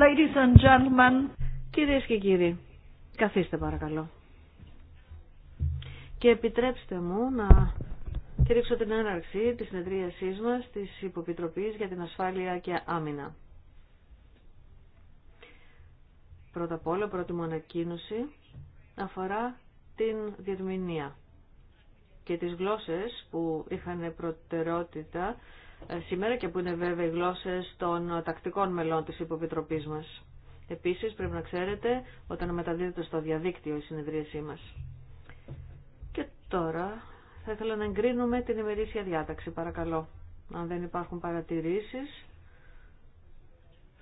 Ladies and gentlemen. Κυρίες και κύριοι, καθίστε παρακαλώ. Και επιτρέψτε μου να κηρύξω την έναρξη της συνεδρίασής μας της Υποπιτροπής για την Ασφάλεια και Άμυνα. Πρώτα απ' όλα, πρώτη μου ανακοίνωση αφορά την διερμηνία και τις γλώσσες που είχαν προτεραιότητα ε, σήμερα και που είναι βέβαια οι γλώσσες των τακτικών μελών της υποπιτροπή μα. Επίσης πρέπει να ξέρετε όταν μεταδίδεται στο διαδίκτυο η συνεδρίασή μας. Και τώρα θα ήθελα να εγκρίνουμε την ημερήσια διάταξη παρακαλώ. Αν δεν υπάρχουν παρατηρήσεις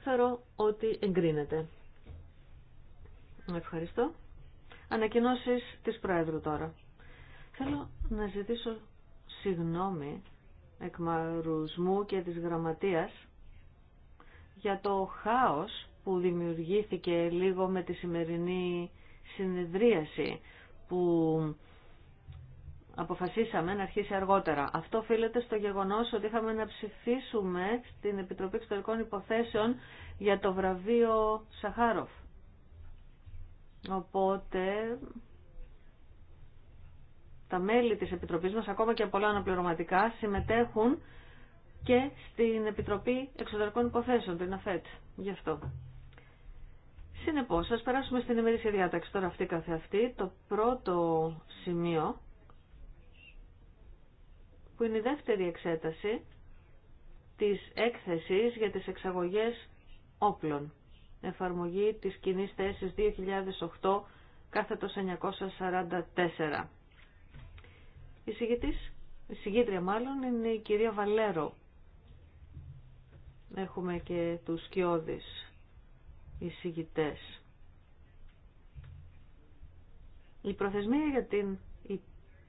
θεωρώ ότι εγκρίνεται. Ευχαριστώ. Ανακοινώσεις της Πρόεδρου τώρα. Θέλω να ζητήσω συγγνώμη εκμαρουσμού και της γραμματείας για το χάος που δημιουργήθηκε λίγο με τη σημερινή συνεδρίαση που αποφασίσαμε να αρχίσει αργότερα. Αυτό οφείλεται στο γεγονός ότι είχαμε να ψηφίσουμε στην Επιτροπή Εξωτερικών Υποθέσεων για το βραβείο Σαχάροφ. Οπότε τα μέλη της Επιτροπής μας, ακόμα και πολλά αναπληρωματικά, συμμετέχουν και στην Επιτροπή Εξωτερικών Υποθέσεων, την ΑΦΕΤ. Γι' αυτό. Συνεπώς, ας περάσουμε στην ημερήσια διάταξη τώρα αυτή καθεαυτή. Το πρώτο σημείο, που είναι η δεύτερη εξέταση της έκθεσης για τις εξαγωγές όπλων. Εφαρμογή της κοινή θέσης 2008 κάθετος 944. Η συγκίτρια μάλλον, είναι η κυρία Βαλέρο. Έχουμε και τους σκιώδεις εισηγητές. Η προθεσμία για την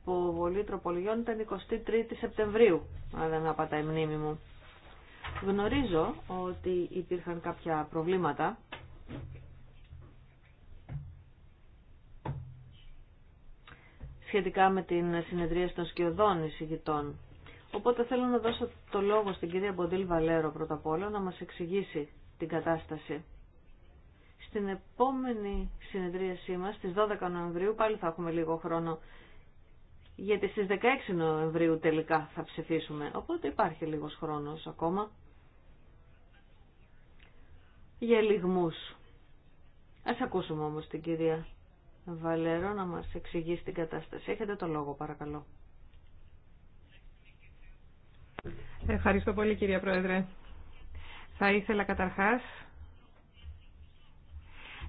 υποβολή τροπολογιών ήταν 23η Σεπτεμβρίου, αν δεν απατάει η μνήμη μου. Γνωρίζω ότι υπήρχαν κάποια προβλήματα σχετικά με την συνεδρία των σκιωδών εισηγητών. Οπότε θέλω να δώσω το λόγο στην κυρία Μποντήλ Βαλέρο πρώτα απ' όλα να μας εξηγήσει την κατάσταση. Στην επόμενη συνεδρίασή μας, στις 12 Νοεμβρίου, πάλι θα έχουμε λίγο χρόνο, γιατί στις 16 Νοεμβρίου τελικά θα ψηφίσουμε, οπότε υπάρχει λίγος χρόνος ακόμα για λιγμούς. Ας ακούσουμε όμως την κυρία Βαλέρο να μας εξηγήσει την κατάσταση. Έχετε το λόγο παρακαλώ. Ευχαριστώ πολύ κυρία Πρόεδρε. Θα ήθελα καταρχάς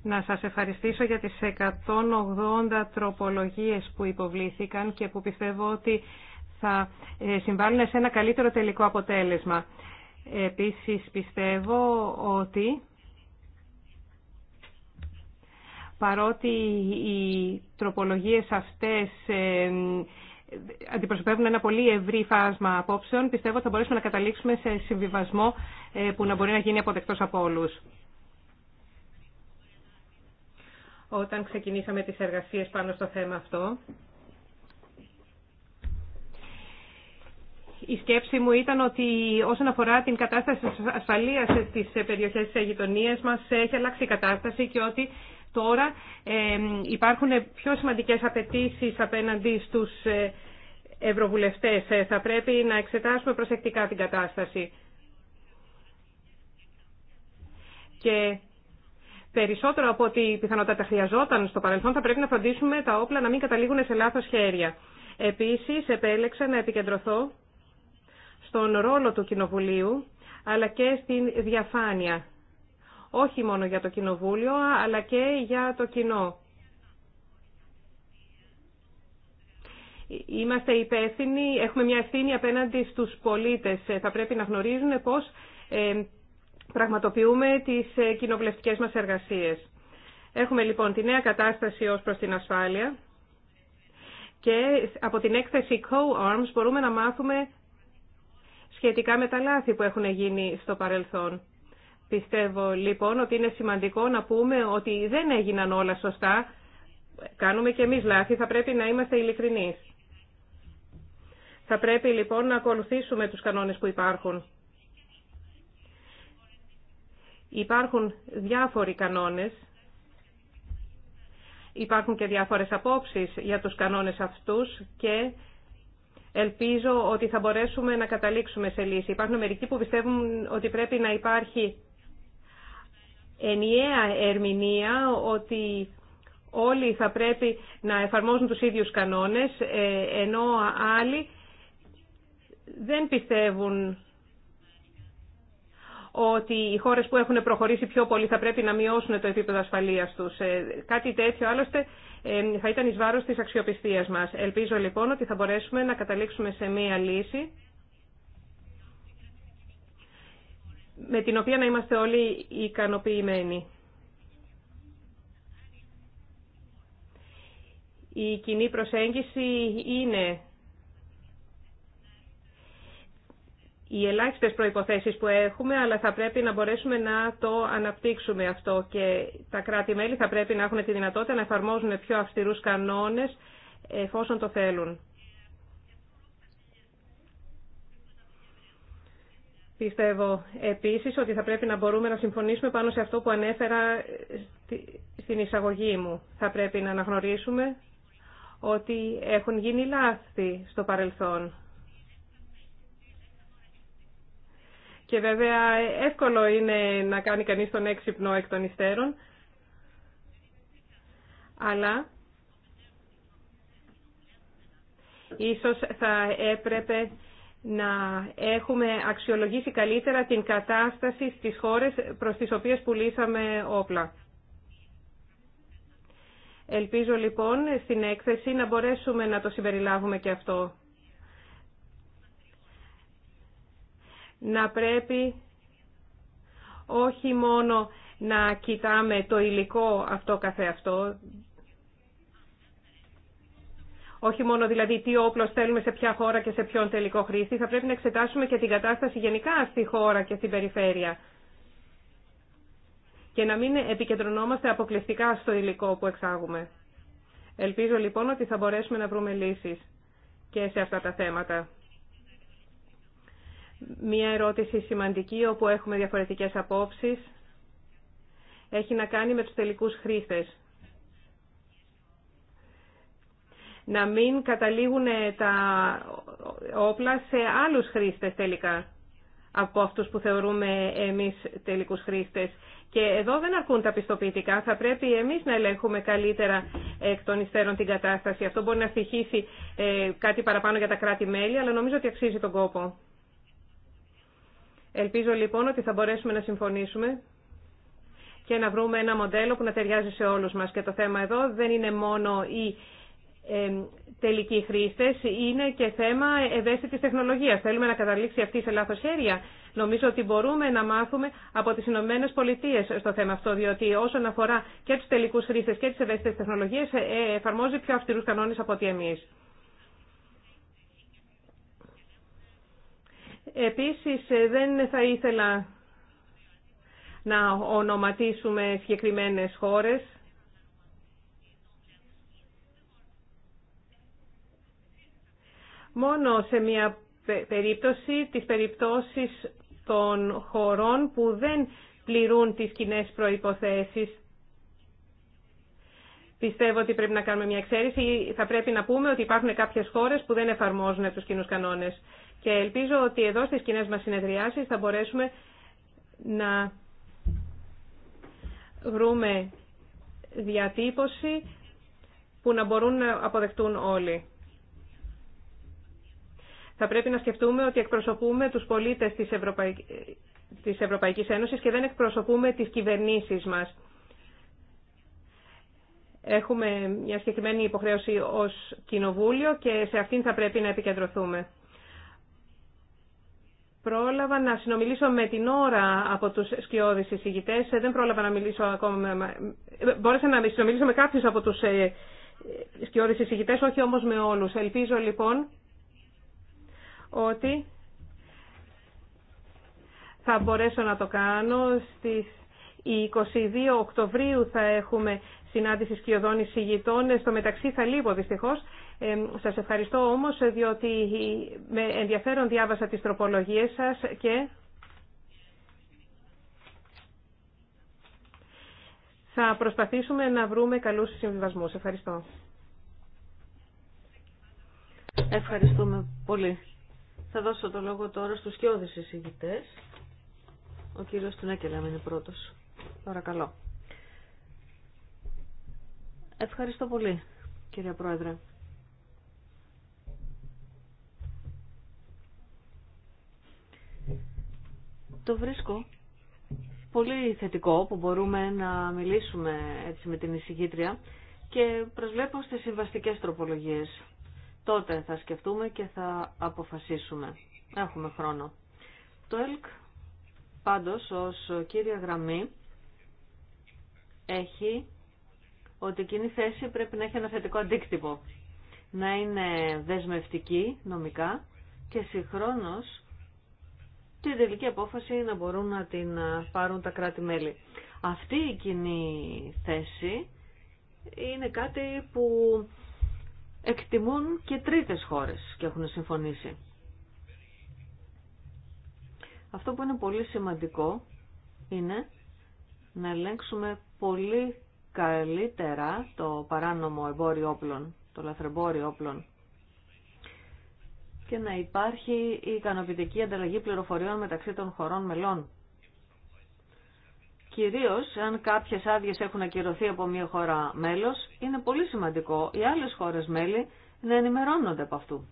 να σας ευχαριστήσω για τις 180 τροπολογίες που υποβλήθηκαν και που πιστεύω ότι θα ε, συμβάλλουν σε ένα καλύτερο τελικό αποτέλεσμα. Επίσης πιστεύω ότι παρότι οι τροπολογίες αυτές ε, αντιπροσωπεύουν ένα πολύ ευρύ φάσμα απόψεων, πιστεύω ότι θα μπορέσουμε να καταλήξουμε σε συμβιβασμό ε, που να μπορεί να γίνει αποδεκτός από όλους. Όταν ξεκινήσαμε τις εργασίες πάνω στο θέμα αυτό, η σκέψη μου ήταν ότι όσον αφορά την κατάσταση ασφαλείας στις περιοχές της γειτονίας μας έχει αλλάξει η κατάσταση και ότι Τώρα υπάρχουν πιο σημαντικές απαιτήσει απέναντι στους ε, ευρωβουλευτές. Ε, θα πρέπει να εξετάσουμε προσεκτικά την κατάσταση. Και περισσότερο από ό,τι πιθανότατα χρειαζόταν στο παρελθόν, θα πρέπει να φροντίσουμε τα όπλα να μην καταλήγουν σε λάθος χέρια. Επίσης, επέλεξα να επικεντρωθώ στον ρόλο του Κοινοβουλίου, αλλά και στην διαφάνεια όχι μόνο για το Κοινοβούλιο, αλλά και για το κοινό. Είμαστε υπεύθυνοι, έχουμε μια ευθύνη απέναντι στους πολίτες. Ε, θα πρέπει να γνωρίζουν πώς ε, πραγματοποιούμε τις ε, κοινοβουλευτικές μας εργασίες. Έχουμε λοιπόν τη νέα κατάσταση ως προς την ασφάλεια και από την έκθεση Co-Arms μπορούμε να μάθουμε σχετικά με τα λάθη που έχουν γίνει στο παρελθόν. Πιστεύω λοιπόν ότι είναι σημαντικό να πούμε ότι δεν έγιναν όλα σωστά. Κάνουμε και εμείς λάθη, θα πρέπει να είμαστε ειλικρινεί. Θα πρέπει λοιπόν να ακολουθήσουμε τους κανόνες που υπάρχουν. Υπάρχουν διάφοροι κανόνες, υπάρχουν και διάφορες απόψεις για τους κανόνες αυτούς και ελπίζω ότι θα μπορέσουμε να καταλήξουμε σε λύση. Υπάρχουν μερικοί που πιστεύουν ότι πρέπει να υπάρχει ενιαία ερμηνεία ότι όλοι θα πρέπει να εφαρμόζουν τους ίδιους κανόνες, ε, ενώ άλλοι δεν πιστεύουν ότι οι χώρες που έχουν προχωρήσει πιο πολύ θα πρέπει να μειώσουν το επίπεδο ασφαλείας τους. Ε, κάτι τέτοιο άλλωστε ε, θα ήταν εις βάρος της αξιοπιστίας μας. Ελπίζω λοιπόν ότι θα μπορέσουμε να καταλήξουμε σε μία λύση με την οποία να είμαστε όλοι ικανοποιημένοι. Η κοινή προσέγγιση είναι οι ελάχιστες προϋποθέσεις που έχουμε, αλλά θα πρέπει να μπορέσουμε να το αναπτύξουμε αυτό και τα κράτη-μέλη θα πρέπει να έχουν τη δυνατότητα να εφαρμόζουν πιο αυστηρούς κανόνες εφόσον το θέλουν. Πιστεύω επίσης ότι θα πρέπει να μπορούμε να συμφωνήσουμε πάνω σε αυτό που ανέφερα στην εισαγωγή μου. Θα πρέπει να αναγνωρίσουμε ότι έχουν γίνει λάθη στο παρελθόν. Και βέβαια εύκολο είναι να κάνει κανείς τον έξυπνο εκ των υστέρων, αλλά ίσως θα έπρεπε να έχουμε αξιολογήσει καλύτερα την κατάσταση στις χώρες προς τις οποίες πουλήσαμε όπλα. Ελπίζω λοιπόν στην έκθεση να μπορέσουμε να το συμπεριλάβουμε και αυτό. Να πρέπει όχι μόνο να κοιτάμε το υλικό αυτό καθεαυτό, όχι μόνο δηλαδή τι όπλο στέλνουμε σε ποια χώρα και σε ποιον τελικό χρήστη, θα πρέπει να εξετάσουμε και την κατάσταση γενικά στη χώρα και στην περιφέρεια. Και να μην επικεντρωνόμαστε αποκλειστικά στο υλικό που εξάγουμε. Ελπίζω λοιπόν ότι θα μπορέσουμε να βρούμε λύσεις και σε αυτά τα θέματα. Μία ερώτηση σημαντική όπου έχουμε διαφορετικές απόψεις έχει να κάνει με τους τελικούς χρήστες. να μην καταλήγουν τα όπλα σε άλλους χρήστες τελικά από αυτούς που θεωρούμε εμείς τελικούς χρήστες. Και εδώ δεν αρκούν τα πιστοποιητικά. Θα πρέπει εμείς να ελέγχουμε καλύτερα εκ των υστέρων την κατάσταση. Αυτό μπορεί να στοιχήσει ε, κάτι παραπάνω για τα κράτη-μέλη, αλλά νομίζω ότι αξίζει τον κόπο. Ελπίζω λοιπόν ότι θα μπορέσουμε να συμφωνήσουμε και να βρούμε ένα μοντέλο που να ταιριάζει σε όλους μας. Και το θέμα εδώ δεν είναι μόνο η τελικοί χρήστε είναι και θέμα ευαίσθητη τεχνολογίας. Θέλουμε να καταλήξει αυτή σε λάθος χέρια. Νομίζω ότι μπορούμε να μάθουμε από τις Ηνωμένε Πολιτείε στο θέμα αυτό, διότι όσον αφορά και τους τελικούς χρήστε και τις ευαίσθητες τεχνολογίες, ε, ε, εφαρμόζει πιο αυστηρού κανόνε από ότι εμείς. Επίσης, ε, δεν θα ήθελα να ονοματίσουμε συγκεκριμένες χώρες. μόνο σε μια περίπτωση, τις περιπτώσεις των χωρών που δεν πληρούν τις κοινέ προϋποθέσεις. Πιστεύω ότι πρέπει να κάνουμε μια εξαίρεση. Θα πρέπει να πούμε ότι υπάρχουν κάποιες χώρες που δεν εφαρμόζουν τους κοινού κανόνες. Και ελπίζω ότι εδώ στις κοινέ μας συνεδριάσεις θα μπορέσουμε να βρούμε διατύπωση που να μπορούν να αποδεχτούν όλοι θα πρέπει να σκεφτούμε ότι εκπροσωπούμε τους πολίτες της, Ευρωπαϊκ... της Ευρωπαϊκής Ένωσης και δεν εκπροσωπούμε τις κυβερνήσεις μας. Έχουμε μια συγκεκριμένη υποχρέωση ως κοινοβούλιο και σε αυτήν θα πρέπει να επικεντρωθούμε. Πρόλαβα να συνομιλήσω με την ώρα από τους σκιώδεις εισηγητές. Δεν πρόλαβα να μιλήσω ακόμα με... Μπόρεσα να συνομιλήσω με κάποιους από τους ε, σκιώδεις εισηγητές, όχι όμως με όλους. Ελπίζω λοιπόν ότι θα μπορέσω να το κάνω. Στις 22 Οκτωβρίου θα έχουμε συνάντηση σκιωδών εισηγητών. Στο μεταξύ θα λείπω δυστυχώς. Ε, σας ευχαριστώ όμως διότι με ενδιαφέρον διάβασα τις τροπολογίες σας και... Θα προσπαθήσουμε να βρούμε καλούς συμβιβασμούς. Ευχαριστώ. Ευχαριστούμε πολύ. Θα δώσω το λόγο τώρα στους σκιώδεις εισηγητές. Ο κύριος Τουνέκελα είναι πρώτος. Παρακαλώ. Ευχαριστώ πολύ, κύριε Πρόεδρε. Το βρίσκω πολύ θετικό που μπορούμε να μιλήσουμε έτσι με την εισηγήτρια και προσβλέπω στις συμβαστικές τροπολογίες τότε θα σκεφτούμε και θα αποφασίσουμε. Έχουμε χρόνο. Το ΕΛΚ πάντως ως κύρια γραμμή έχει ότι εκείνη η θέση πρέπει να έχει ένα θετικό αντίκτυπο. Να είναι δεσμευτική νομικά και συγχρόνως την τελική απόφαση να μπορούν να την πάρουν τα κράτη-μέλη. Αυτή η κοινή θέση είναι κάτι που εκτιμούν και τρίτες χώρες και έχουν συμφωνήσει. Αυτό που είναι πολύ σημαντικό είναι να ελέγξουμε πολύ καλύτερα το παράνομο εμπόριο όπλων, το λαθρεμπόριο όπλων και να υπάρχει η ικανοποιητική ανταλλαγή πληροφοριών μεταξύ των χωρών μελών. Κυρίω αν κάποιες άδειε έχουν ακυρωθεί από μια χώρα μέλο, είναι πολύ σημαντικό οι άλλες χώρες μέλη να ενημερώνονται από αυτού.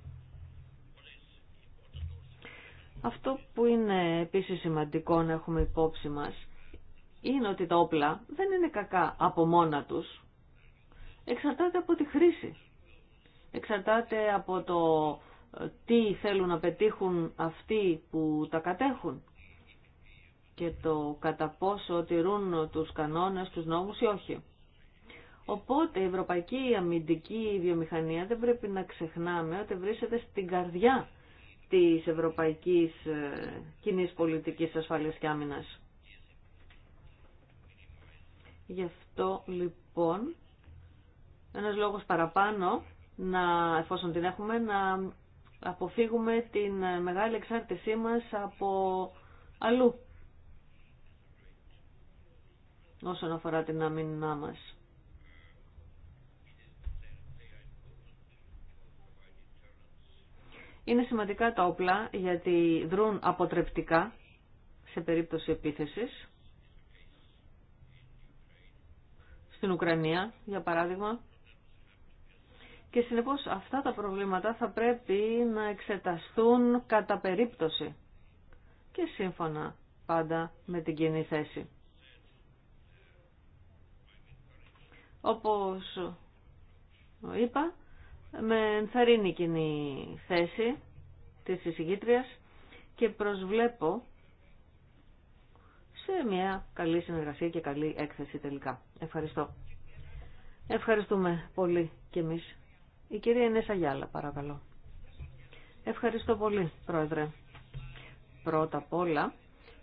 Αυτό που είναι επίση σημαντικό να έχουμε υπόψη μα είναι ότι τα όπλα δεν είναι κακά από μόνα τους. Εξαρτάται από τη χρήση. Εξαρτάται από το ε, τι θέλουν να πετύχουν αυτοί που τα κατέχουν και το κατά πόσο τηρούν τους κανόνες, τους νόμους ή όχι. Οπότε η ευρωπαϊκή αμυντική βιομηχανία δεν πρέπει να ξεχνάμε ότι βρίσκεται στην καρδιά της ευρωπαϊκής ε, κοινή πολιτικής ασφαλείας και άμυνας. Γι' αυτό λοιπόν ένας λόγος παραπάνω να, εφόσον την έχουμε, να αποφύγουμε την ε, μεγάλη εξάρτησή μας από αλλού όσον αφορά την αμήνυνά μας. Είναι σημαντικά τα όπλα γιατί δρούν αποτρεπτικά σε περίπτωση επίθεσης. Στην Ουκρανία, για παράδειγμα. Και συνεπώς αυτά τα προβλήματα θα πρέπει να εξεταστούν κατά περίπτωση και σύμφωνα πάντα με την κοινή θέση. Όπως είπα, με ενθαρρύνει κοινή θέση της εισηγήτριας και προσβλέπω σε μια καλή συνεργασία και καλή έκθεση τελικά. Ευχαριστώ. Ευχαριστούμε πολύ κι εμείς. Η κυρία Ενέσα Γιάλα, παρακαλώ. Ευχαριστώ πολύ, Πρόεδρε. Πρώτα απ' όλα,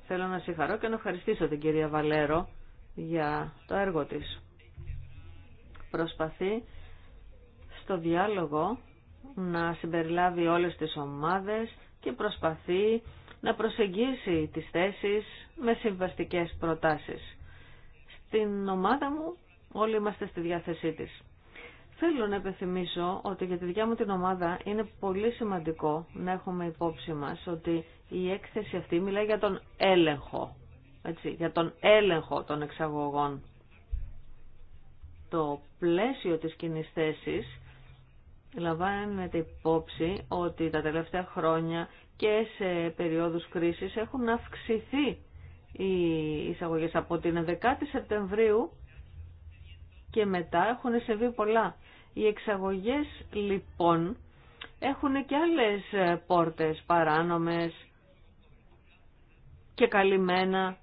θέλω να συγχαρώ και να ευχαριστήσω την κυρία Βαλέρο για το έργο της προσπαθεί στο διάλογο να συμπεριλάβει όλες τις ομάδες και προσπαθεί να προσεγγίσει τις θέσεις με συμβαστικές προτάσεις. Στην ομάδα μου όλοι είμαστε στη διάθεσή της. Θέλω να επιθυμίσω ότι για τη δικιά μου την ομάδα είναι πολύ σημαντικό να έχουμε υπόψη μας ότι η έκθεση αυτή μιλάει για τον έλεγχο, έτσι, για τον έλεγχο των εξαγωγών το πλαίσιο της κοινή θέση λαμβάνεται υπόψη ότι τα τελευταία χρόνια και σε περίοδους κρίσης έχουν αυξηθεί οι εισαγωγές από την 11η Σεπτεμβρίου και μετά έχουν συμβεί πολλά. Οι εξαγωγές λοιπόν έχουν και άλλες πόρτες παράνομες και καλυμμένα.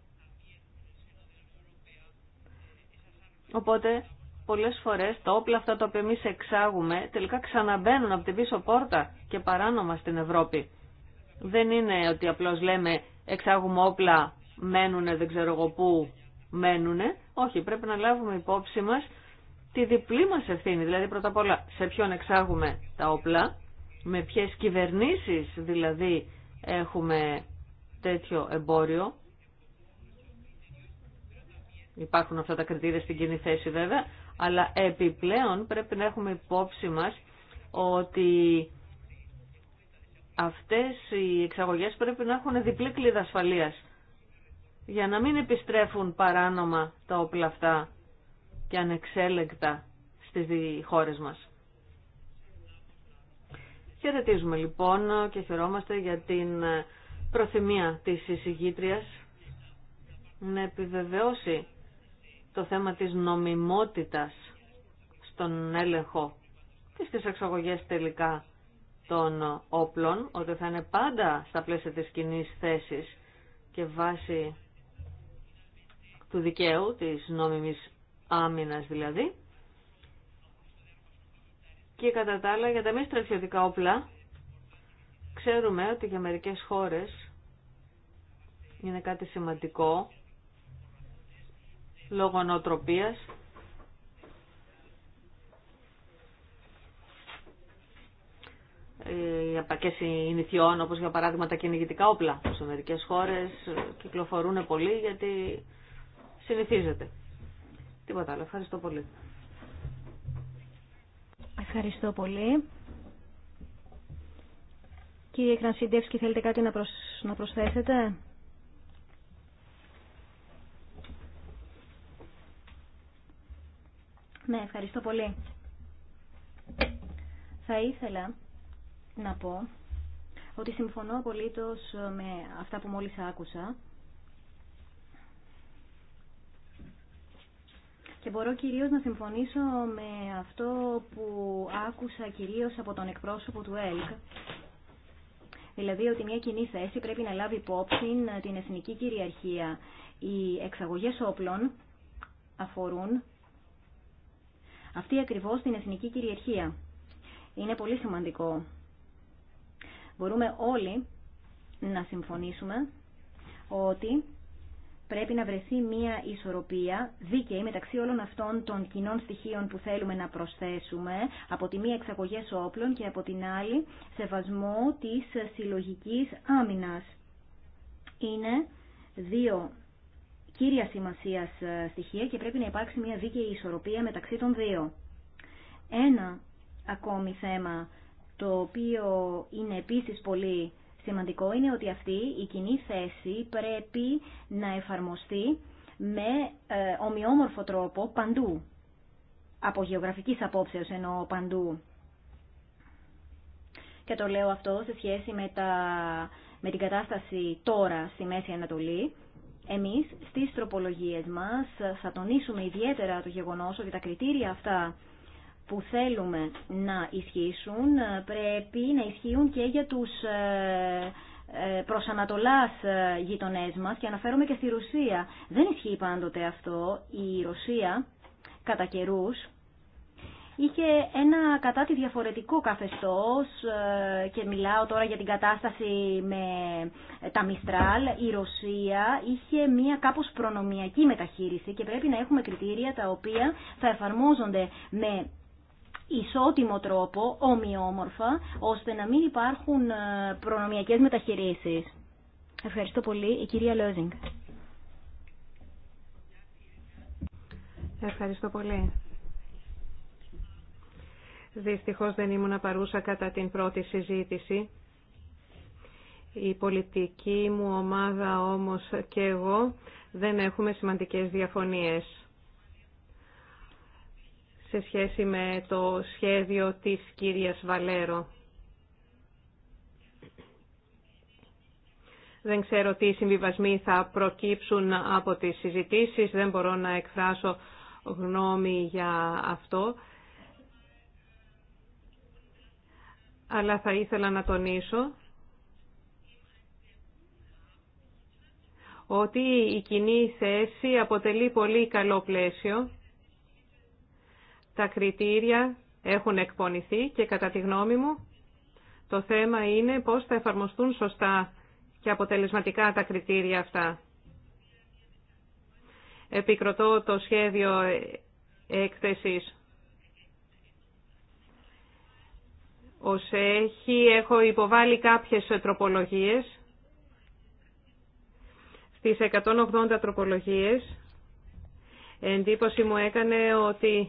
Οπότε πολλές φορές τα όπλα αυτά τα οποία εμείς εξάγουμε τελικά ξαναμπαίνουν από την πίσω πόρτα και παράνομα στην Ευρώπη. Δεν είναι ότι απλώς λέμε εξάγουμε όπλα, μένουνε δεν ξέρω εγώ πού μένουνε. Όχι, πρέπει να λάβουμε υπόψη μας τη διπλή μας ευθύνη. Δηλαδή πρώτα απ' όλα σε ποιον εξάγουμε τα όπλα, με ποιες κυβερνήσεις δηλαδή έχουμε τέτοιο εμπόριο. Υπάρχουν αυτά τα κριτήρια στην κοινή θέση βέβαια, αλλά επιπλέον πρέπει να έχουμε υπόψη μας ότι αυτές οι εξαγωγές πρέπει να έχουν διπλή κλίδα ασφαλείας για να μην επιστρέφουν παράνομα τα όπλα αυτά και ανεξέλεγκτα στις χώρες μας. Χαιρετίζουμε λοιπόν και χαιρόμαστε για την ε, προθυμία της εισηγήτριας να επιβεβαιώσει το θέμα της νομιμότητας στον έλεγχο και στις εξαγωγές τελικά των όπλων, ότι θα είναι πάντα στα πλαίσια της κοινή θέσης και βάση του δικαίου, της νόμιμης άμυνας δηλαδή. Και κατά τα άλλα για τα μη στρατιωτικά όπλα, ξέρουμε ότι για μερικές χώρες είναι κάτι σημαντικό λόγω νοοτροπίας. και ε, συνηθιών, όπως για παράδειγμα τα κυνηγητικά όπλα, που σε μερικές χώρες ε, κυκλοφορούν πολύ γιατί συνηθίζεται. Τίποτα άλλο. Ευχαριστώ πολύ. Ευχαριστώ πολύ. Κύριε Κρανσίντευσκη, θέλετε κάτι να, να προσθέσετε. Ναι, ευχαριστώ πολύ. Θα ήθελα να πω ότι συμφωνώ απολύτως με αυτά που μόλις άκουσα και μπορώ κυρίως να συμφωνήσω με αυτό που άκουσα κυρίως από τον εκπρόσωπο του ΕΛΚ δηλαδή ότι μια κοινή θέση πρέπει να λάβει υπόψη την εθνική κυριαρχία. Οι εξαγωγές όπλων αφορούν αυτή ακριβώ την εθνική κυριαρχία. Είναι πολύ σημαντικό. Μπορούμε όλοι να συμφωνήσουμε ότι πρέπει να βρεθεί μία ισορροπία δίκαιη μεταξύ όλων αυτών των κοινών στοιχείων που θέλουμε να προσθέσουμε, από τη μία εξαγωγές όπλων και από την άλλη σεβασμό της συλλογικής άμυνας. Είναι δύο κύρια σημασία ε, στοιχεία και πρέπει να υπάρξει μια δίκαιη ισορροπία μεταξύ των δύο. Ένα ακόμη θέμα το οποίο είναι επίσης πολύ σημαντικό είναι ότι αυτή η κοινή θέση πρέπει να εφαρμοστεί με ε, ομοιόμορφο τρόπο παντού. Από γεωγραφικής απόψεως εννοώ παντού. Και το λέω αυτό σε σχέση με, τα, με την κατάσταση τώρα στη Μέση Ανατολή εμείς στις τροπολογίες μας θα τονίσουμε ιδιαίτερα το γεγονός ότι τα κριτήρια αυτά που θέλουμε να ισχύσουν πρέπει να ισχύουν και για τους ε, ε, προσανατολάς ε, γειτονές μας και αναφέρομαι και στη Ρωσία. Δεν ισχύει πάντοτε αυτό. Η Ρωσία κατά καιρούς είχε ένα κατά τη διαφορετικό καθεστώς ε, και μιλάω τώρα για την κατάσταση με ε, τα Μιστράλ. Η Ρωσία είχε μία κάπως προνομιακή μεταχείριση και πρέπει να έχουμε κριτήρια τα οποία θα εφαρμόζονται με ισότιμο τρόπο, ομοιόμορφα, ώστε να μην υπάρχουν ε, προνομιακές μεταχειρήσεις. Ευχαριστώ πολύ. Η κυρία Λόζινγκ. Ευχαριστώ πολύ. Δυστυχώς δεν ήμουν παρούσα κατά την πρώτη συζήτηση. Η πολιτική μου ομάδα όμως και εγώ δεν έχουμε σημαντικές διαφωνίες σε σχέση με το σχέδιο της κυρίας Βαλέρο. Δεν ξέρω τι συμβιβασμοί θα προκύψουν από τις συζητήσεις, δεν μπορώ να εκφράσω γνώμη για αυτό. αλλά θα ήθελα να τονίσω ότι η κοινή θέση αποτελεί πολύ καλό πλαίσιο. Τα κριτήρια έχουν εκπονηθεί και κατά τη γνώμη μου το θέμα είναι πώς θα εφαρμοστούν σωστά και αποτελεσματικά τα κριτήρια αυτά. Επικροτώ το σχέδιο έκθεσης ως έχει. Έχω υποβάλει κάποιες τροπολογίες. Στις 180 τροπολογίες εντύπωση μου έκανε ότι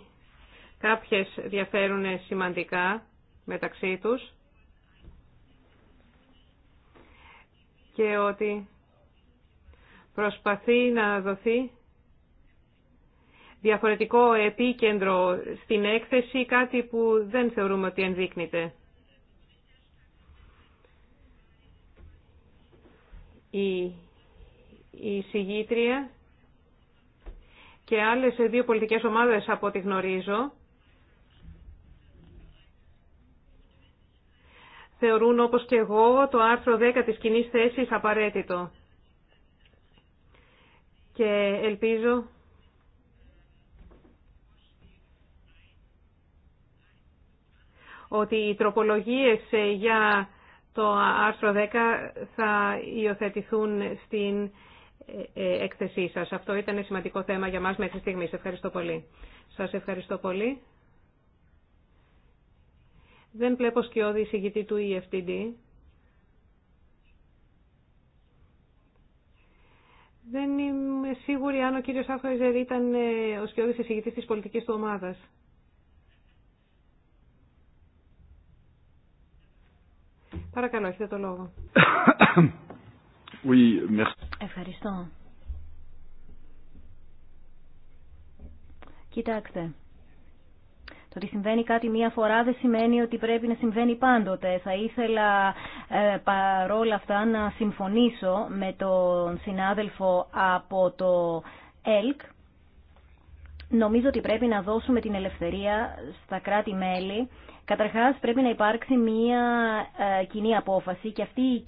κάποιες διαφέρουν σημαντικά μεταξύ τους και ότι προσπαθεί να δοθεί διαφορετικό επίκεντρο στην έκθεση, κάτι που δεν θεωρούμε ότι ενδείκνυται. η, η συγγήτρια και άλλες δύο πολιτικές ομάδες από ό,τι γνωρίζω θεωρούν όπως και εγώ το άρθρο 10 της κοινή θέσης απαραίτητο. Και ελπίζω ότι οι τροπολογίες για το άρθρο 10 θα υιοθετηθούν στην ε, ε, έκθεσή σας. Αυτό ήταν σημαντικό θέμα για μας μέχρι στιγμής. Ευχαριστώ πολύ. Σας ευχαριστώ πολύ. Δεν βλέπω σκιώδη εισηγητή του EFTD. Δεν είμαι σίγουρη αν ο κύριος Άφραζερ ήταν ε, ο σκιώδης εισηγητής της πολιτικής του ομάδας. Παρακαλώ, έχετε το λόγο. Ευχαριστώ. Κοιτάξτε, το ότι συμβαίνει κάτι μία φορά δεν σημαίνει ότι πρέπει να συμβαίνει πάντοτε. Θα ήθελα ε, παρόλα αυτά να συμφωνήσω με τον συνάδελφο από το ΕΛΚ. Νομίζω ότι πρέπει να δώσουμε την ελευθερία στα κράτη-μέλη Καταρχάς πρέπει να υπάρξει μία ε, κοινή απόφαση και αυτή η,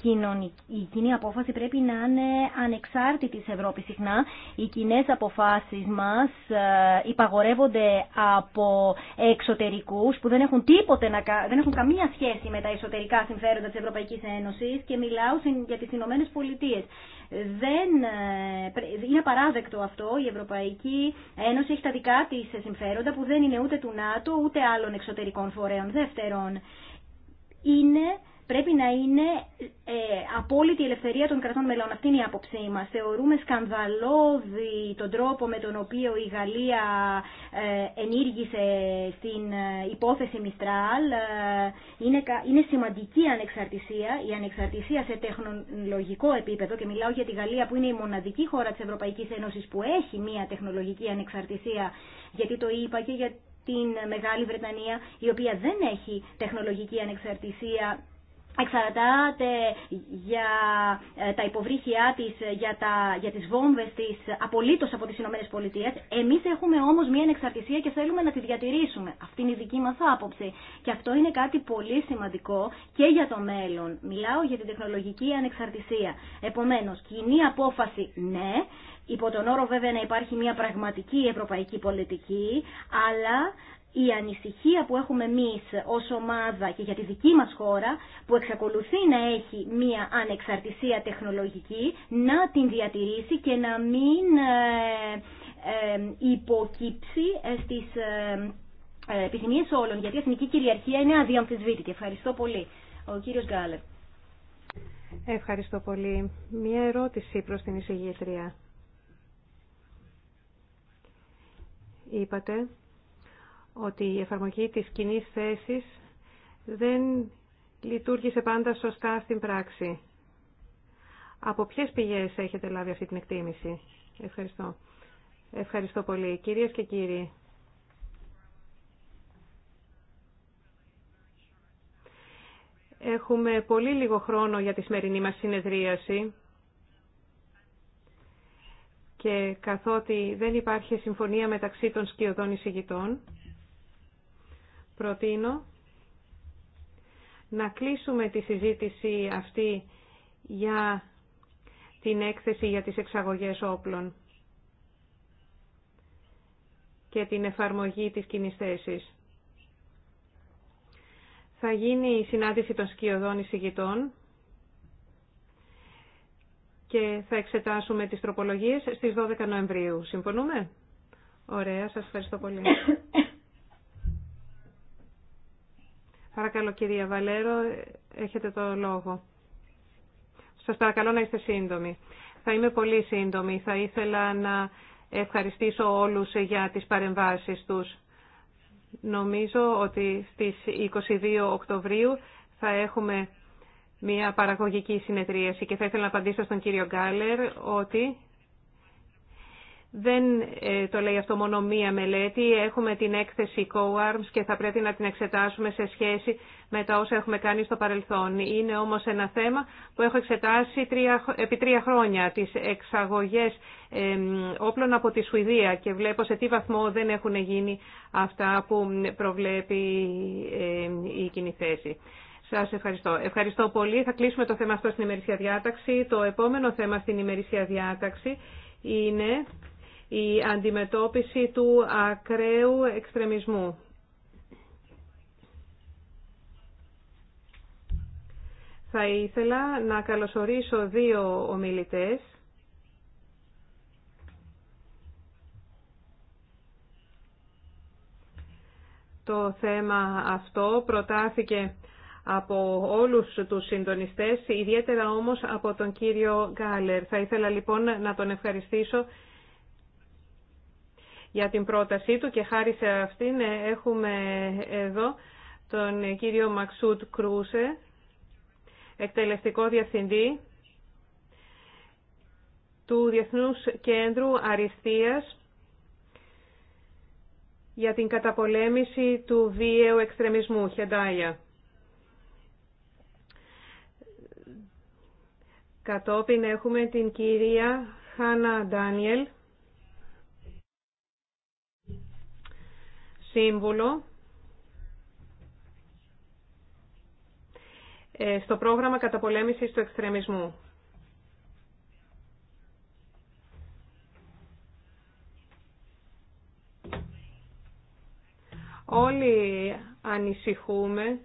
η κοινή απόφαση πρέπει να είναι ανεξάρτητη της Ευρώπης συχνά. Οι κοινέ αποφάσεις μας ε, υπαγορεύονται από εξωτερικούς που δεν έχουν τίποτε να, δεν έχουν καμία σχέση με τα εσωτερικά συμφέροντα της Ευρωπαϊκής Ένωσης και μιλάω για τις Ηνωμένε Πολιτείε. Δεν, ε, είναι παράδεκτο αυτό. Η Ευρωπαϊκή Ένωση έχει τα δικά της συμφέροντα που δεν είναι ούτε του ΝΑΤΟ ούτε άλλων εξωτερικών φορέων. Δεύτερον, είναι πρέπει να είναι ε, απόλυτη η ελευθερία των κρατών μελών. Αυτή είναι η άποψή μα. Θεωρούμε σκανδαλώδη τον τρόπο με τον οποίο η Γαλλία ε, ενήργησε στην ε, υπόθεση Μιστράλ. Ε, είναι, είναι σημαντική ανεξαρτησία. Η ανεξαρτησία σε τεχνολογικό επίπεδο, και μιλάω για τη Γαλλία που είναι η μοναδική χώρα της Ευρωπαϊκής Ένωσης... που έχει μια τεχνολογική ανεξαρτησία, γιατί το είπα και για την Μεγάλη Βρετανία, η οποία δεν έχει τεχνολογική ανεξαρτησία εξαρτάται για ε, τα υποβρύχια της, ε, για, τα, για τις βόμβες της ε, απολύτως από τις Ηνωμένες Πολιτείες. Εμείς έχουμε όμως μια ανεξαρτησία και θέλουμε να τη διατηρήσουμε. Αυτή είναι η δική μας άποψη. Και αυτό είναι κάτι πολύ σημαντικό και για το μέλλον. Μιλάω για την τεχνολογική ανεξαρτησία. Επομένως, κοινή απόφαση ναι, υπό τον όρο βέβαια να υπάρχει μια πραγματική ευρωπαϊκή πολιτική, αλλά η ανησυχία που έχουμε εμείς ως ομάδα και για τη δική μας χώρα που εξακολουθεί να έχει μία ανεξαρτησία τεχνολογική να την διατηρήσει και να μην ε, ε, υποκύψει ε, στις επιθυμίες όλων γιατί η εθνική κυριαρχία είναι αδιαμφισβήτητη. Ευχαριστώ πολύ. Ο κύριος Γκάλερ. Ευχαριστώ πολύ. Μία ερώτηση προς την εισηγήτρια. Είπατε ότι η εφαρμογή της κοινή θέση δεν λειτουργήσε πάντα σωστά στην πράξη. Από ποιες πηγές έχετε λάβει αυτή την εκτίμηση. Ευχαριστώ. Ευχαριστώ πολύ. Κυρίες και κύριοι. Έχουμε πολύ λίγο χρόνο για τη σημερινή μας συνεδρίαση και καθότι δεν υπάρχει συμφωνία μεταξύ των σκιωδών εισηγητών, προτείνω να κλείσουμε τη συζήτηση αυτή για την έκθεση για τις εξαγωγές όπλων και την εφαρμογή της κοινή θέσης. Θα γίνει η συνάντηση των σκιωδών εισηγητών και θα εξετάσουμε τις τροπολογίες στις 12 Νοεμβρίου. Συμφωνούμε? Ωραία, σας ευχαριστώ πολύ. Παρακαλώ κυρία Βαλέρο, έχετε το λόγο. Σας παρακαλώ να είστε σύντομοι. Θα είμαι πολύ σύντομη. Θα ήθελα να ευχαριστήσω όλους για τις παρεμβάσεις τους. Νομίζω ότι στις 22 Οκτωβρίου θα έχουμε μια παραγωγική συνεδρίαση και θα ήθελα να απαντήσω στον κύριο Γκάλερ ότι δεν ε, το λέει αυτό μόνο μία μελέτη. Έχουμε την έκθεση COARMS και θα πρέπει να την εξετάσουμε σε σχέση με τα όσα έχουμε κάνει στο παρελθόν. Είναι όμως ένα θέμα που έχω εξετάσει επί τρία χρόνια, τις εξαγωγές όπλων από τη Σουηδία και βλέπω σε τι βαθμό δεν έχουν γίνει αυτά που προβλέπει η κοινή θέση. Σας ευχαριστώ. Ευχαριστώ πολύ. Θα κλείσουμε το θέμα αυτό στην ημερησία διάταξη. Το επόμενο θέμα στην ημερησία διάταξη είναι η αντιμετώπιση του ακραίου εξτρεμισμού. Θα ήθελα να καλωσορίσω δύο ομιλητές. Το θέμα αυτό προτάθηκε από όλους τους συντονιστές, ιδιαίτερα όμως από τον κύριο Γκάλερ. Θα ήθελα λοιπόν να τον ευχαριστήσω για την πρότασή του και χάρη σε αυτήν ε, έχουμε εδώ τον κύριο Μαξούτ Κρούσε, εκτελεστικό διευθυντή του Διεθνούς Κέντρου Αριστείας για την καταπολέμηση του βίαιου εξτρεμισμού, Χεντάια. Κατόπιν έχουμε την κυρία Χάνα Ντάνιελ, σύμβολο ε, στο πρόγραμμα καταπολέμησης του εξτρεμισμού. Όλοι ανησυχούμε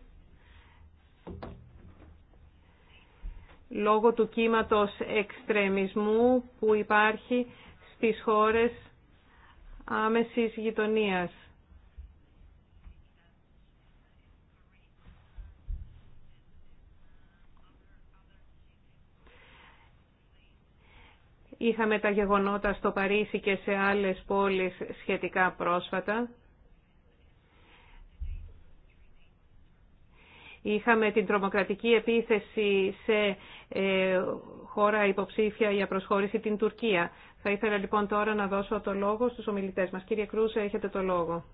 λόγω του κύματος εξτρεμισμού που υπάρχει στις χώρες άμεσης γειτονίας. Είχαμε τα γεγονότα στο Παρίσι και σε άλλες πόλεις σχετικά πρόσφατα. Είχαμε την τρομοκρατική επίθεση σε ε, χώρα υποψήφια για προσχώρηση, την Τουρκία. Θα ήθελα λοιπόν τώρα να δώσω το λόγο στους ομιλητές μας. Κύριε Κρούσε, έχετε το λόγο.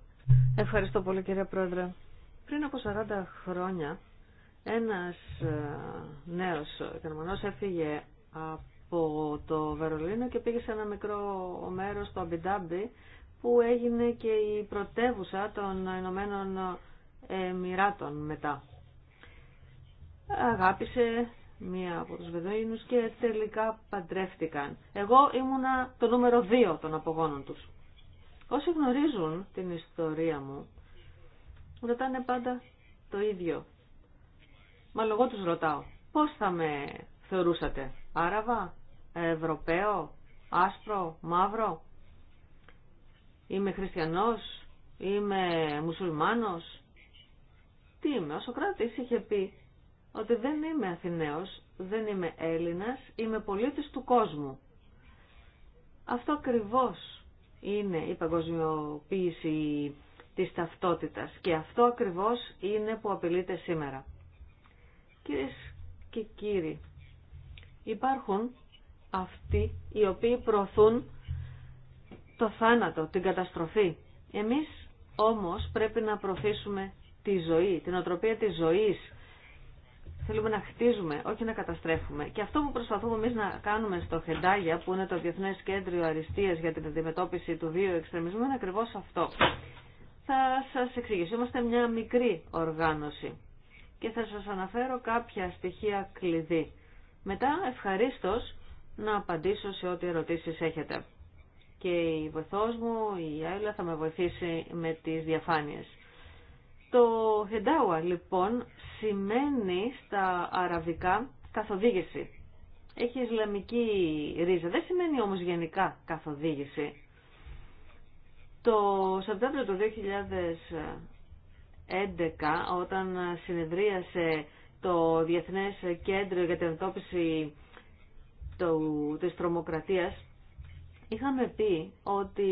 Ευχαριστώ πολύ κύριε Πρόεδρε. Πριν από 40 χρόνια ένας ε, νέος Γερμανός έφυγε από το Βερολίνο και πήγε σε ένα μικρό μέρος στο Αμπιντάμπι που έγινε και η πρωτεύουσα των Ηνωμένων Εμμυράτων μετά. Αγάπησε μία από τους Βεδοίνους και τελικά παντρεύτηκαν. Εγώ ήμουνα το νούμερο 2 των απογόνων τους. Όσοι γνωρίζουν την ιστορία μου, ρωτάνε πάντα το ίδιο. Μα λόγω τους ρωτάω, πώς θα με θεωρούσατε, Άραβα, Ευρωπαίο, άσπρο, μαύρο. Είμαι χριστιανός, είμαι μουσουλμάνος. Τι είμαι, ο Σοκράτης είχε πει ότι δεν είμαι Αθηναίος, δεν είμαι Έλληνας, είμαι πολίτης του κόσμου. Αυτό ακριβώς είναι η παγκοσμιοποίηση της ταυτότητας και αυτό ακριβώς είναι που απειλείται σήμερα. Κυρίες και κύριοι, υπάρχουν αυτοί οι οποίοι προωθούν το θάνατο, την καταστροφή. Εμείς όμως πρέπει να προωθήσουμε τη ζωή, την οτροπία της ζωής. Θέλουμε να χτίζουμε, όχι να καταστρέφουμε. Και αυτό που προσπαθούμε εμείς να κάνουμε στο Χεντάγια, που είναι το Διεθνές Κέντριο Αριστείας για την Αντιμετώπιση του δύο Εξτρεμισμού, είναι ακριβώς αυτό. Θα σας εξηγήσω, είμαστε μια μικρή οργάνωση και θα σας αναφέρω κάποια στοιχεία κλειδί. Μετά ευχαρίστως να απαντήσω σε ό,τι ερωτήσεις έχετε. Και η βοηθός μου, η Άιλα, θα με βοηθήσει με τις διαφάνειες. Το χεντάουα, λοιπόν, σημαίνει στα αραβικά καθοδήγηση. Έχει ισλαμική ρίζα. Δεν σημαίνει όμως γενικά καθοδήγηση. Το Σεπτέμβριο του 2011, όταν συνεδρίασε το Διεθνές Κέντρο για την του, της τρομοκρατίας, είχαμε πει ότι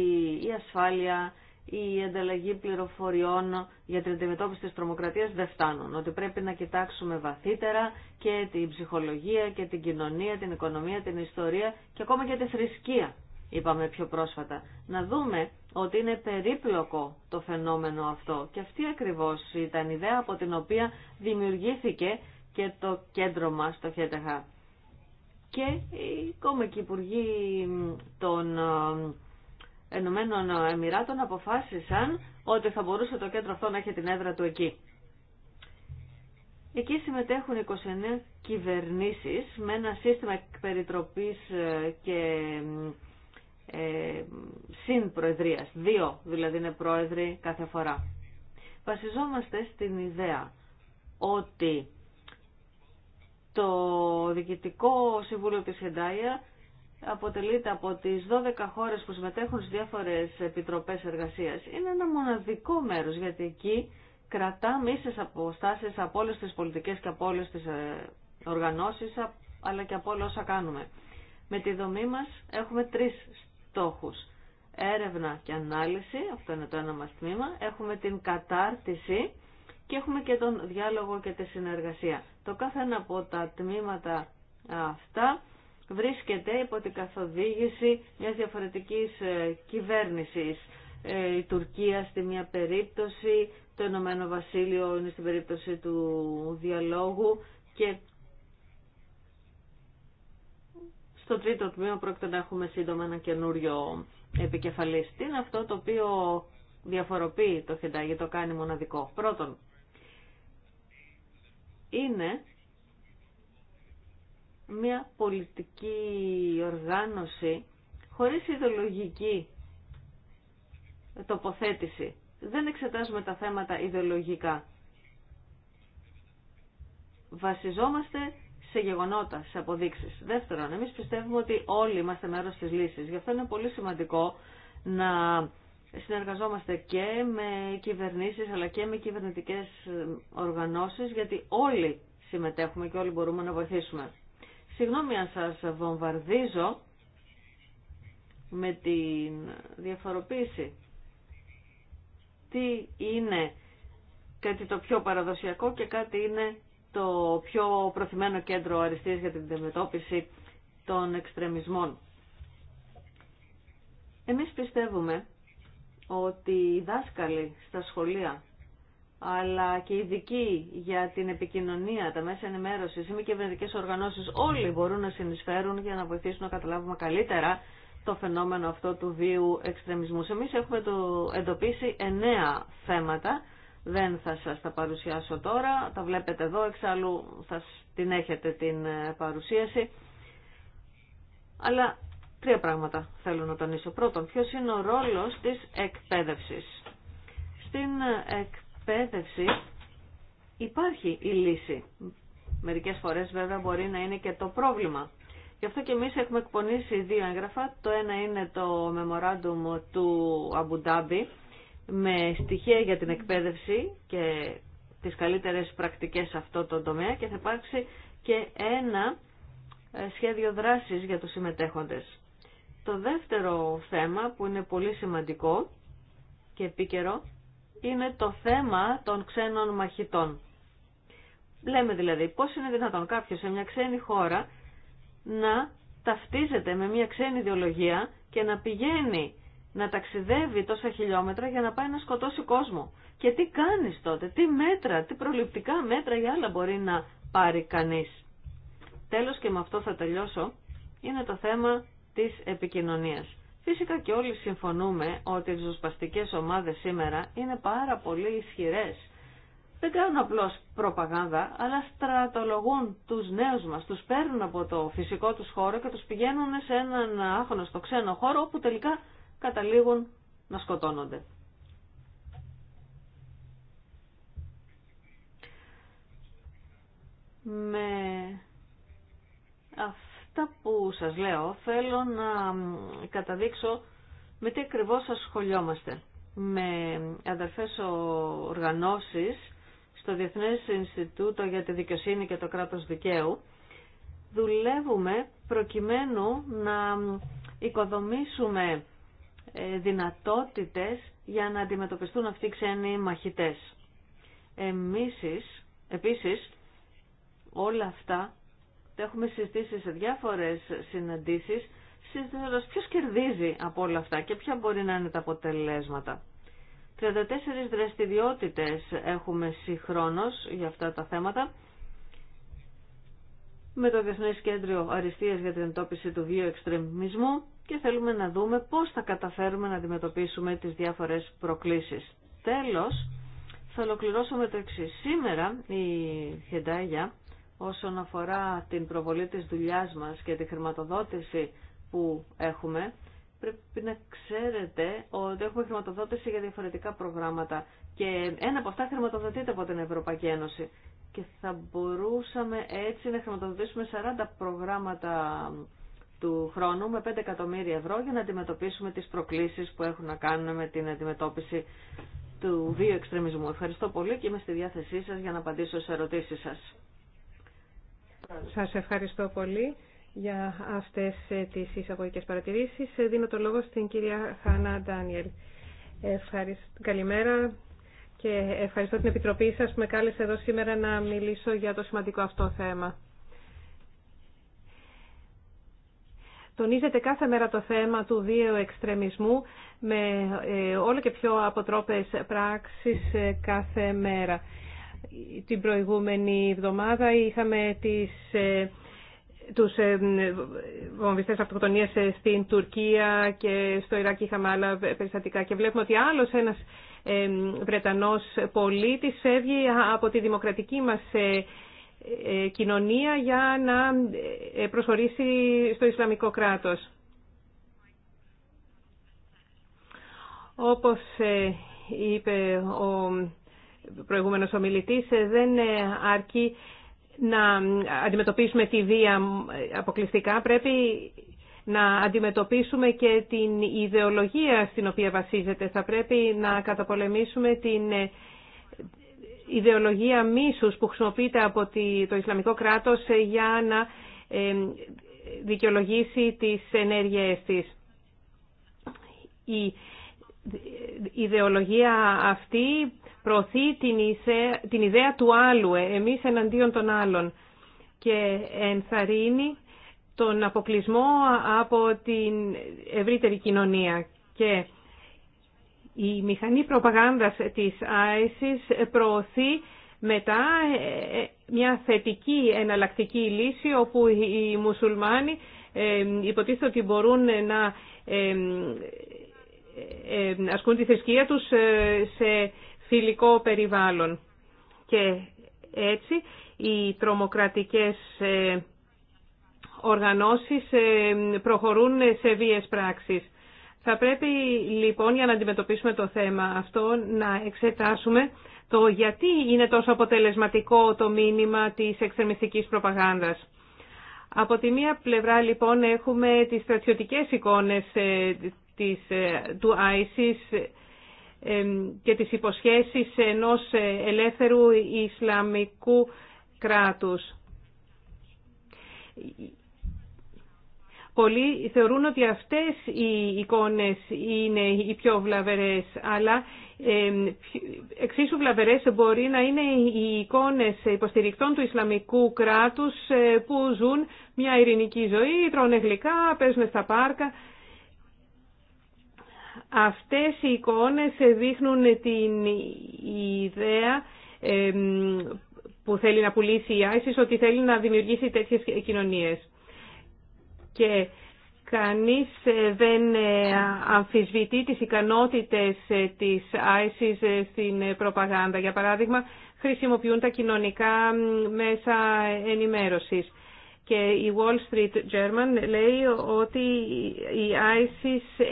η ασφάλεια, η ανταλλαγή πληροφοριών για την αντιμετώπιση της τρομοκρατίας δεν φτάνουν. Ότι πρέπει να κοιτάξουμε βαθύτερα και την ψυχολογία και την κοινωνία, την οικονομία, την ιστορία και ακόμα και τη θρησκεία, είπαμε πιο πρόσφατα. Να δούμε ότι είναι περίπλοκο το φαινόμενο αυτό. Και αυτή ακριβώς ήταν η ιδέα από την οποία δημιουργήθηκε και το κέντρο μας, το ΧΕΤΕΧΑ και οι κόμικοι υπουργοί των ε, Ενωμένων Εμμυράτων αποφάσισαν ότι θα μπορούσε το κέντρο αυτό να έχει την έδρα του εκεί. Εκεί συμμετέχουν 29 κυβερνήσεις με ένα σύστημα περιτροπής ε, και ε, συνπροεδρίας. Δύο δηλαδή είναι πρόεδροι κάθε φορά. Βασιζόμαστε στην ιδέα ότι το Διοικητικό Συμβούλιο της Χεντάια αποτελείται από τις 12 χώρες που συμμετέχουν στις διάφορες επιτροπές εργασίας. Είναι ένα μοναδικό μέρος γιατί εκεί κρατάμε ίσες αποστάσεις από όλες τις πολιτικές και από όλες τις ε, οργανώσεις αλλά και από όλα όσα κάνουμε. Με τη δομή μας έχουμε τρεις στόχους. Έρευνα και ανάλυση, αυτό είναι το ένα μας τμήμα. Έχουμε την κατάρτιση και έχουμε και τον διάλογο και τη συνεργασία. Το κάθε ένα από τα τμήματα αυτά βρίσκεται υπό την καθοδήγηση μιας διαφορετικής ε, κυβέρνησης. Ε, η Τουρκία στη μια περίπτωση, το Ηνωμένο Βασίλειο είναι στην περίπτωση του διαλόγου και στο τρίτο τμήμα πρόκειται να έχουμε σύντομα ένα καινούριο επικεφαλής. Τι είναι αυτό το οποίο διαφοροποιεί το Χεντάγι, το κάνει μοναδικό. Πρώτον, είναι μια πολιτική οργάνωση χωρίς ιδεολογική τοποθέτηση. Δεν εξετάζουμε τα θέματα ιδεολογικά. Βασιζόμαστε σε γεγονότα, σε αποδείξεις. Δεύτερον, εμείς πιστεύουμε ότι όλοι είμαστε μέρος της λύσης. Γι' αυτό είναι πολύ σημαντικό να συνεργαζόμαστε και με κυβερνήσεις αλλά και με κυβερνητικές ε, οργανώσεις γιατί όλοι συμμετέχουμε και όλοι μπορούμε να βοηθήσουμε. Συγγνώμη αν σας βομβαρδίζω με την διαφοροποίηση. Τι είναι κάτι το πιο παραδοσιακό και κάτι είναι το πιο προθυμένο κέντρο αριστείας για την αντιμετώπιση των εξτρεμισμών. Εμείς πιστεύουμε ότι οι δάσκαλοι στα σχολεία αλλά και ειδικοί για την επικοινωνία, τα μέσα ενημέρωση, ή μη κυβερνητικέ οργανώσεις, όλοι μπορούν να συνεισφέρουν για να βοηθήσουν να καταλάβουμε καλύτερα το φαινόμενο αυτό του βίου εξτρεμισμού. Εμείς έχουμε το εντοπίσει εννέα θέματα, δεν θα σας τα παρουσιάσω τώρα, τα βλέπετε εδώ, εξάλλου θα την έχετε την ε, παρουσίαση. Αλλά Τρία πράγματα θέλω να τονίσω. Πρώτον, ποιος είναι ο ρόλος της εκπαίδευσης. Στην εκπαίδευση υπάρχει η λύση. Μερικές φορές βέβαια μπορεί να είναι και το πρόβλημα. Γι' αυτό και εμείς έχουμε εκπονήσει δύο έγγραφα. Το ένα είναι το Memorandum του Αμπουντάμπη με στοιχεία για την εκπαίδευση και τις καλύτερες πρακτικές σε αυτό το τομέα και θα υπάρξει και ένα ε, σχέδιο δράσης για τους συμμετέχοντες. Το δεύτερο θέμα που είναι πολύ σημαντικό και επίκαιρο είναι το θέμα των ξένων μαχητών. Λέμε δηλαδή πώς είναι δυνατόν κάποιος σε μια ξένη χώρα να ταυτίζεται με μια ξένη ιδεολογία και να πηγαίνει να ταξιδεύει τόσα χιλιόμετρα για να πάει να σκοτώσει κόσμο. Και τι κάνεις τότε, τι μέτρα, τι προληπτικά μέτρα για άλλα μπορεί να πάρει κανείς. Τέλος και με αυτό θα τελειώσω, είναι το θέμα της επικοινωνίας. Φυσικά και όλοι συμφωνούμε ότι οι ζωσπαστικές ομάδες σήμερα είναι πάρα πολύ ισχυρές. Δεν κάνουν απλώς προπαγάνδα, αλλά στρατολογούν τους νέους μας, τους παίρνουν από το φυσικό τους χώρο και τους πηγαίνουν σε έναν άγνωστο ξένο χώρο όπου τελικά καταλήγουν να σκοτώνονται. Με αυτά που σας λέω θέλω να καταδείξω με τι ακριβώ ασχολιόμαστε. Με αδερφές οργανώσεις στο Διεθνές Ινστιτούτο για τη Δικαιοσύνη και το Κράτος Δικαίου δουλεύουμε προκειμένου να οικοδομήσουμε ε, δυνατότητες για να αντιμετωπιστούν αυτοί οι ξένοι μαχητές. Εμείς, επίσης, όλα αυτά έχουμε συζητήσει σε διάφορες συναντήσεις, συζητώντας ποιος κερδίζει από όλα αυτά και ποια μπορεί να είναι τα αποτελέσματα. 34 δραστηριότητες έχουμε συγχρόνως για αυτά τα θέματα με το Διεθνές Κέντρο Αριστείας για την Εντόπιση του Εξτρεμισμού και θέλουμε να δούμε πώς θα καταφέρουμε να αντιμετωπίσουμε τις διάφορες προκλήσεις. Τέλος, θα ολοκληρώσω με το εξή. Σήμερα η Χεντάγια όσον αφορά την προβολή της δουλειάς μας και τη χρηματοδότηση που έχουμε, πρέπει να ξέρετε ότι έχουμε χρηματοδότηση για διαφορετικά προγράμματα και ένα από αυτά χρηματοδοτείται από την Ευρωπαϊκή Ένωση και θα μπορούσαμε έτσι να χρηματοδοτήσουμε 40 προγράμματα του χρόνου με 5 εκατομμύρια ευρώ για να αντιμετωπίσουμε τις προκλήσεις που έχουν να κάνουν με την αντιμετώπιση του δύο εξτρεμισμού. Ευχαριστώ πολύ και είμαι στη διάθεσή σας για να απαντήσω σε ερωτήσεις σας. Σας ευχαριστώ πολύ για αυτές ε, τις εισαγωγικές παρατηρήσεις. Ε, δίνω το λόγο στην κυρία Χάνα Ντάνιελ. Ευχαριστώ. Καλημέρα και ευχαριστώ την Επιτροπή σας που με κάλεσε εδώ σήμερα να μιλήσω για το σημαντικό αυτό θέμα. Τονίζεται κάθε μέρα το θέμα του δύο εξτρεμισμού με ε, όλο και πιο αποτρόπες πράξεις κάθε μέρα την προηγούμενη εβδομάδα είχαμε τις, ε, τους ε, βομβιστές αυτοκτονίες ε, στην Τουρκία και στο Ιράκ είχαμε άλλα περιστατικά και βλέπουμε ότι άλλος ένας Βρετανός πολίτης φεύγει από τη δημοκρατική μας κοινωνία για να προσχωρήσει στο Ισλαμικό κράτος. Όπως είπε ο προηγούμενος ομιλητής, ε, δεν ε, αρκεί να αντιμετωπίσουμε τη βία αποκλειστικά. Πρέπει να αντιμετωπίσουμε και την ιδεολογία στην οποία βασίζεται. Θα πρέπει να καταπολεμήσουμε την ε, ιδεολογία μίσους που χρησιμοποιείται από το Ισλαμικό κράτος για να δικαιολογήσει τις ενέργειές της. Η ιδεολογία αυτή προωθεί την ιδέα του άλλου, ε, εμείς εναντίον των άλλων και ενθαρρύνει τον αποκλεισμό από την ευρύτερη κοινωνία. Και η μηχανή προπαγάνδας της ISIS προωθεί μετά ε, ε, μια θετική εναλλακτική λύση όπου οι μουσουλμάνοι υποτίθεται ότι μπορούν να ασκούν τη θρησκεία τους σε θηλυκό περιβάλλον. Και έτσι οι τρομοκρατικές ε, οργανώσεις ε, προχωρούν σε βίες πράξεις. Θα πρέπει λοιπόν για να αντιμετωπίσουμε το θέμα αυτό να εξετάσουμε το γιατί είναι τόσο αποτελεσματικό το μήνυμα της εξερμιστικής προπαγάνδας. Από τη μία πλευρά λοιπόν έχουμε τις στρατιωτικές εικόνες ε, της, του ISIS και τις υποσχέσεις ενός ελεύθερου Ισλαμικού κράτους. Πολλοί θεωρούν ότι αυτές οι εικόνες είναι οι πιο βλαβερές, αλλά εξίσου βλαβερές μπορεί να είναι οι εικόνες υποστηρικτών του Ισλαμικού κράτους ε, που ζουν μια ειρηνική ζωή, τρώνε γλυκά, παίζουν στα πάρκα Αυτές οι εικόνες δείχνουν την ιδέα που θέλει να πουλήσει η ISIS, ότι θέλει να δημιουργήσει τέτοιες κοινωνίες. Και κανείς ε, δεν ε, αμφισβητεί τις ικανότητες ε, της ISIS στην προπαγάνδα. Για παράδειγμα, χρησιμοποιούν τα κοινωνικά μέσα ενημέρωσης. Και η Wall Street German λέει ότι η ISIS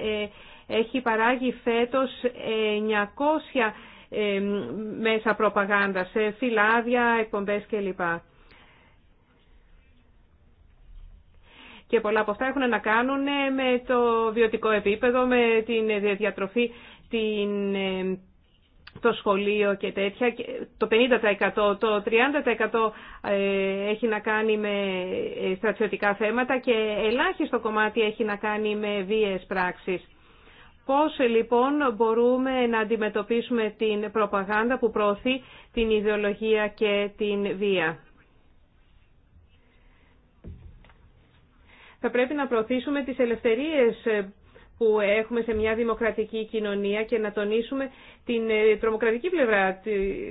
έχει παράγει φέτος 900 ε, μέσα προπαγάνδας, φυλάδια, εκπομπές κλπ. Και πολλά από αυτά έχουν να κάνουν ε, με το βιωτικό επίπεδο, με τη διατροφή, την, ε, το σχολείο και τέτοια. Το 50%, το 30% έχει να κάνει με στρατιωτικά θέματα και ελάχιστο κομμάτι έχει να κάνει με βίαιες πράξεις. Πώς λοιπόν μπορούμε να αντιμετωπίσουμε την προπαγάνδα που προωθεί την ιδεολογία και την βία. Θα πρέπει να προωθήσουμε τις ελευθερίες ε, που έχουμε σε μια δημοκρατική κοινωνία και να τονίσουμε την ε, τρομοκρατική πλευρά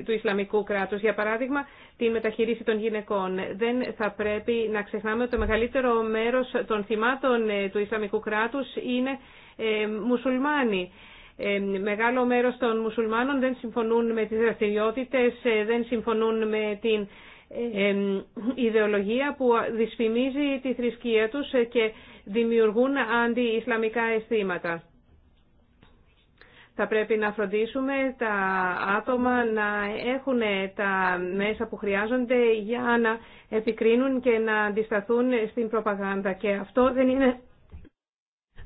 του Ισλαμικού κράτους. Για παράδειγμα, τη μεταχείριση των γυναικών. Δεν θα πρέπει να ξεχνάμε ότι το μεγαλύτερο μέρος των θυμάτων ε, του Ισλαμικού κράτους είναι ε, μουσουλμάνοι. Ε, μεγάλο μέρος των μουσουλμάνων δεν συμφωνούν με τις δραστηριότητες, ε, δεν συμφωνούν με την ιδεολογία που δυσφημίζει τη θρησκεία τους και δημιουργούν αντι-ισλαμικά αισθήματα. Θα πρέπει να φροντίσουμε τα άτομα να έχουν τα μέσα που χρειάζονται για να επικρίνουν και να αντισταθούν στην προπαγάνδα. Και αυτό δεν είναι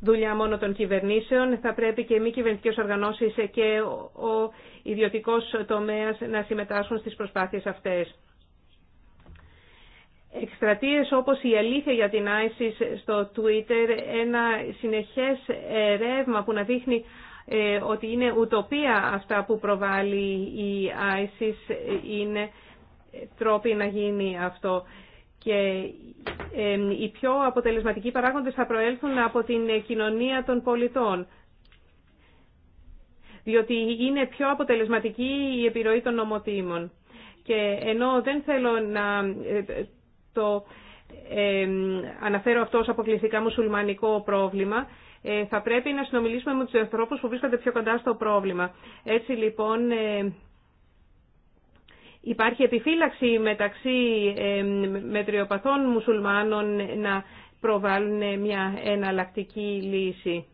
δουλειά μόνο των κυβερνήσεων. Θα πρέπει και μη κυβερνητικέ οργανώσει και ο ιδιωτικό τομέα να συμμετάσχουν στι προσπάθειε αυτέ. Εκστρατείε όπως η αλήθεια για την ISIS στο Twitter, ένα συνεχές ρεύμα που να δείχνει ε, ότι είναι ουτοπία αυτά που προβάλλει η ISIS, ε, είναι τρόποι να γίνει αυτό και οι πιο αποτελεσματικοί παράγοντες θα προέλθουν από την κοινωνία των πολιτών. Διότι είναι πιο αποτελεσματική η επιρροή των νομοτήμων. Και ενώ δεν θέλω να ε, το αναφέρω αυτό ως αποκλειστικά μουσουλμανικό πρόβλημα, ε, θα πρέπει να συνομιλήσουμε με τους ανθρώπους που βρίσκονται πιο κοντά στο πρόβλημα. Έτσι λοιπόν ε, Υπάρχει επιφύλαξη μεταξύ ε, μετριοπαθών μουσουλμάνων να προβάλλουν μια εναλλακτική λύση.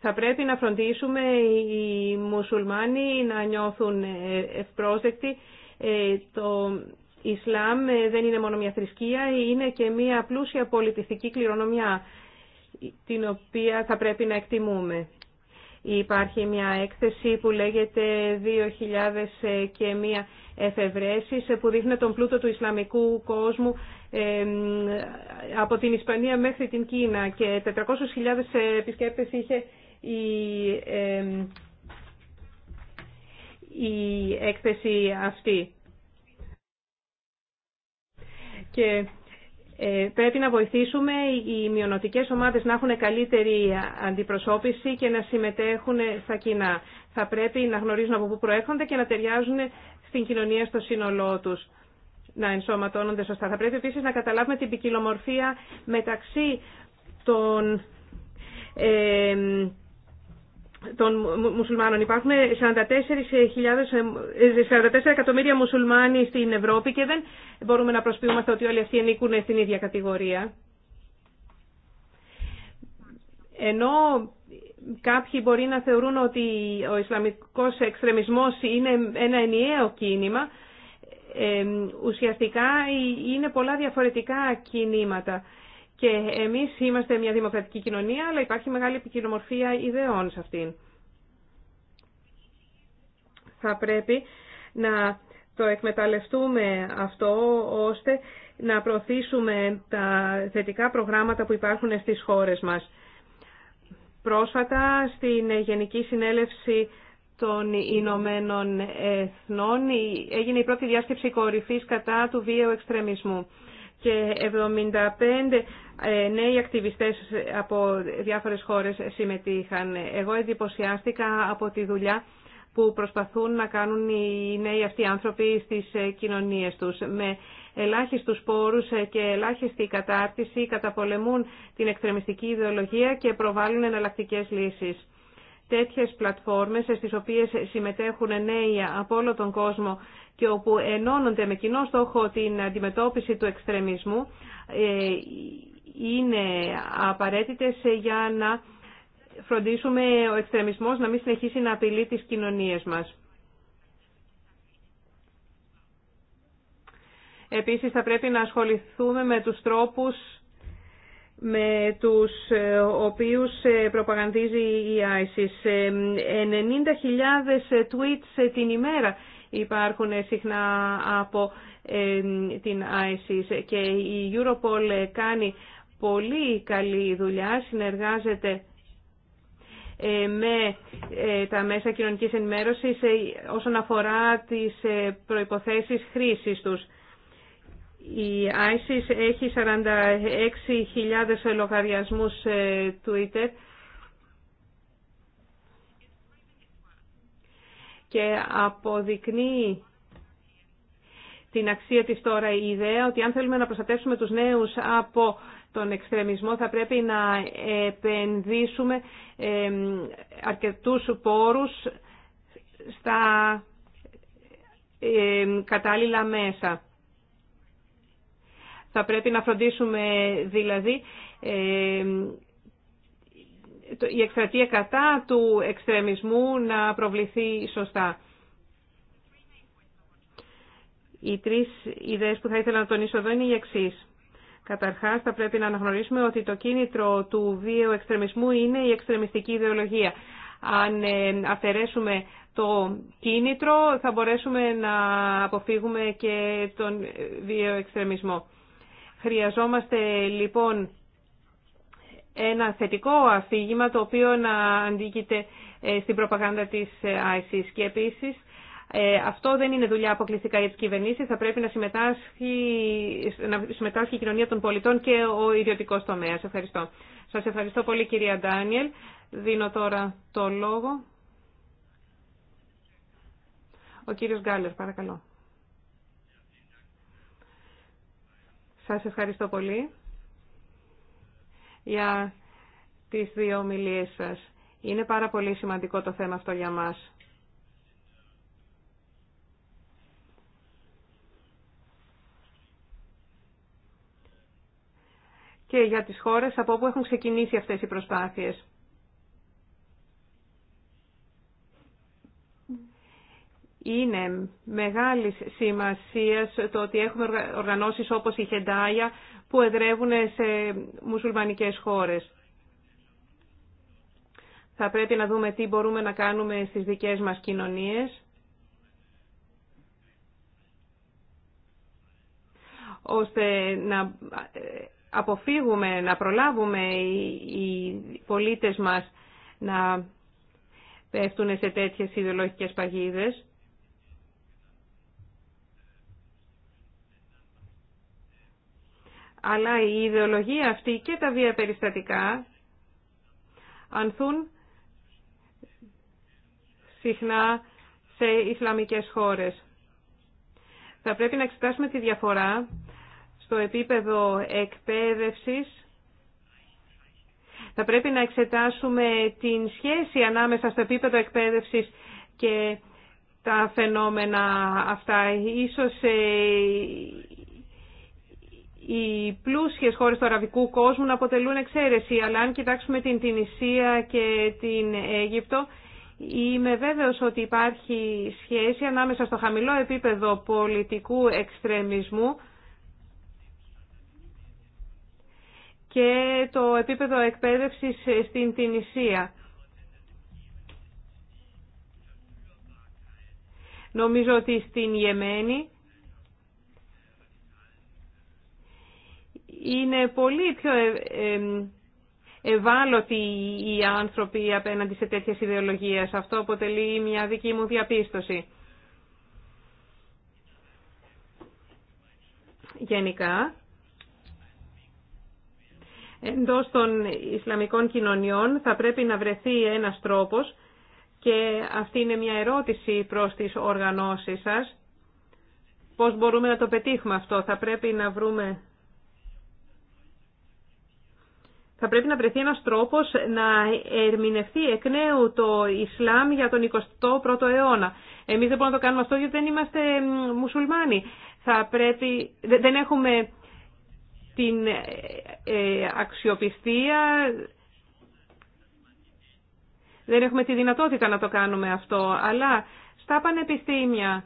Θα πρέπει να φροντίσουμε οι μουσουλμάνοι να νιώθουν ε, ευπρόσδεκτοι. Ε, το Ισλάμ δεν είναι μόνο μια θρησκεία, είναι και μια πλούσια πολιτιστική κληρονομιά, την οποία θα πρέπει να εκτιμούμε. Υπάρχει μια έκθεση που λέγεται 2000 και μία εφευρέσεις που δείχνει τον πλούτο του Ισλαμικού κόσμου από την Ισπανία μέχρι την Κίνα και 400.000 επισκέπτες είχε η, η έκθεση αυτή. Και ε, πρέπει να βοηθήσουμε οι μειονοτικές ομάδες να έχουν καλύτερη αντιπροσώπηση και να συμμετέχουν στα κοινά. Θα πρέπει να γνωρίζουν από πού προέρχονται και να ταιριάζουν στην κοινωνία στο σύνολό τους να ενσωματώνονται σωστά. Θα πρέπει επίσης να καταλάβουμε την ποικιλομορφία μεταξύ των ε, των μουσουλμάνων. Υπάρχουν 44, ε, εκατομμύρια μουσουλμάνοι στην Ευρώπη και δεν μπορούμε να προσποιούμαστε ότι όλοι αυτοί ενίκουν στην ίδια κατηγορία. Ενώ κάποιοι μπορεί να θεωρούν ότι ο Ισλαμικός εξτρεμισμός είναι ένα ενιαίο κίνημα, ε, ουσιαστικά είναι πολλά διαφορετικά κινήματα. Και εμείς είμαστε μια δημοκρατική κοινωνία, αλλά υπάρχει μεγάλη επικοινομορφία ιδεών σε αυτήν. Θα πρέπει να το εκμεταλλευτούμε αυτό, ώστε να προωθήσουμε τα θετικά προγράμματα που υπάρχουν στις χώρες μας. Πρόσφατα, στην Γενική Συνέλευση των Ηνωμένων Εθνών, έγινε η πρώτη διάσκεψη κορυφής κατά του βίαιου εξτρεμισμού και 75 ε, νέοι ακτιβιστές από διάφορες χώρες συμμετείχαν. Εγώ εντυπωσιάστηκα από τη δουλειά που προσπαθούν να κάνουν οι νέοι αυτοί άνθρωποι στις ε, κοινωνίες τους. Με ελάχιστους πόρους ε, και ελάχιστη κατάρτιση καταπολεμούν την εκτρεμιστική ιδεολογία και προβάλλουν εναλλακτικέ λύσεις. Τέτοιες πλατφόρμες στις οποίες συμμετέχουν νέοι από όλο τον κόσμο και όπου ενώνονται με κοινό στόχο την αντιμετώπιση του εξτρεμισμού ε, είναι απαραίτητες για να φροντίσουμε ο εξτρεμισμός να μην συνεχίσει να απειλεί τις κοινωνίες μας. Επίσης θα πρέπει να ασχοληθούμε με τους τρόπους με τους ε, οποίους ε, προπαγανδίζει η ISIS. 90.000 tweets την ημέρα υπάρχουν συχνά από ε, την ISIS και η Europol κάνει πολύ καλή δουλειά, συνεργάζεται ε, με ε, τα μέσα κοινωνικής ενημέρωσης όσον αφορά τις προϋποθέσεις χρήσης τους. Η ISIS έχει 46.000 λογαριασμούς Twitter και αποδεικνύει την αξία της τώρα η ιδέα ότι αν θέλουμε να προστατεύσουμε τους νέους από τον εξτρεμισμό θα πρέπει να επενδύσουμε αρκετούς πόρους στα κατάλληλα μέσα. Θα πρέπει να φροντίσουμε δηλαδή η εκστρατεία κατά του εξτρεμισμού να προβληθεί σωστά. Οι τρεις ιδέες που θα ήθελα να τονίσω εδώ είναι οι εξής. Καταρχάς, θα πρέπει να αναγνωρίσουμε ότι το κίνητρο του βίαιου εξτρεμισμού είναι η εξτρεμιστική ιδεολογία. Αν ε, αφαιρέσουμε το κίνητρο, θα μπορέσουμε να αποφύγουμε και τον ε, βίαιο εξτρεμισμό. Χρειαζόμαστε, λοιπόν, ένα θετικό αφήγημα το οποίο να αντίκειται ε, στην προπαγάνδα της ε, ISIS. Και επίσης ε, αυτό δεν είναι δουλειά αποκλειστικά για τις κυβερνήσεις, θα πρέπει να συμμετάσχει, να συμμετάσχει η κοινωνία των πολιτών και ο ιδιωτικός τομέας. Ευχαριστώ. Σας ευχαριστώ πολύ κυρία Ντάνιελ. Δίνω τώρα το λόγο. Ο κύριος Γκάλερ, παρακαλώ. Σας ευχαριστώ πολύ για τις δύο ομιλίες σας. Είναι πάρα πολύ σημαντικό το θέμα αυτό για μας. και για τις χώρες από όπου έχουν ξεκινήσει αυτές οι προσπάθειες. Είναι μεγάλης σημασίας το ότι έχουμε οργανώσεις όπως η Χεντάια που εδρεύουν σε μουσουλμανικές χώρες. Θα πρέπει να δούμε τι μπορούμε να κάνουμε στις δικές μας κοινωνίες. ώστε να ε, αποφύγουμε, να προλάβουμε οι πολίτες μας να πέφτουν σε τέτοιες ιδεολογικές παγίδες. Αλλά η ιδεολογία αυτή και τα διαπεριστατικά ανθούν συχνά σε Ισλαμικές χώρες. Θα πρέπει να εξετάσουμε τη διαφορά στο επίπεδο εκπαίδευσης. Θα πρέπει να εξετάσουμε την σχέση ανάμεσα στο επίπεδο εκπαίδευσης και τα φαινόμενα αυτά. Ίσως ε, οι πλούσιες χώρες του αραβικού κόσμου να αποτελούν εξαίρεση, αλλά αν κοιτάξουμε την Τινησία και την Αίγυπτο, είμαι βέβαιος ότι υπάρχει σχέση ανάμεσα στο χαμηλό επίπεδο πολιτικού εξτρεμισμού και το επίπεδο εκπαίδευσης στην Τινησία. Νομίζω ότι στην Γεμένη είναι πολύ πιο ε, ευάλωτοι οι άνθρωποι απέναντι σε τέτοιες ιδεολογίες. Αυτό αποτελεί μια δική μου διαπίστωση. Γενικά, εντός των Ισλαμικών κοινωνιών θα πρέπει να βρεθεί ένας τρόπος και αυτή είναι μια ερώτηση προς τις οργανώσεις σας. Πώς μπορούμε να το πετύχουμε αυτό. Θα πρέπει να βρούμε θα πρέπει να βρεθεί ένας τρόπος να ερμηνευτεί εκ νέου το Ισλάμ για τον 21ο αιώνα. Εμείς δεν μπορούμε να το κάνουμε αυτό γιατί δεν είμαστε μουσουλμάνοι. Θα πρέπει, δεν έχουμε την ε, ε, αξιοπιστία, δεν έχουμε τη δυνατότητα να το κάνουμε αυτό. Αλλά στα πανεπιστήμια,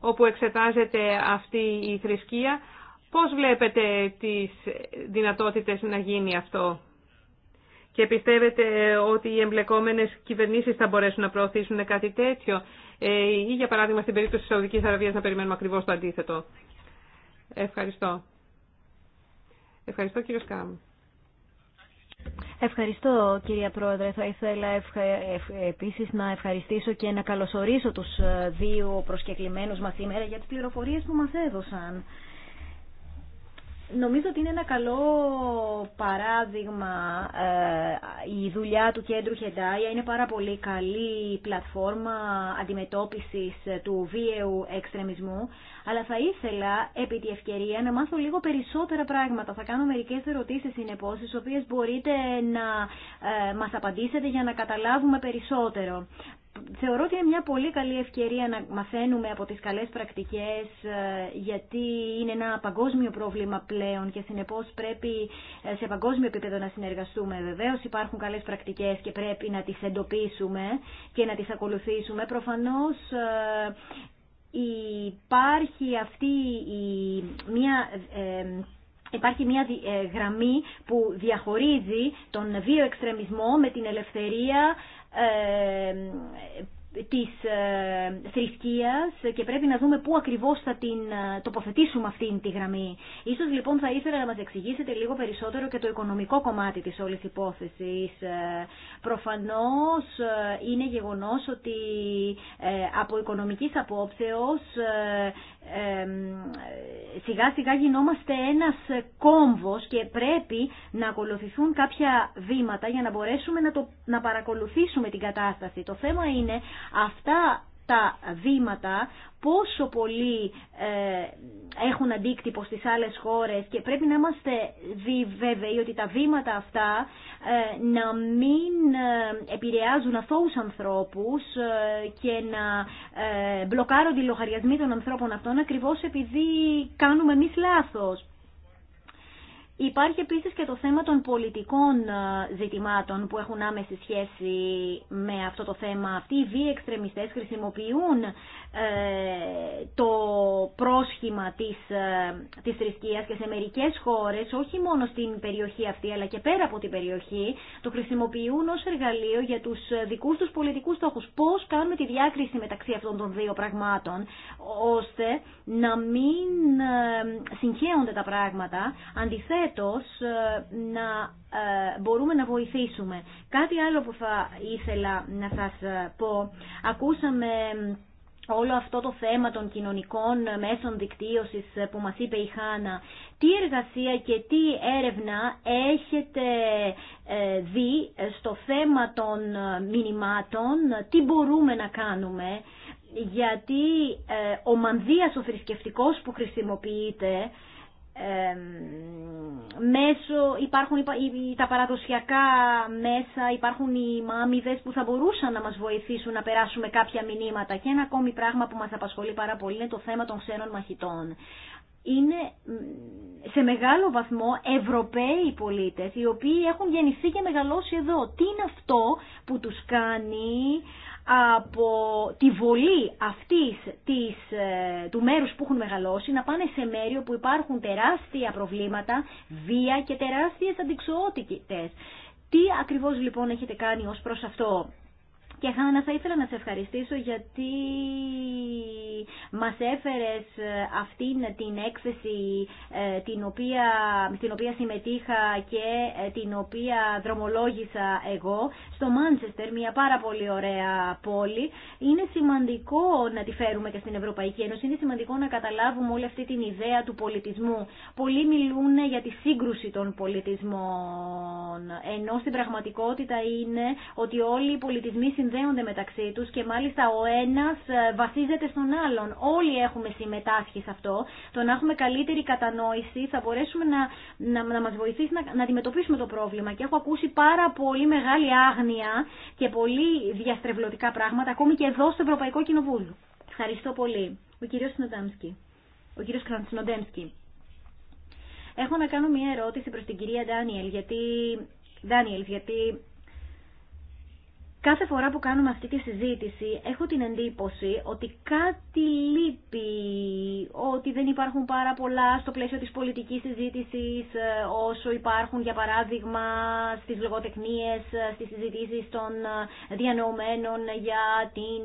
όπου εξετάζεται αυτή η θρησκεία, Πώς βλέπετε τις δυνατότητες να γίνει αυτό και πιστεύετε ότι οι εμπλεκόμενες κυβερνήσεις θα μπορέσουν να προωθήσουν κάτι τέτοιο ε, ή για παράδειγμα στην περίπτωση της Σαουδικής Αραβίας να περιμένουμε ακριβώς το αντίθετο. Ευχαριστώ. Ευχαριστώ κύριο Σκάμ. Ευχαριστώ κυρία Πρόεδρε. Θα ήθελα ευχα... επίσης να ευχαριστήσω και να καλωσορίσω τους ε, δύο προσκεκλημένους μας σήμερα για τις πληροφορίες που μας έδωσαν. Νομίζω ότι είναι ένα καλό παράδειγμα ε, η δουλειά του κέντρου Χεντάια. Είναι πάρα πολύ καλή πλατφόρμα αντιμετώπισης του βίαιου εξτρεμισμού. Αλλά θα ήθελα επί τη ευκαιρία να μάθω λίγο περισσότερα πράγματα. Θα κάνω μερικές ερωτήσεις συνεπώς, τις οποίες μπορείτε να ε, μας απαντήσετε για να καταλάβουμε περισσότερο. Θεωρώ ότι είναι μια πολύ καλή ευκαιρία να μαθαίνουμε από τις καλές πρακτικές ε, γιατί είναι ένα παγκόσμιο πρόβλημα πλέον και συνεπώς πρέπει ε, σε παγκόσμιο επίπεδο να συνεργαστούμε. Βεβαίως υπάρχουν καλές πρακτικές και πρέπει να τις εντοπίσουμε και να τις ακολουθήσουμε. Προφανώς ε, υπάρχει αυτή η, μια Υπάρχει μια γραμμή που διαχωρίζει τον βίο με την ελευθερία ε, της ε, θρησκείας και πρέπει να δούμε πού ακριβώς θα την ε, τοποθετήσουμε αυτήν τη γραμμή. Ίσως λοιπόν θα ήθελα να μας εξηγήσετε λίγο περισσότερο και το οικονομικό κομμάτι της όλης υπόθεσης. Προφανώς είναι γεγονός ότι από οικονομικής απόψεως σιγά σιγά γινόμαστε ένας κόμβος και πρέπει να ακολουθηθούν κάποια βήματα για να μπορέσουμε να, το, να παρακολουθήσουμε την κατάσταση. Το θέμα είναι αυτά τα βήματα, πόσο πολύ ε, έχουν αντίκτυπο στις άλλες χώρες και πρέπει να είμαστε βέβαιοι ότι τα βήματα αυτά ε, να μην ε, επηρεάζουν αθώους ανθρώπους και να μπλοκάρουν οι λογαριασμοί των ανθρώπων αυτών ακριβώς επειδή κάνουμε εμείς λάθος. Υπάρχει επίσης και το θέμα των πολιτικών ε, ζητημάτων που έχουν άμεση σχέση με αυτό το θέμα. Αυτοί οι βίαιοι εξτρεμιστές χρησιμοποιούν ε, το πρόσχημα της, ε, της θρησκείας και σε μερικές χώρες, όχι μόνο στην περιοχή αυτή αλλά και πέρα από την περιοχή, το χρησιμοποιούν ως εργαλείο για τους ε, δικούς τους πολιτικούς στόχους. Πώς κάνουμε τη διάκριση μεταξύ αυτών των δύο πραγμάτων, ώστε να μην συγχέονται τα πράγματα, αντιθέτως να μπορούμε να βοηθήσουμε. Κάτι άλλο που θα ήθελα να σας πω, ακούσαμε όλο αυτό το θέμα των κοινωνικών μέσων δικτύωσης που μας είπε η Χάνα, τι εργασία και τι έρευνα έχετε ε, δει στο θέμα των μηνυμάτων, τι μπορούμε να κάνουμε, γιατί ε, ο μανδύας ο θρησκευτικό που χρησιμοποιείται μέσω, υπάρχουν τα παραδοσιακά μέσα, υπάρχουν οι μάμιδες που θα μπορούσαν να μας βοηθήσουν να περάσουμε κάποια μηνύματα. Και ένα ακόμη πράγμα που μας απασχολεί πάρα πολύ είναι το θέμα των ξένων μαχητών. Είναι σε μεγάλο βαθμό Ευρωπαίοι πολίτες, οι οποίοι έχουν γεννηθεί και μεγαλώσει εδώ. Τι είναι αυτό που τους κάνει από τη βολή αυτής της, ε, του μέρους που έχουν μεγαλώσει να πάνε σε μέρη όπου υπάρχουν τεράστια προβλήματα, βία και τεράστιες αντικσοότητες. Τι ακριβώς λοιπόν έχετε κάνει ως προς αυτό. Και Χάνα, θα ήθελα να σε ευχαριστήσω γιατί μας έφερες αυτήν την έκθεση ε, την οποία, στην οποία συμμετείχα και ε, την οποία δρομολόγησα εγώ στο Μάντσεστερ, μια πάρα πολύ ωραία πόλη. Είναι σημαντικό να τη φέρουμε και στην Ευρωπαϊκή Ένωση, είναι σημαντικό να καταλάβουμε όλη αυτή την ιδέα του πολιτισμού. Πολλοί μιλούν για τη σύγκρουση των πολιτισμών, ενώ στην πραγματικότητα είναι ότι όλοι οι πολιτισμοί συνδέονται συνδέονται μεταξύ τους και μάλιστα ο ένας ε, βασίζεται στον άλλον. Όλοι έχουμε συμμετάσχει σε αυτό. Το να έχουμε καλύτερη κατανόηση θα μπορέσουμε να, να, να μας βοηθήσει να, να αντιμετωπίσουμε το πρόβλημα. Και έχω ακούσει πάρα πολύ μεγάλη άγνοια και πολύ διαστρεβλωτικά πράγματα, ακόμη και εδώ στο Ευρωπαϊκό Κοινοβούλιο. Ευχαριστώ πολύ. Ο κύριος Συνοδάμσκι. Ο κύριος Κραντσινοντέμσκι. Έχω να κάνω μια ερώτηση προς την κυρία Ντάνιελ, γιατί, Ντάνιελ, γιατί Κάθε φορά που κάνουμε αυτή τη συζήτηση έχω την εντύπωση ότι κάτι λείπει, ότι δεν υπάρχουν πάρα πολλά στο πλαίσιο της πολιτικής συζήτησης ε, όσο υπάρχουν για παράδειγμα στις λογοτεχνίες, ε, στις συζητήσεις των ε, διανοωμένων για την,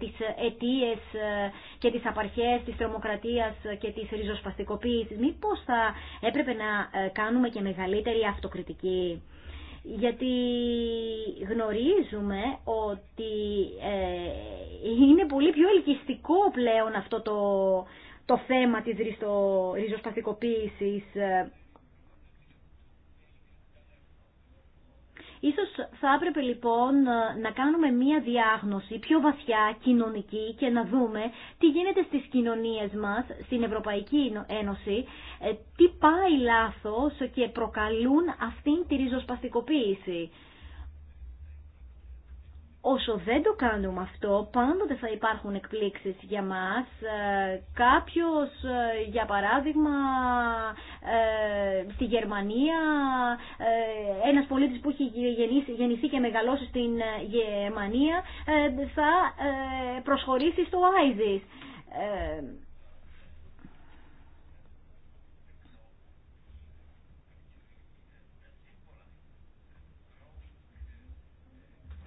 τις αιτίες και τις απαρχές της τρομοκρατίας και της ριζοσπαστικοποίησης. Μήπως θα έπρεπε να κάνουμε και μεγαλύτερη αυτοκριτική γιατί γνωρίζουμε ότι ε, είναι πολύ πιο ελκυστικό πλέον αυτό το, το θέμα της ριζοσπαστικοποίησης ε, Ίσως θα έπρεπε λοιπόν ε, να κάνουμε μία διάγνωση πιο βαθιά κοινωνική και να δούμε τι γίνεται στις κοινωνίες μας, στην Ευρωπαϊκή Ένωση, ε, τι πάει λάθος και προκαλούν αυτήν τη ριζοσπαστικοποίηση. Όσο δεν το κάνουμε αυτό, πάντοτε θα υπάρχουν εκπλήξεις για μας. Ε, κάποιος, ε, για παράδειγμα, ε, στη Γερμανία, ένας πολίτης που έχει γεννηθεί και μεγαλώσει στην Γερμανία, θα προσχωρήσει στο ISIS.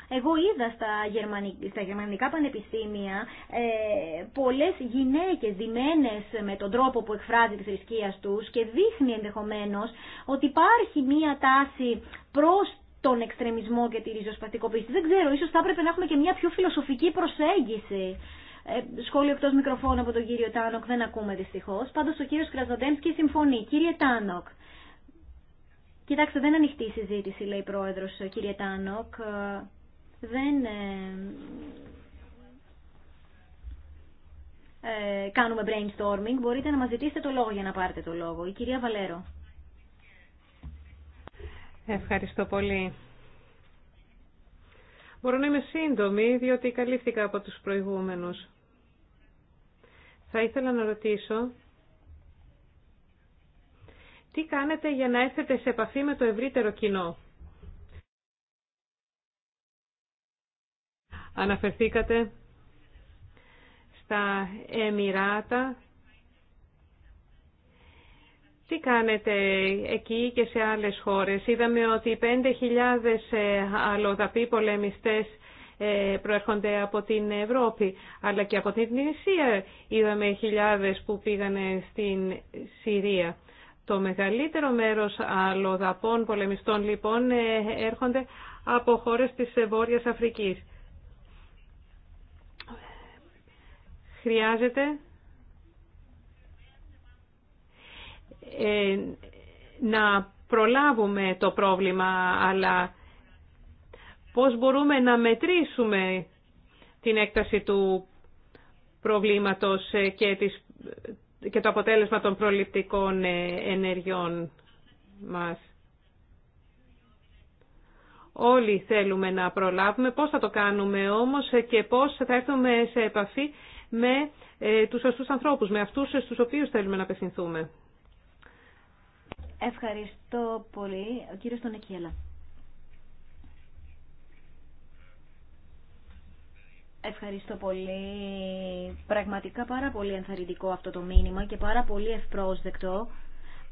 Εγώ είδα στα, γερμανικά, στα γερμανικά πανεπιστήμια ε, πολλές γυναίκες διμένες με τον τρόπο που εκφράζει τη θρησκεία τους και δείχνει ενδεχομένως ότι υπάρχει μία τάση προς τον εξτρεμισμό και τη ριζοσπαστικοποίηση. Δεν ξέρω, ίσως θα έπρεπε να έχουμε και μία πιο φιλοσοφική προσέγγιση. Ε, σχόλιο εκτό μικροφώνου από τον κύριο Τάνοκ δεν ακούμε δυστυχώ. Πάντω ο κύριο Κραζοντέμσκι συμφωνεί. Κύριε Τάνοκ, κοιτάξτε δεν ανοιχτή η συζήτηση λέει η πρόεδρο ε, κύριε Τάνοκ. Ε, δεν ε, ε, κάνουμε brainstorming. Μπορείτε να μας ζητήσετε το λόγο για να πάρετε το λόγο. Η κυρία Βαλέρο. Ευχαριστώ πολύ. Μπορώ να είμαι σύντομη, διότι καλύφθηκα από τους προηγούμενους. Θα ήθελα να ρωτήσω, τι κάνετε για να έρθετε σε επαφή με το ευρύτερο κοινό. Αναφερθήκατε στα Εμμυράτα. Τι κάνετε εκεί και σε άλλες χώρες. Είδαμε ότι 5.000 ε, αλλοδαποί πολεμιστές ε, προέρχονται από την Ευρώπη, αλλά και από την Ινσία είδαμε χιλιάδες που πήγανε στην Συρία. Το μεγαλύτερο μέρος αλλοδαπών πολεμιστών λοιπόν ε, έρχονται από χώρες της Βόρειας Αφρικής. χρειάζεται ε, να προλάβουμε το πρόβλημα, αλλά πώς μπορούμε να μετρήσουμε την έκταση του προβλήματος ε, και, και το αποτέλεσμα των προληπτικών ε, ενεργειών μας. Όλοι θέλουμε να προλάβουμε, πώς θα το κάνουμε όμως και πώς θα έρθουμε σε επαφή με ε, τους σωστούς ανθρώπους, με αυτούς στους οποίους θέλουμε να απευθυνθούμε. Ευχαριστώ πολύ. Ο κύριος Τονεκιέλα. Ευχαριστώ πολύ. Πραγματικά πάρα πολύ ενθαρρυντικό αυτό το μήνυμα και πάρα πολύ ευπρόσδεκτο.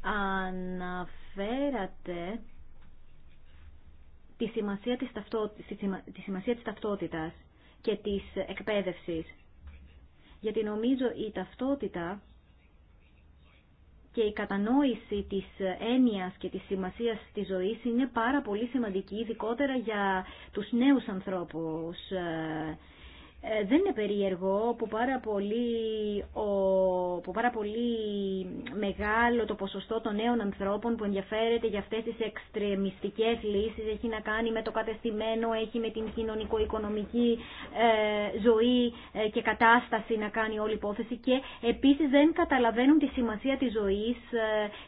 Αναφέρατε σημασία τη σημασία της ταυτότητας και της εκπαίδευσης γιατί νομίζω η ταυτότητα και η κατανόηση της έννοιας και της σημασίας της ζωής είναι πάρα πολύ σημαντική, ειδικότερα για τους νέους ανθρώπους. Ε, δεν είναι περίεργο που πάρα, πολύ, ο, που πάρα μεγάλο το ποσοστό των νέων ανθρώπων που ενδιαφέρεται για αυτές τις εξτρεμιστικές λύσεις έχει να κάνει με το κατεστημένο, έχει με την κοινωνικο-οικονομική ε, ζωή ε, και κατάσταση να κάνει όλη υπόθεση και επίσης δεν καταλαβαίνουν τη σημασία της ζωής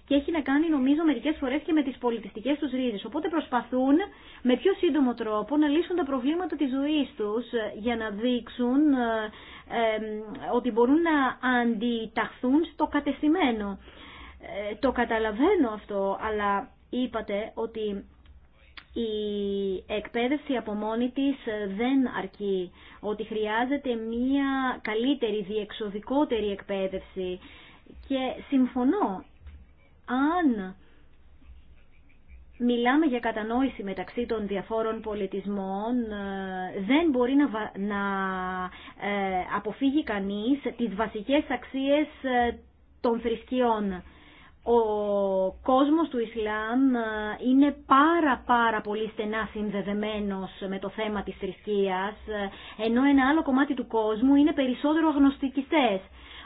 και έχει να κάνει νομίζω μερικές φορές και με τις πολιτιστικές τους ρίζες. Οπότε προσπαθούν με πιο σύντομο τρόπο να λύσουν τα προβλήματα της ζωής τους για να δει ε, ότι μπορούν να αντιταχθούν στο κατεστημένο. Ε, το καταλαβαίνω αυτό, αλλά είπατε ότι η εκπαίδευση από μόνη της δεν αρκεί, ότι χρειάζεται μια καλύτερη, διεξοδικότερη εκπαίδευση και συμφωνώ αν Μιλάμε για κατανόηση μεταξύ των διαφόρων πολιτισμών. Ε, δεν μπορεί να ε, αποφύγει κανείς τις βασικές αξίες ε, των θρησκειών. Ο κόσμος του Ισλάμ είναι πάρα πάρα πολύ στενά συνδεδεμένος με το θέμα της θρησκείας, ενώ ένα άλλο κομμάτι του κόσμου είναι περισσότερο γνωστικιστές.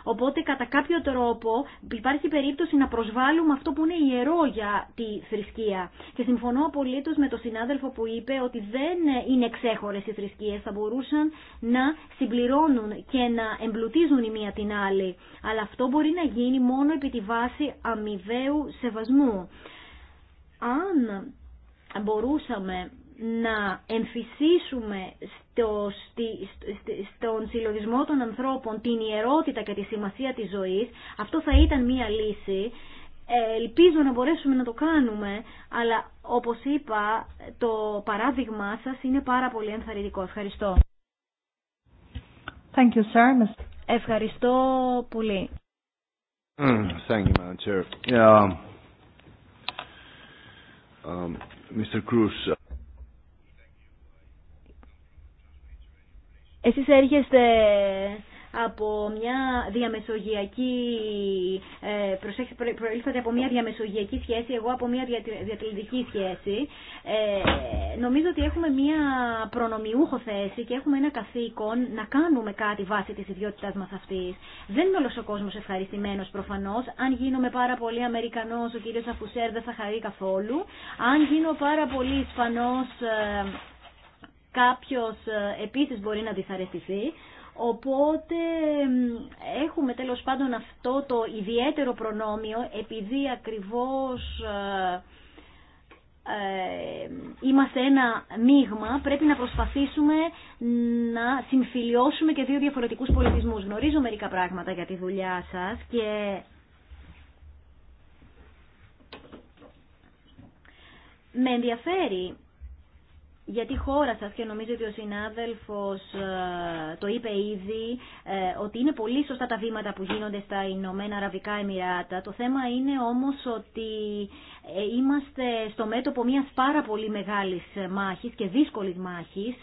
Οπότε κατά κάποιο τρόπο υπάρχει περίπτωση να προσβάλλουμε αυτό που είναι ιερό για τη θρησκεία. Και συμφωνώ απολύτως με το συνάδελφο που είπε ότι δεν είναι ξέχωρε οι θρησκείε. θα μπορούσαν να συμπληρώνουν και να εμπλουτίζουν η μία την άλλη. Αλλά αυτό μπορεί να γίνει μόνο επί τη βάση αμοιβαίου σεβασμού. Αν μπορούσαμε να εμφυσίσουμε στο, στον συλλογισμό των ανθρώπων την ιερότητα και τη σημασία της ζωής, αυτό θα ήταν μία λύση. Ε, ελπίζω να μπορέσουμε να το κάνουμε, αλλά όπως είπα, το παράδειγμα σας είναι πάρα πολύ ενθαρρυντικό. Ευχαριστώ. Thank you, sir. Ευχαριστώ πολύ. Mm, thank you, Mr. Um, um, Cruz. Uh, Εσείς έρχεστε από μια διαμεσογειακή, ε, προσέξτε, προήλθατε από μια διαμεσογειακή σχέση, εγώ από μια διατηρητική σχέση. Ε, νομίζω ότι έχουμε μια προνομιούχο θέση και έχουμε ένα καθήκον να κάνουμε κάτι βάσει της ιδιότητάς μας αυτής. Δεν είναι όλος ο κόσμος ευχαριστημένος προφανώς. Αν γίνομαι πάρα πολύ Αμερικανός, ο κύριος Αφουσέρ δεν θα χαρεί καθόλου. Αν γίνω πάρα πολύ Ισπανός... Ε, κάποιος ε, επίσης μπορεί να δυσαρεστηθεί. Οπότε έχουμε τέλος πάντων αυτό το ιδιαίτερο προνόμιο επειδή ακριβώς ε, ε, είμαστε ένα μείγμα, πρέπει να προσπαθήσουμε να συμφιλιώσουμε και δύο διαφορετικούς πολιτισμούς. Γνωρίζω μερικά πράγματα για τη δουλειά σας και με ενδιαφέρει για τη χώρα σας και νομίζω ότι ο συνάδελφος ε, το είπε ήδη ε, ότι είναι πολύ σωστά τα βήματα που γίνονται στα Ηνωμένα Αραβικά Εμμυράτα. Το θέμα είναι όμως ότι ε, είμαστε στο μέτωπο μιας πάρα πολύ μεγάλης μάχης και δύσκολης μάχης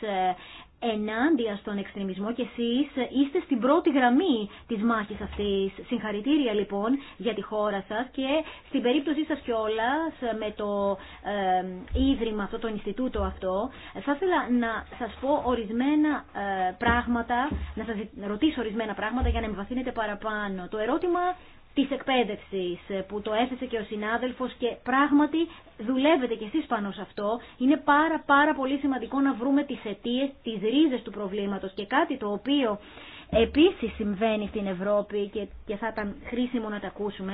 ενάντια στον εξτρεμισμό και εσείς είστε στην πρώτη γραμμή της μάχης αυτής. Συγχαρητήρια λοιπόν για τη χώρα σας και στην περίπτωσή σας κιόλα με το ε, ίδρυμα αυτό, το Ινστιτούτο αυτό, θα ήθελα να σας πω ορισμένα ε, πράγματα, να σας ρωτήσω ορισμένα πράγματα για να εμβαθύνετε παραπάνω. Το ερώτημα Τη εκπαίδευση ε, που το έθεσε και ο συνάδελφο και πράγματι δουλεύετε κι εσεί πάνω σε αυτό. Είναι πάρα πάρα πολύ σημαντικό να βρούμε τις αιτίε, τις ρίζες του προβλήματος και κάτι το οποίο επίση συμβαίνει στην Ευρώπη και, θα ήταν χρήσιμο να τα ακούσουμε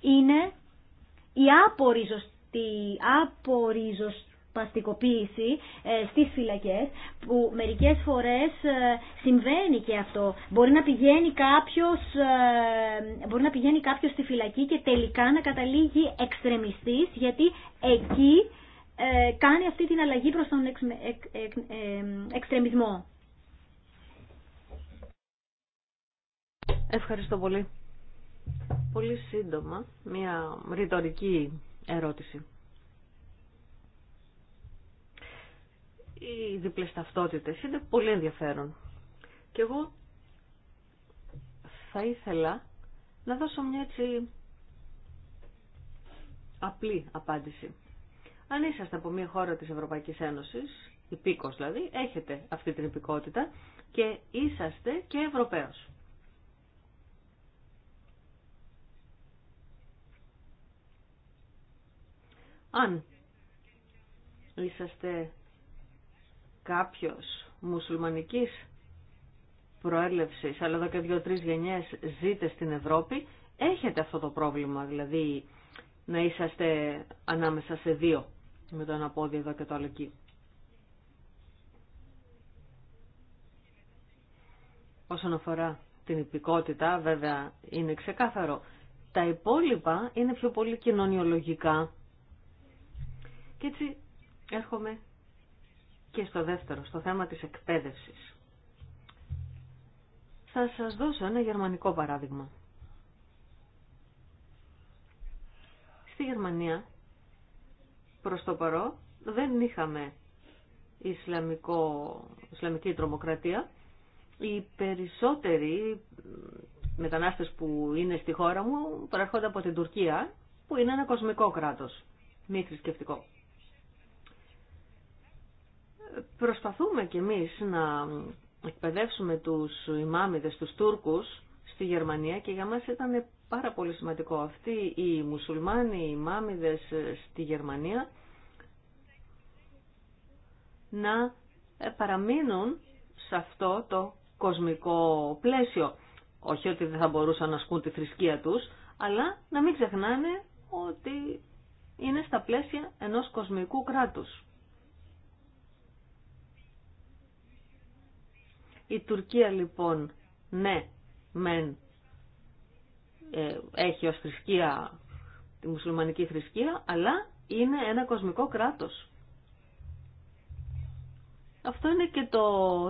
είναι η απορρίζωστη παστικοποίηση ε, στις φυλακές που μερικές φορές ε, συμβαίνει και αυτό. Μπορεί να πηγαίνει κάποιος, ε, μπορεί να πηγαίνει κάποιος στη φυλακή και τελικά να καταλήγει εξτρεμιστής γιατί εκεί κάνει αυτή την αλλαγή προς τον εξ, εξτρεμισμό. Ευχαριστώ πολύ. Πολύ σύντομα, μια ρητορική ερώτηση. οι διπλές ταυτότητες. Είναι πολύ ενδιαφέρον. Και εγώ θα ήθελα να δώσω μια έτσι απλή απάντηση. Αν είσαστε από μια χώρα της Ευρωπαϊκής Ένωσης, υπήκος δηλαδή, έχετε αυτή την υπηκότητα και είσαστε και Ευρωπαίος. Αν είσαστε κάποιος μουσουλμανικής προέλευσης, αλλά εδώ και δύο-τρεις γενιές ζείτε στην Ευρώπη, έχετε αυτό το πρόβλημα, δηλαδή να είσαστε ανάμεσα σε δύο με το ένα πόδι εδώ και το άλλο εκεί. Όσον αφορά την υπηκότητα, βέβαια είναι ξεκάθαρο. Τα υπόλοιπα είναι πιο πολύ κοινωνιολογικά. Και έτσι έρχομαι και στο δεύτερο, στο θέμα της εκπαίδευσης. Θα σας δώσω ένα γερμανικό παράδειγμα. Στη Γερμανία, προς το παρό, δεν είχαμε Ισλαμικό, Ισλαμική τρομοκρατία. Οι περισσότεροι μετανάστες που είναι στη χώρα μου προέρχονται από την Τουρκία, που είναι ένα κοσμικό κράτος, μη θρησκευτικό προσπαθούμε κι εμείς να εκπαιδεύσουμε τους ημάμιδες, τους Τούρκους στη Γερμανία και για μας ήταν πάρα πολύ σημαντικό. Αυτοί οι μουσουλμάνοι οι ημάμιδες στη Γερμανία να ε, παραμείνουν σε αυτό το κοσμικό πλαίσιο. Όχι ότι δεν θα μπορούσαν να ασκούν τη θρησκεία τους, αλλά να μην ξεχνάνε ότι είναι στα πλαίσια ενός κοσμικού κράτους. Η Τουρκία λοιπόν, ναι, μεν ε, έχει ως θρησκεία τη μουσουλμανική θρησκεία, αλλά είναι ένα κοσμικό κράτος. Αυτό είναι και το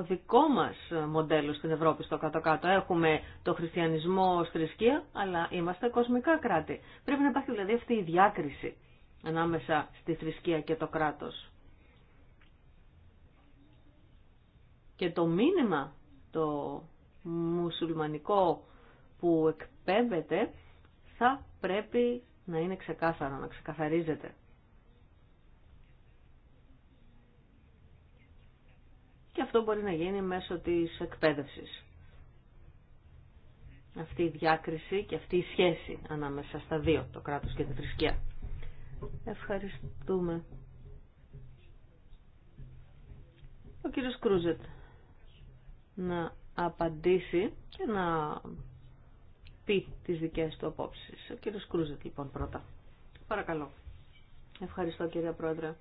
δικό μας μοντέλο στην Ευρώπη στο κάτω-κάτω. Έχουμε το χριστιανισμό ως θρησκεία, αλλά είμαστε κοσμικά κράτη. Πρέπει να υπάρχει δηλαδή αυτή η διάκριση ανάμεσα στη θρησκεία και το κράτος. Και το μήνυμα το μουσουλμανικό που εκπέμπεται θα πρέπει να είναι ξεκάθαρο, να ξεκαθαρίζεται. Και αυτό μπορεί να γίνει μέσω της εκπαίδευσης. Αυτή η διάκριση και αυτή η σχέση ανάμεσα στα δύο, το κράτος και τη θρησκεία. Ευχαριστούμε. Ο κύριος Κρούζετ να απαντήσει και να πει τις δικές του απόψεις. Ο κύριος Κρούζετ λοιπόν πρώτα. Παρακαλώ. Ευχαριστώ κύριε Πρόεδρε.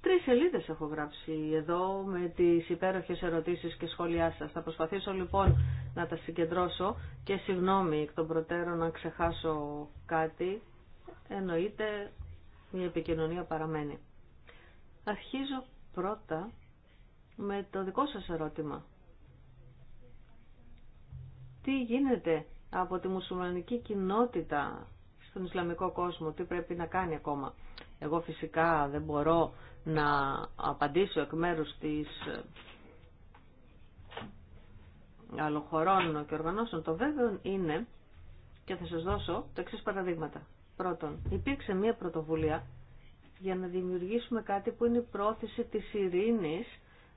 Τρεις σελίδες έχω γράψει εδώ με τις υπέροχες ερωτήσεις και σχόλιά σας. Θα προσπαθήσω λοιπόν να τα συγκεντρώσω και συγγνώμη εκ των προτέρων να ξεχάσω κάτι. Εννοείται η επικοινωνία παραμένει. Αρχίζω πρώτα με το δικό σας ερώτημα τι γίνεται από τη μουσουλμανική κοινότητα στον Ισλαμικό κόσμο, τι πρέπει να κάνει ακόμα. Εγώ φυσικά δεν μπορώ να απαντήσω εκ μέρους της ε, αλλοχωρών και οργανώσεων. Το βέβαιο είναι, και θα σας δώσω τα εξή παραδείγματα. Πρώτον, υπήρξε μια πρωτοβουλία για να δημιουργήσουμε κάτι που είναι η πρόθεση της ειρήνης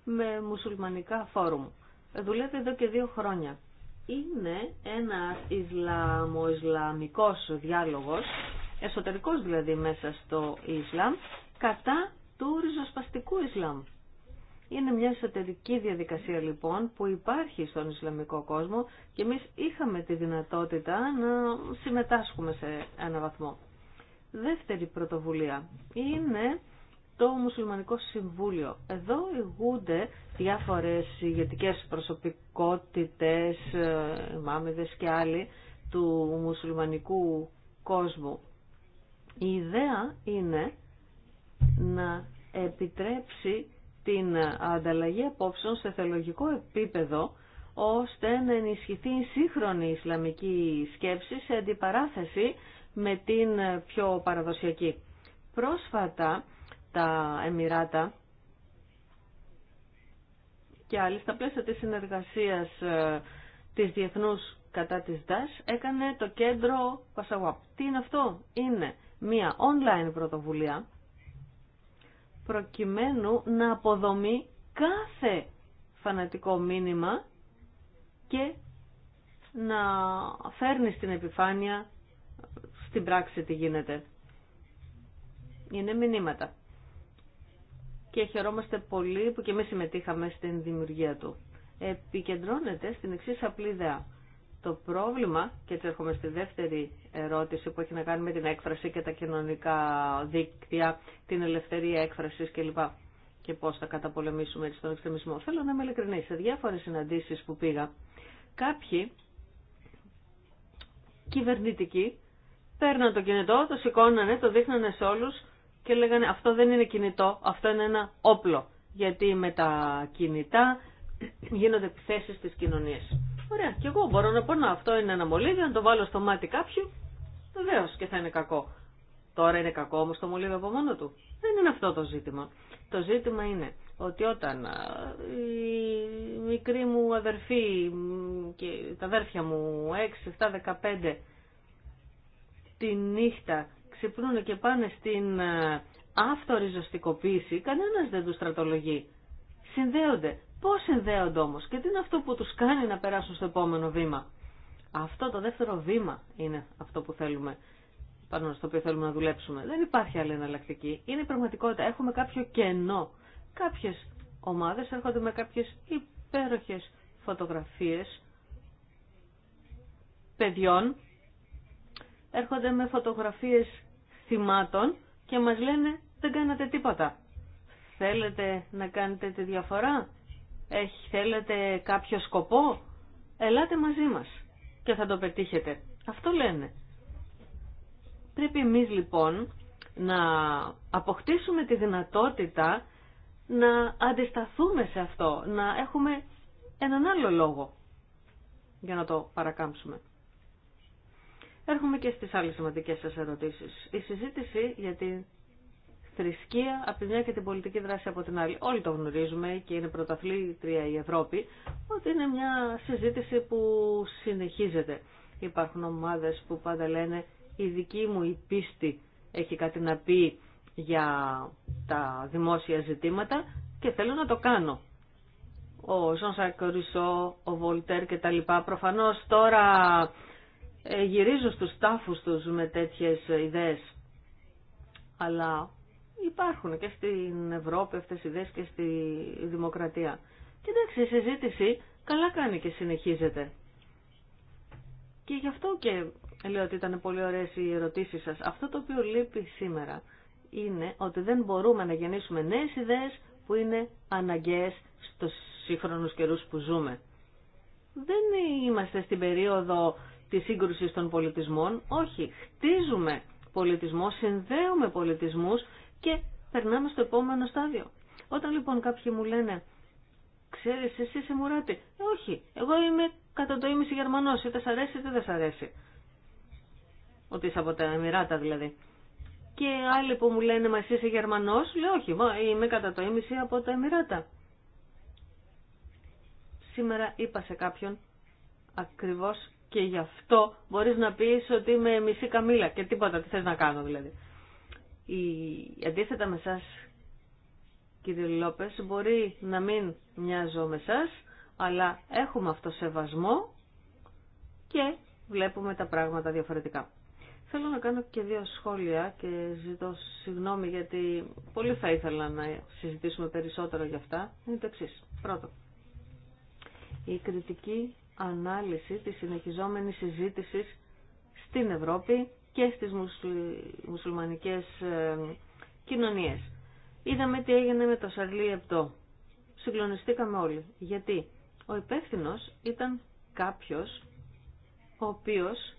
με μουσουλμανικά φόρουμ. Ε, δουλεύει εδώ και δύο χρόνια ειναι ενα ένας Ισλαμο-Ισλαμικός διάλογος, εσωτερικός δηλαδή μέσα στο Ισλάμ, κατά του ριζοσπαστικού Ισλάμ. Είναι μια εσωτερική διαδικασία λοιπόν που υπάρχει στον Ισλαμικό κόσμο και εμείς είχαμε τη δυνατότητα να συμμετάσχουμε σε ένα βαθμό. Δεύτερη πρωτοβουλία είναι το Μουσουλμανικό Συμβούλιο. Εδώ ηγούνται διάφορες ηγετικές προσωπικότητες, ε, μάμιδες και άλλοι του μουσουλμανικού κόσμου. Η ιδέα είναι να επιτρέψει την ανταλλαγή απόψεων σε θεολογικό επίπεδο ώστε να ενισχυθεί η σύγχρονη Ισλαμική σκέψη σε αντιπαράθεση με την πιο παραδοσιακή. Πρόσφατα τα Εμμυράτα και άλλοι στα πλαίσια της συνεργασίας ε, της Διεθνούς κατά της ΔΑΣ έκανε το κέντρο Πασαγουάπ. Τι είναι αυτό? Είναι μία online πρωτοβουλία προκειμένου να αποδομεί κάθε φανατικό μήνυμα και να φέρνει στην επιφάνεια στην πράξη τι γίνεται. Είναι μηνύματα και χαιρόμαστε πολύ που και εμείς συμμετείχαμε στην δημιουργία του. Επικεντρώνεται στην εξή απλή ιδέα. Το πρόβλημα, και έτσι έρχομαι στη δεύτερη ερώτηση που έχει να κάνει με την έκφραση και τα κοινωνικά δίκτυα, την ελευθερία έκφρασης κλπ. Και πώς θα καταπολεμήσουμε έτσι τον εξτρεμισμό. Θέλω να είμαι ειλικρινή. Σε διάφορες συναντήσεις που πήγα, κάποιοι κυβερνητικοί παίρναν το κινητό, το σηκώνανε, το δείχνανε σε όλους και λέγανε αυτό δεν είναι κινητό, αυτό είναι ένα όπλο. Γιατί με τα κινητά γίνονται επιθέσεις στις κοινωνίες. Ωραία, και εγώ μπορώ να πω να αυτό είναι ένα μολύβι, αν το βάλω στο μάτι κάποιου, βεβαίω και θα είναι κακό. Τώρα είναι κακό όμως το μολύβι από μόνο του. Δεν είναι αυτό το ζήτημα. Το ζήτημα είναι ότι όταν η μικρή μου αδερφή και τα αδέρφια μου 6, 7, 15 τη νύχτα ξυπνούν και πάνε στην ε, αυτοριζοστικοποίηση, κανένας δεν τους στρατολογεί. Συνδέονται. Πώς συνδέονται όμως και τι είναι αυτό που τους κάνει να περάσουν στο επόμενο βήμα. Αυτό το δεύτερο βήμα είναι αυτό που θέλουμε, πάνω στο οποίο θέλουμε να δουλέψουμε. Δεν υπάρχει άλλη εναλλακτική. Είναι η πραγματικότητα. Έχουμε κάποιο κενό. Κάποιες ομάδες έρχονται με κάποιες υπέροχες φωτογραφίες παιδιών. Έρχονται με φωτογραφίες θυμάτων και μας λένε δεν κάνατε τίποτα. Θέλετε να κάνετε τη διαφορά, Έχει, θέλετε κάποιο σκοπό, ελάτε μαζί μας και θα το πετύχετε. Αυτό λένε. Πρέπει εμείς λοιπόν να αποκτήσουμε τη δυνατότητα να αντισταθούμε σε αυτό, να έχουμε έναν άλλο λόγο για να το παρακάμψουμε. Έρχομαι και στις άλλες σημαντικές σας ερωτήσεις. Η συζήτηση για την θρησκεία από τη μια και την πολιτική δράση από την άλλη. Όλοι το γνωρίζουμε και είναι πρωταθλήτρια η Ευρώπη, ότι είναι μια συζήτηση που συνεχίζεται. Υπάρχουν ομάδες που πάντα λένε η δική μου η πίστη έχει κάτι να πει για τα δημόσια ζητήματα και θέλω να το κάνω. Ο Ζων Σακορισό, ο Βολτέρ και τα λοιπά. Προφανώς τώρα ε, γυρίζω στους τάφους τους με τέτοιες ιδέες. Αλλά υπάρχουν και στην Ευρώπη αυτές οι ιδέες και στη δημοκρατία. Και εντάξει, η συζήτηση καλά κάνει και συνεχίζεται. Και γι' αυτό και λέω ότι ήταν πολύ ωραίες οι ερωτήσεις σας. Αυτό το οποίο λείπει σήμερα είναι ότι δεν μπορούμε να γεννήσουμε νέες ιδέες που είναι αναγκαίες στους σύγχρονους καιρούς που ζούμε. Δεν είμαστε στην περίοδο τη σύγκρουση των πολιτισμών. Όχι, χτίζουμε πολιτισμό, συνδέουμε πολιτισμούς και περνάμε στο επόμενο στάδιο. Όταν λοιπόν κάποιοι μου λένε, ξέρεις εσύ είσαι μουράτη. Ε, όχι, εγώ είμαι κατά το ίμιση Γερμανός, είτε σ' αρέσει είτε δεν σ' αρέσει. Ότι είσαι από τα Εμμυράτα δηλαδή. Και άλλοι που μου λένε, μα εσύ είσαι Γερμανός, λέω όχι, είμαι κατά το ίμιση από τα Εμμυράτα. Σήμερα είπα σε κάποιον ακριβώς και γι' αυτό μπορείς να πεις ότι είμαι μισή καμήλα και τίποτα, τι θες να κάνω δηλαδή. Η... Αντίθετα με εσάς, κύριε Λόπες, μπορεί να μην μοιάζω με εσάς, αλλά έχουμε αυτό σεβασμό και βλέπουμε τα πράγματα διαφορετικά. Θέλω να κάνω και δύο σχόλια και ζητώ συγγνώμη γιατί πολύ θα ήθελα να συζητήσουμε περισσότερο για αυτά. Είναι το εξή. Πρώτο, η κριτική ανάλυση της συνεχιζόμενης συζήτησης στην Ευρώπη και στις μουσουλμανικές ε, κοινωνίες. Είδαμε τι έγινε με το Σαρλί Επτό. Συγκλονιστήκαμε όλοι. Γιατί ο υπεύθυνο ήταν κάποιος ο οποίος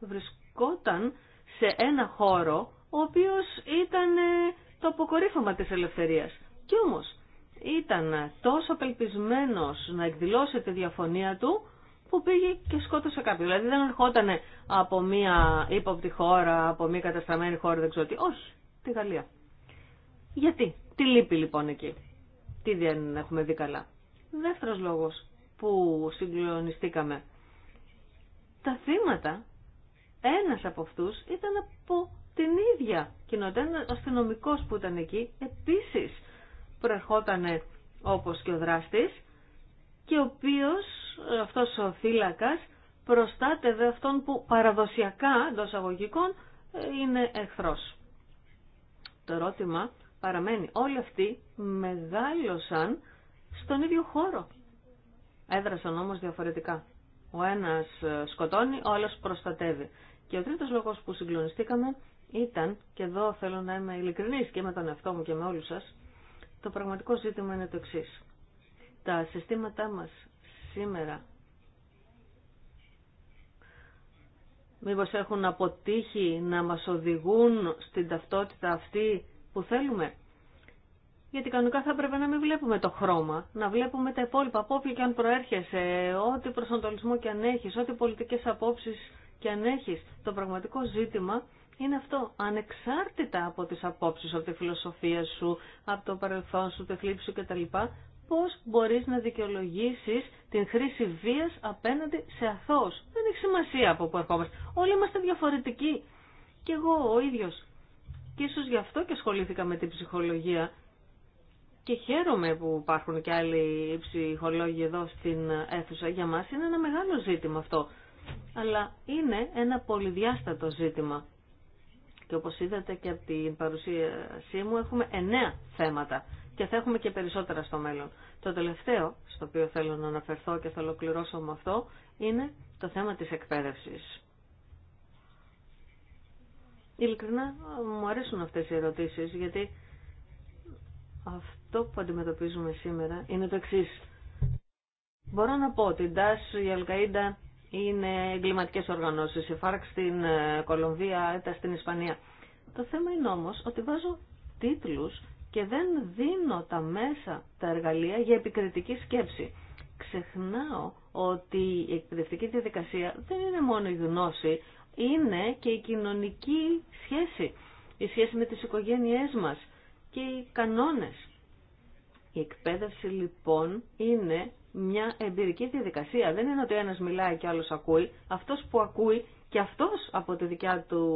βρισκόταν σε ένα χώρο ο οποίος ήταν ε, το αποκορύφωμα της ελευθερίας. Κι όμως ήταν τόσο απελπισμένος να εκδηλώσει τη διαφωνία του που πήγε και σκότωσε κάποιον. Δηλαδή δεν ερχόταν από μια ύποπτη χώρα, από μια κατασταμένη χώρα, δεν ξέρω τι. Όχι, τη Γαλλία. Γιατί, τι λείπει λοιπόν εκεί. Τι δεν έχουμε δει καλά. Δεύτερος λόγος που συγκλονιστήκαμε. Τα θύματα, ένας από αυτούς ήταν από την ίδια κοινότητα. Ένα αστυνομικός που ήταν εκεί επίσης προερχόταν όπως και ο δράστης και ο οποίος αυτός ο θύλακας προστάτευε αυτόν που παραδοσιακά εντό αγωγικών είναι εχθρός. Το ερώτημα παραμένει. Όλοι αυτοί μεγάλωσαν στον ίδιο χώρο. Έδρασαν όμως διαφορετικά. Ο ένας σκοτώνει, ο άλλος προστατεύει. Και ο τρίτος λόγος που συγκλονιστήκαμε ήταν, και εδώ θέλω να είμαι ειλικρινής και με τον εαυτό μου και με όλους σας, το πραγματικό ζήτημα είναι το εξή. Τα συστήματά μας σήμερα. Μήπως έχουν αποτύχει να μας οδηγούν στην ταυτότητα αυτή που θέλουμε. Γιατί κανονικά θα έπρεπε να μην βλέπουμε το χρώμα, να βλέπουμε τα υπόλοιπα, από όποιο και αν προέρχεσαι, ό,τι προσανατολισμό και αν έχεις, ό,τι πολιτικές απόψεις και αν έχεις. Το πραγματικό ζήτημα είναι αυτό, ανεξάρτητα από τις απόψεις, από τη φιλοσοφία σου, από το παρελθόν σου, τη θλίψη σου κτλ πώς μπορείς να δικαιολογήσεις την χρήση βίας απέναντι σε αθώος. Δεν έχει σημασία από πού ερχόμαστε. Όλοι είμαστε διαφορετικοί. Και εγώ ο ίδιος. Και ίσως γι' αυτό και ασχολήθηκα με την ψυχολογία. Και χαίρομαι που υπάρχουν και άλλοι ψυχολόγοι εδώ στην αίθουσα. Για μας είναι ένα μεγάλο ζήτημα αυτό. Αλλά είναι ένα πολυδιάστατο ζήτημα. Και όπως είδατε και από την παρουσίασή μου έχουμε εννέα θέματα και θα έχουμε και περισσότερα στο μέλλον. Το τελευταίο, στο οποίο θέλω να αναφερθώ και θα ολοκληρώσω με αυτό, είναι το θέμα της εκπαίδευσης. Ειλικρινά μου αρέσουν αυτές οι ερωτήσεις, γιατί αυτό που αντιμετωπίζουμε σήμερα είναι το εξή. Μπορώ να πω ότι η ΝΤΑΣ, η Αλκαΐντα είναι εγκληματικές οργανώσεις, η ΦΑΡΚ στην ε, Κολομβία, ΕΤΑ στην Ισπανία. Το θέμα είναι όμως ότι βάζω τίτλους και δεν δίνω τα μέσα, τα εργαλεία για επικριτική σκέψη. Ξεχνάω ότι η εκπαιδευτική διαδικασία δεν είναι μόνο η γνώση, είναι και η κοινωνική σχέση, η σχέση με τις οικογένειές μας και οι κανόνες. Η εκπαίδευση λοιπόν είναι μια εμπειρική διαδικασία. Δεν είναι ότι ένας μιλάει και άλλος ακούει. Αυτός που ακούει και αυτός από τη δικιά του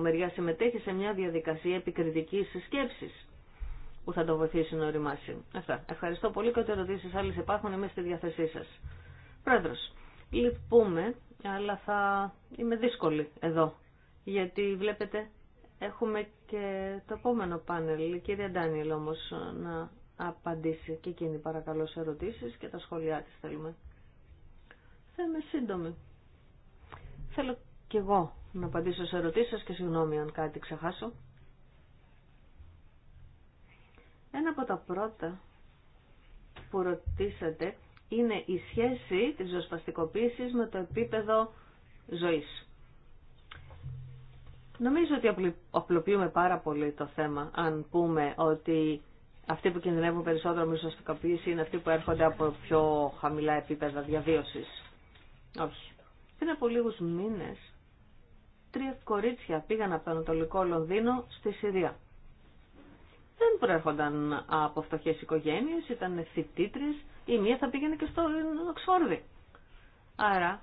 μεριά συμμετέχει σε μια διαδικασία επικριτικής σκέψης που θα το βοηθήσει να οριμάσει. Ευχαριστώ πολύ και ό,τι ερωτήσει άλλε υπάρχουν, είμαι στη διάθεσή σα. Πρόεδρο, λυπούμε, αλλά θα είμαι δύσκολη εδώ. Γιατί βλέπετε, έχουμε και το επόμενο πάνελ. Η κυρία Ντάνιελ όμω να απαντήσει και εκείνη παρακαλώ σε ερωτήσει και τα σχόλιά τη θέλουμε. Θα είμαι σύντομη. Θέλω κι εγώ να απαντήσω σε ερωτήσεις και συγγνώμη αν κάτι ξεχάσω. Ένα από τα πρώτα που ρωτήσατε είναι η σχέση της ζωσπαστικοποίησης με το επίπεδο ζωής. Νομίζω ότι απλοποιούμε πάρα πολύ το θέμα αν πούμε ότι αυτοί που κινδυνεύουν περισσότερο με ζωσπαστικοποίηση είναι αυτοί που έρχονται από πιο χαμηλά επίπεδα διαβίωσης. Όχι. Πριν από λίγους μήνες, τρία κορίτσια πήγαν από το Ανατολικό Λονδίνο στη Συρία δεν προέρχονταν από φτωχές οικογένειες, ήταν φοιτήτρε. η μία θα πήγαινε και στο Οξφόρδη. Άρα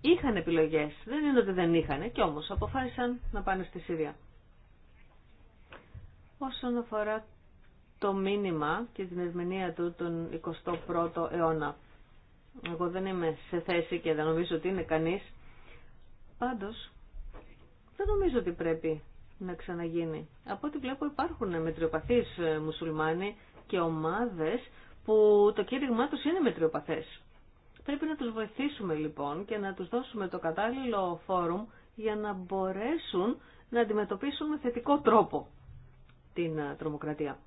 είχαν επιλογές, δεν είναι ότι δεν είχαν και όμως αποφάσισαν να πάνε στη Συρία. Όσον αφορά το μήνυμα και την ερμηνεία του τον 21ο αιώνα. Εγώ δεν είμαι σε θέση και δεν νομίζω ότι είναι κανείς. Πάντως, δεν νομίζω ότι πρέπει να ξαναγίνει. Από ό,τι βλέπω υπάρχουν μετριοπαθείς ε, μουσουλμάνοι και ομάδες που το κήρυγμά τους είναι μετριοπαθές. Πρέπει να τους βοηθήσουμε λοιπόν και να τους δώσουμε το κατάλληλο φόρουμ για να μπορέσουν να αντιμετωπίσουν με θετικό τρόπο την ε, τρομοκρατία.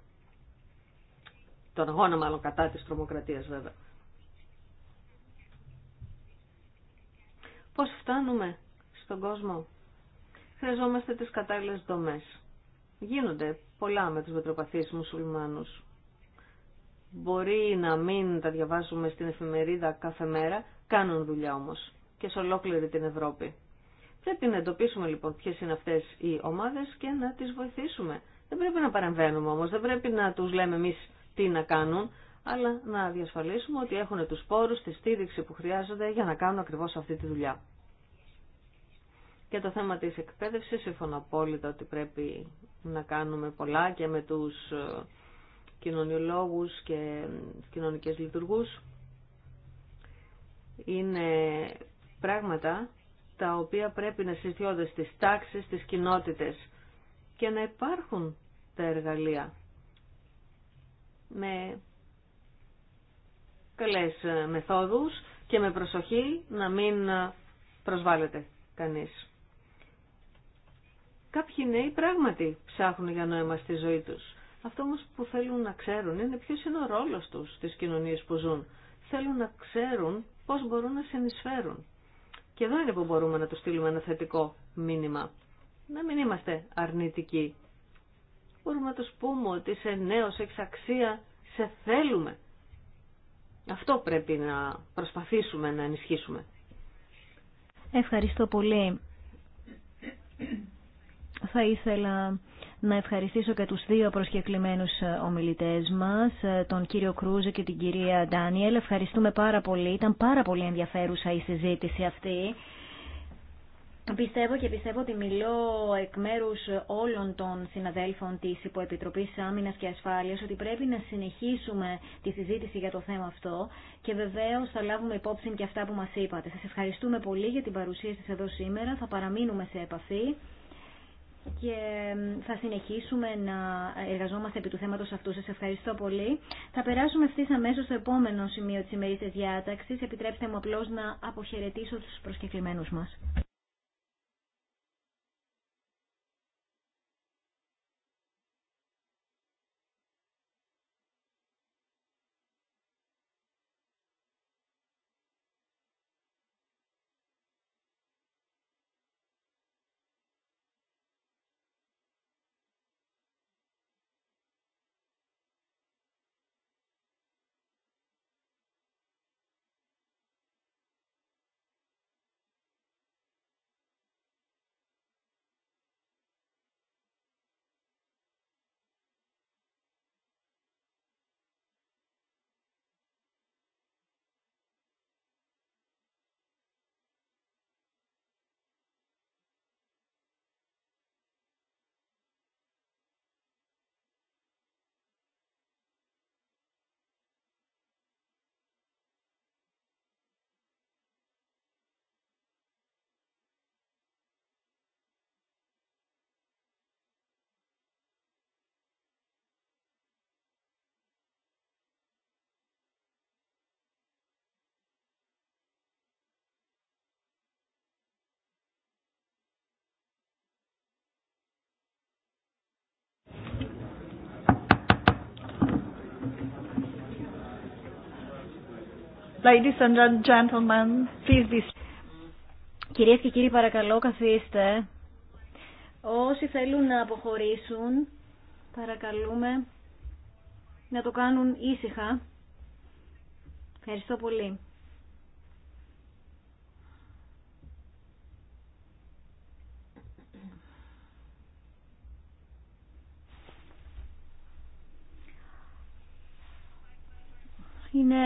Τον αγώνα μάλλον κατά της τρομοκρατίας βέβαια. Πώς φτάνουμε στον κόσμο χρειαζόμαστε τις κατάλληλες δομές. Γίνονται πολλά με τους μετροπαθείς μουσουλμάνους. Μπορεί να μην τα διαβάζουμε στην εφημερίδα κάθε μέρα, κάνουν δουλειά όμως και σε ολόκληρη την Ευρώπη. Πρέπει να εντοπίσουμε λοιπόν ποιες είναι αυτές οι ομάδες και να τις βοηθήσουμε. Δεν πρέπει να παρεμβαίνουμε όμως, δεν πρέπει να τους λέμε εμείς τι να κάνουν, αλλά να διασφαλίσουμε ότι έχουν τους πόρους, τη στήριξη που χρειάζονται για να κάνουν ακριβώς αυτή τη δουλειά. Για το θέμα της εκπαίδευσης, συμφωνώ απόλυτα ότι πρέπει να κάνουμε πολλά και με τους ε, κοινωνιολόγους και κοινωνικές λειτουργούς. Είναι πράγματα τα οποία πρέπει να συζητιώνται στις τάξεις, στις κοινότητες και να υπάρχουν τα εργαλεία με καλές ε, μεθόδους και με προσοχή να μην ε, προσβάλλεται κανείς. Κάποιοι νέοι πράγματι ψάχνουν για νόημα στη ζωή τους. Αυτό όμως που θέλουν να ξέρουν είναι ποιος είναι ο ρόλος τους στις κοινωνίες που ζουν. Θέλουν να ξέρουν πώς μπορούν να συνεισφέρουν. Και εδώ είναι που μπορούμε να του στείλουμε ένα θετικό μήνυμα. Να μην είμαστε αρνητικοί. Μπορούμε να τους πούμε ότι σε νέος έχεις αξία, σε θέλουμε. Αυτό πρέπει να προσπαθήσουμε να ενισχύσουμε. Ευχαριστώ πολύ. Θα ήθελα να ευχαριστήσω και τους δύο προσκεκλημένους ομιλητές μας, τον κύριο Κρούζο και την κυρία Ντάνιελ. Ευχαριστούμε πάρα πολύ. Ήταν πάρα πολύ ενδιαφέρουσα η συζήτηση αυτή. Πιστεύω και πιστεύω ότι μιλώ εκ μέρου όλων των συναδέλφων τη Υποεπιτροπή Άμυνα και Ασφάλεια ότι πρέπει να συνεχίσουμε τη συζήτηση για το θέμα αυτό και βεβαίω θα λάβουμε υπόψη και αυτά που μα είπατε. Σα ευχαριστούμε πολύ για την παρουσία σα εδώ σήμερα. Θα παραμείνουμε σε επαφή και θα συνεχίσουμε να εργαζόμαστε επί του θέματος αυτού. Σας ευχαριστώ πολύ. Θα περάσουμε ευθύ αμέσως στο επόμενο σημείο της της διάταξης. Επιτρέψτε μου απλώς να αποχαιρετήσω τους προσκεκλημένους μας. Ladies and gentlemen, please be... Κυρίες και κύριοι παρακαλώ καθίστε. Όσοι θέλουν να αποχωρήσουν, παρακαλούμε να το κάνουν ήσυχα. Ευχαριστώ πολύ. Είναι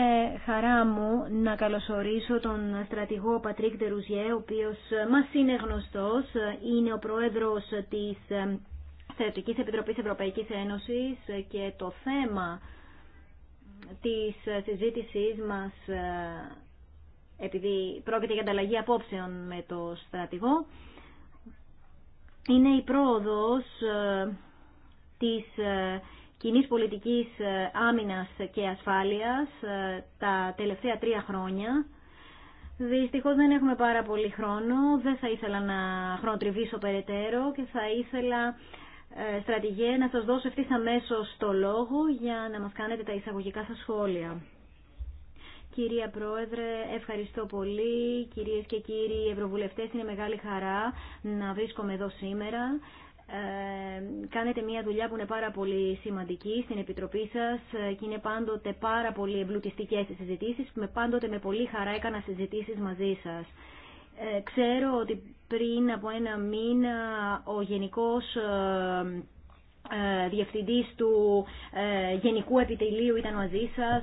χαρά μου να καλωσορίσω τον στρατηγό Πατρίκ Τερουζιέ, ο οποίος μας είναι γνωστός, είναι ο πρόεδρος της Στρατιωτικής ε, Επιτροπής Ευρωπαϊκής Ένωσης και το θέμα της συζήτησής μας, ε, επειδή πρόκειται για ανταλλαγή απόψεων με το στρατηγό, είναι η πρόοδος ε, της κοινή πολιτικής ε, άμυνας και ασφάλειας ε, τα τελευταία τρία χρόνια. Δυστυχώ, δεν έχουμε πάρα πολύ χρόνο, δεν θα ήθελα να χρονοτριβήσω περαιτέρω και θα ήθελα ε, στρατηγέ να σας δώσω ευθύς αμέσω το λόγο για να μας κάνετε τα εισαγωγικά σας σχόλια. Κυρία Πρόεδρε, ευχαριστώ πολύ. Κυρίες και κύριοι Ευρωβουλευτές, είναι μεγάλη χαρά να βρίσκομαι εδώ σήμερα. Ε, κάνετε μια δουλειά που είναι πάρα πολύ σημαντική στην Επιτροπή σας ε, και είναι πάντοτε πάρα πολύ εμπλουτιστικέ οι συζητήσεις με πάντοτε με πολύ χαρά έκανα συζητήσει μαζί σας. Ε, ξέρω ότι πριν από ένα μήνα ο Γενικός Διευθυντής του Γενικού Επιτελείου ήταν μαζί σας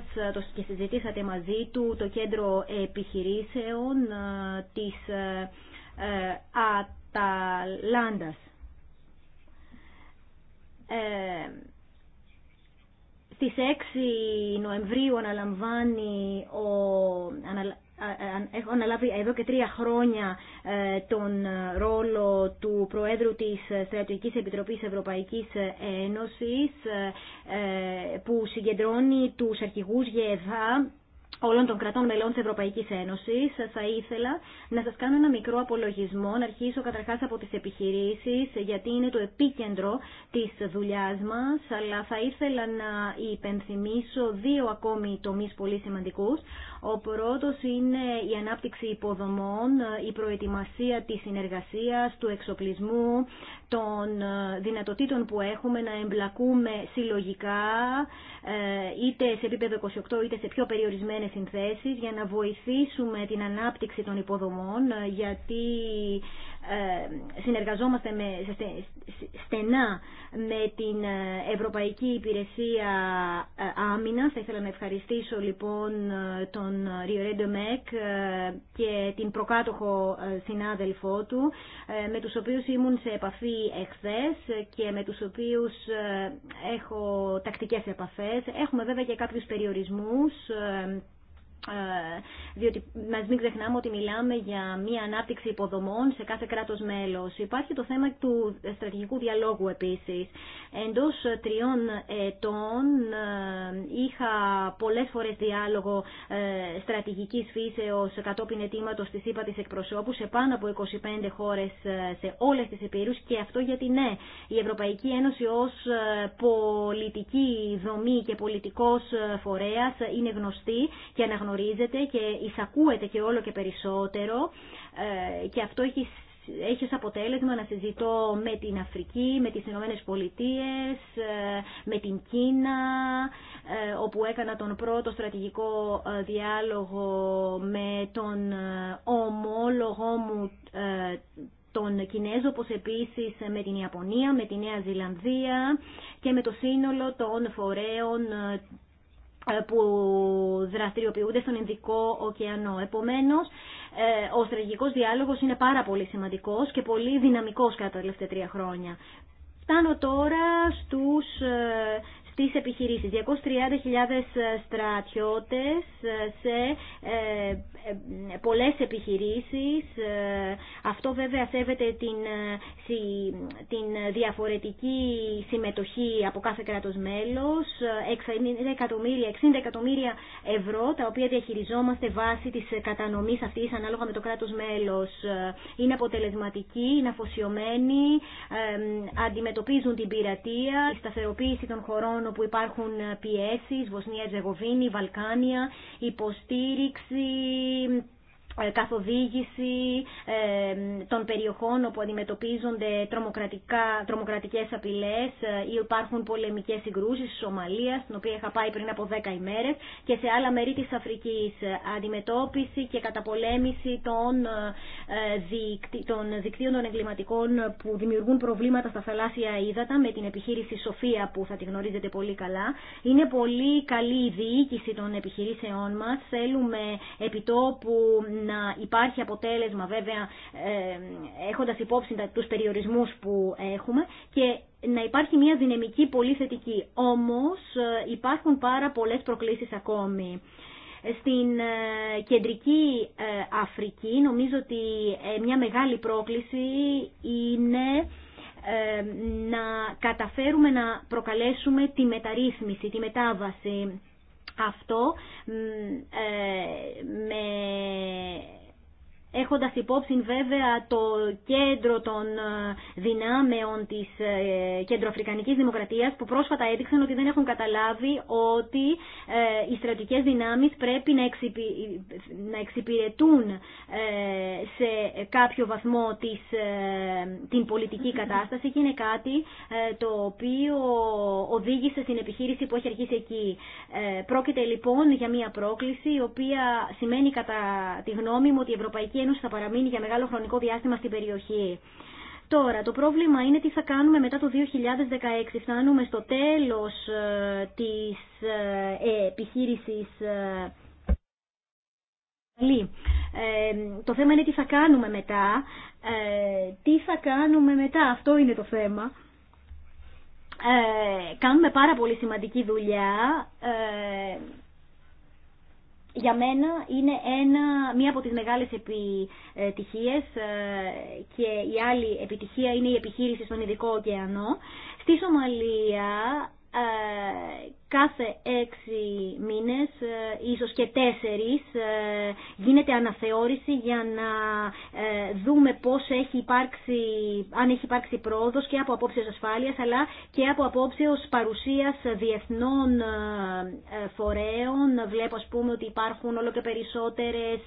και συζητήσατε μαζί του το Κέντρο Επιχειρήσεων της Αταλάντας ε, στις 6 Νοεμβρίου αναλαμβάνει ο, έχω αναλάβει εδώ και τρία χρόνια ε, τον ρόλο του Προέδρου της Στρατηγικής Επιτροπής Ευρωπαϊκής Ένωσης ε, ε, που συγκεντρώνει τους αρχηγούς ΓΕΔΑ όλων των κρατών μελών της Ευρωπαϊκής Ένωσης, θα ήθελα να σας κάνω ένα μικρό απολογισμό, να αρχίσω καταρχάς από τις επιχειρήσεις, γιατί είναι το επίκεντρο της δουλειάς μας, αλλά θα ήθελα να υπενθυμίσω δύο ακόμη τομείς πολύ σημαντικούς. Ο πρώτος είναι η ανάπτυξη υποδομών, η προετοιμασία της συνεργασίας, του εξοπλισμού, των ε, δυνατοτήτων που έχουμε να εμπλακούμε συλλογικά ε, είτε σε επίπεδο 28 είτε σε πιο περιορισμένες συνθέσεις για να βοηθήσουμε την ανάπτυξη των υποδομών ε, γιατί ε, συνεργαζόμαστε με, στενά με την ε, Ευρωπαϊκή Υπηρεσία ε, Άμυνα. Θα ήθελα να ευχαριστήσω λοιπόν τον Ριορέντο Μεκ και την προκάτοχο συνάδελφό του, με τους οποίους ήμουν σε επαφή εχθές και με τους οποίους έχω τακτικές επαφές. Έχουμε βέβαια και κάποιους περιορισμούς ε, διότι μας μην ξεχνάμε ότι μιλάμε για μια ανάπτυξη υποδομών σε κάθε κράτος μέλος. Υπάρχει το θέμα του στρατηγικού διαλόγου επίσης. Εντός τριών ετών ε, είχα πολλές φορές διάλογο ε, στρατηγικής φύσεως κατόπιν ετήματος της ΥΠΑ της εκπροσώπου σε πάνω από 25 χώρες σε όλες τις επίρους και αυτό γιατί ναι, η Ευρωπαϊκή Ένωση ως πολιτική δομή και πολιτικός φορέας είναι γνωστή και αναγνωστή και εισακούεται και όλο και περισσότερο ε, και αυτό έχει έχει ως αποτέλεσμα να συζητώ με την Αφρική, με τις Ηνωμένες Πολιτείες, ε, με την Κίνα, ε, όπου έκανα τον πρώτο στρατηγικό διάλογο με τον ομόλογο μου τον Κινέζο, όπως επίσης με την Ιαπωνία, με τη Νέα Ζηλανδία και με το σύνολο των φορέων ε, που δραστηριοποιούνται στον Ινδικό ωκεανό. Επομένως, ε, ο στρατηγικός διάλογος είναι πάρα πολύ σημαντικός και πολύ δυναμικός κατά τα τελευταία τρία χρόνια. Φτάνω τώρα στους ε, τις επιχειρήσεις. 230.000 στρατιώτες ε, σε ε, ε, πολλές επιχειρήσεις. Αυτό βέβαια σέβεται την, διαφορετική συμμετοχή από κάθε κράτος μέλος. 60 εκατομμύρια, 60 εκατομμύρια ευρώ τα οποία διαχειριζόμαστε βάσει της κατανομής αυτής ανάλογα με το κράτος μέλος. Είναι αποτελεσματική, είναι αφοσιωμένοι, αντιμετωπίζουν την πειρατεία, η σταθεροποίηση των χωρών που όπου υπάρχουν ε, πιέσεις, Βοσνία, Ζεγοβίνη, Βαλκάνια, υποστήριξη ε, καθοδήγηση ε, των περιοχών όπου αντιμετωπίζονται τρομοκρατικά, τρομοκρατικές απειλές ε, ή υπάρχουν πολεμικές συγκρούσεις στη Σομαλία, στην οποία είχα πάει πριν από 10 ημέρες και σε άλλα μέρη της Αφρικής αντιμετώπιση και καταπολέμηση των, των δικτύων των εγκληματικών που δημιουργούν προβλήματα στα θαλάσσια ύδατα με την επιχείρηση Σοφία που θα τη γνωρίζετε πολύ καλά. Είναι πολύ καλή η διοίκηση των επιχειρήσεών μας. Θέλουμε επιτόπου να υπάρχει αποτέλεσμα βέβαια ε, έχοντας υπόψη τους περιορισμούς που έχουμε και να υπάρχει μια δυναμική πολύ θετική. Όμως ε, υπάρχουν πάρα πολλές προκλήσεις ακόμη. Στην ε, κεντρική Αφρική νομίζω ότι μια μεγάλη πρόκληση είναι να καταφέρουμε να προκαλέσουμε τη μεταρρύθμιση, τη μετάβαση αυτό ε, με έχοντας υπόψη βέβαια το κέντρο των ε, δυνάμεων της ε, κεντροαφρικανικής δημοκρατίας που πρόσφατα έδειξαν ότι δεν έχουν καταλάβει ότι ε, οι στρατικές δυνάμεις πρέπει να εξυπηρετούν σε κάποιο βαθμό την πολιτική κατάσταση και είναι κάτι το οποίο οδήγησε στην επιχείρηση που έχει αρχίσει εκεί. Πρόκειται λοιπόν για μια πρόκληση η οποία σημαίνει κατά τη γνώμη μου ότι η Ευρωπαϊκή Ένωση θα παραμείνει για μεγάλο χρονικό διάστημα στην περιοχή. Τώρα, το πρόβλημα είναι τι θα κάνουμε μετά το 2016. Φτάνουμε στο τέλος ε, της ε, ε, επιχείρησης το θέμα είναι τι θα κάνουμε μετά. τι θα κάνουμε μετά, αυτό είναι το θέμα. κάνουμε πάρα πολύ σημαντική δουλειά για μένα είναι ένα, μία από τις μεγάλες επιτυχίες ε, και η άλλη επιτυχία είναι η επιχείρηση στον Ειδικό Ωκεανό. Στη Σομαλία ε, κάθε έξι μήνες, ε, ίσως και τέσσερις, ε, γίνεται αναθεώρηση για να ε, δούμε πώς έχει υπάρξει, αν έχει υπάρξει πρόοδος και από απόψεως ασφάλειας, αλλά και από απόψεως παρουσίας διεθνών φορέων. Βλέπω, ας πούμε, ότι υπάρχουν όλο και περισσότερες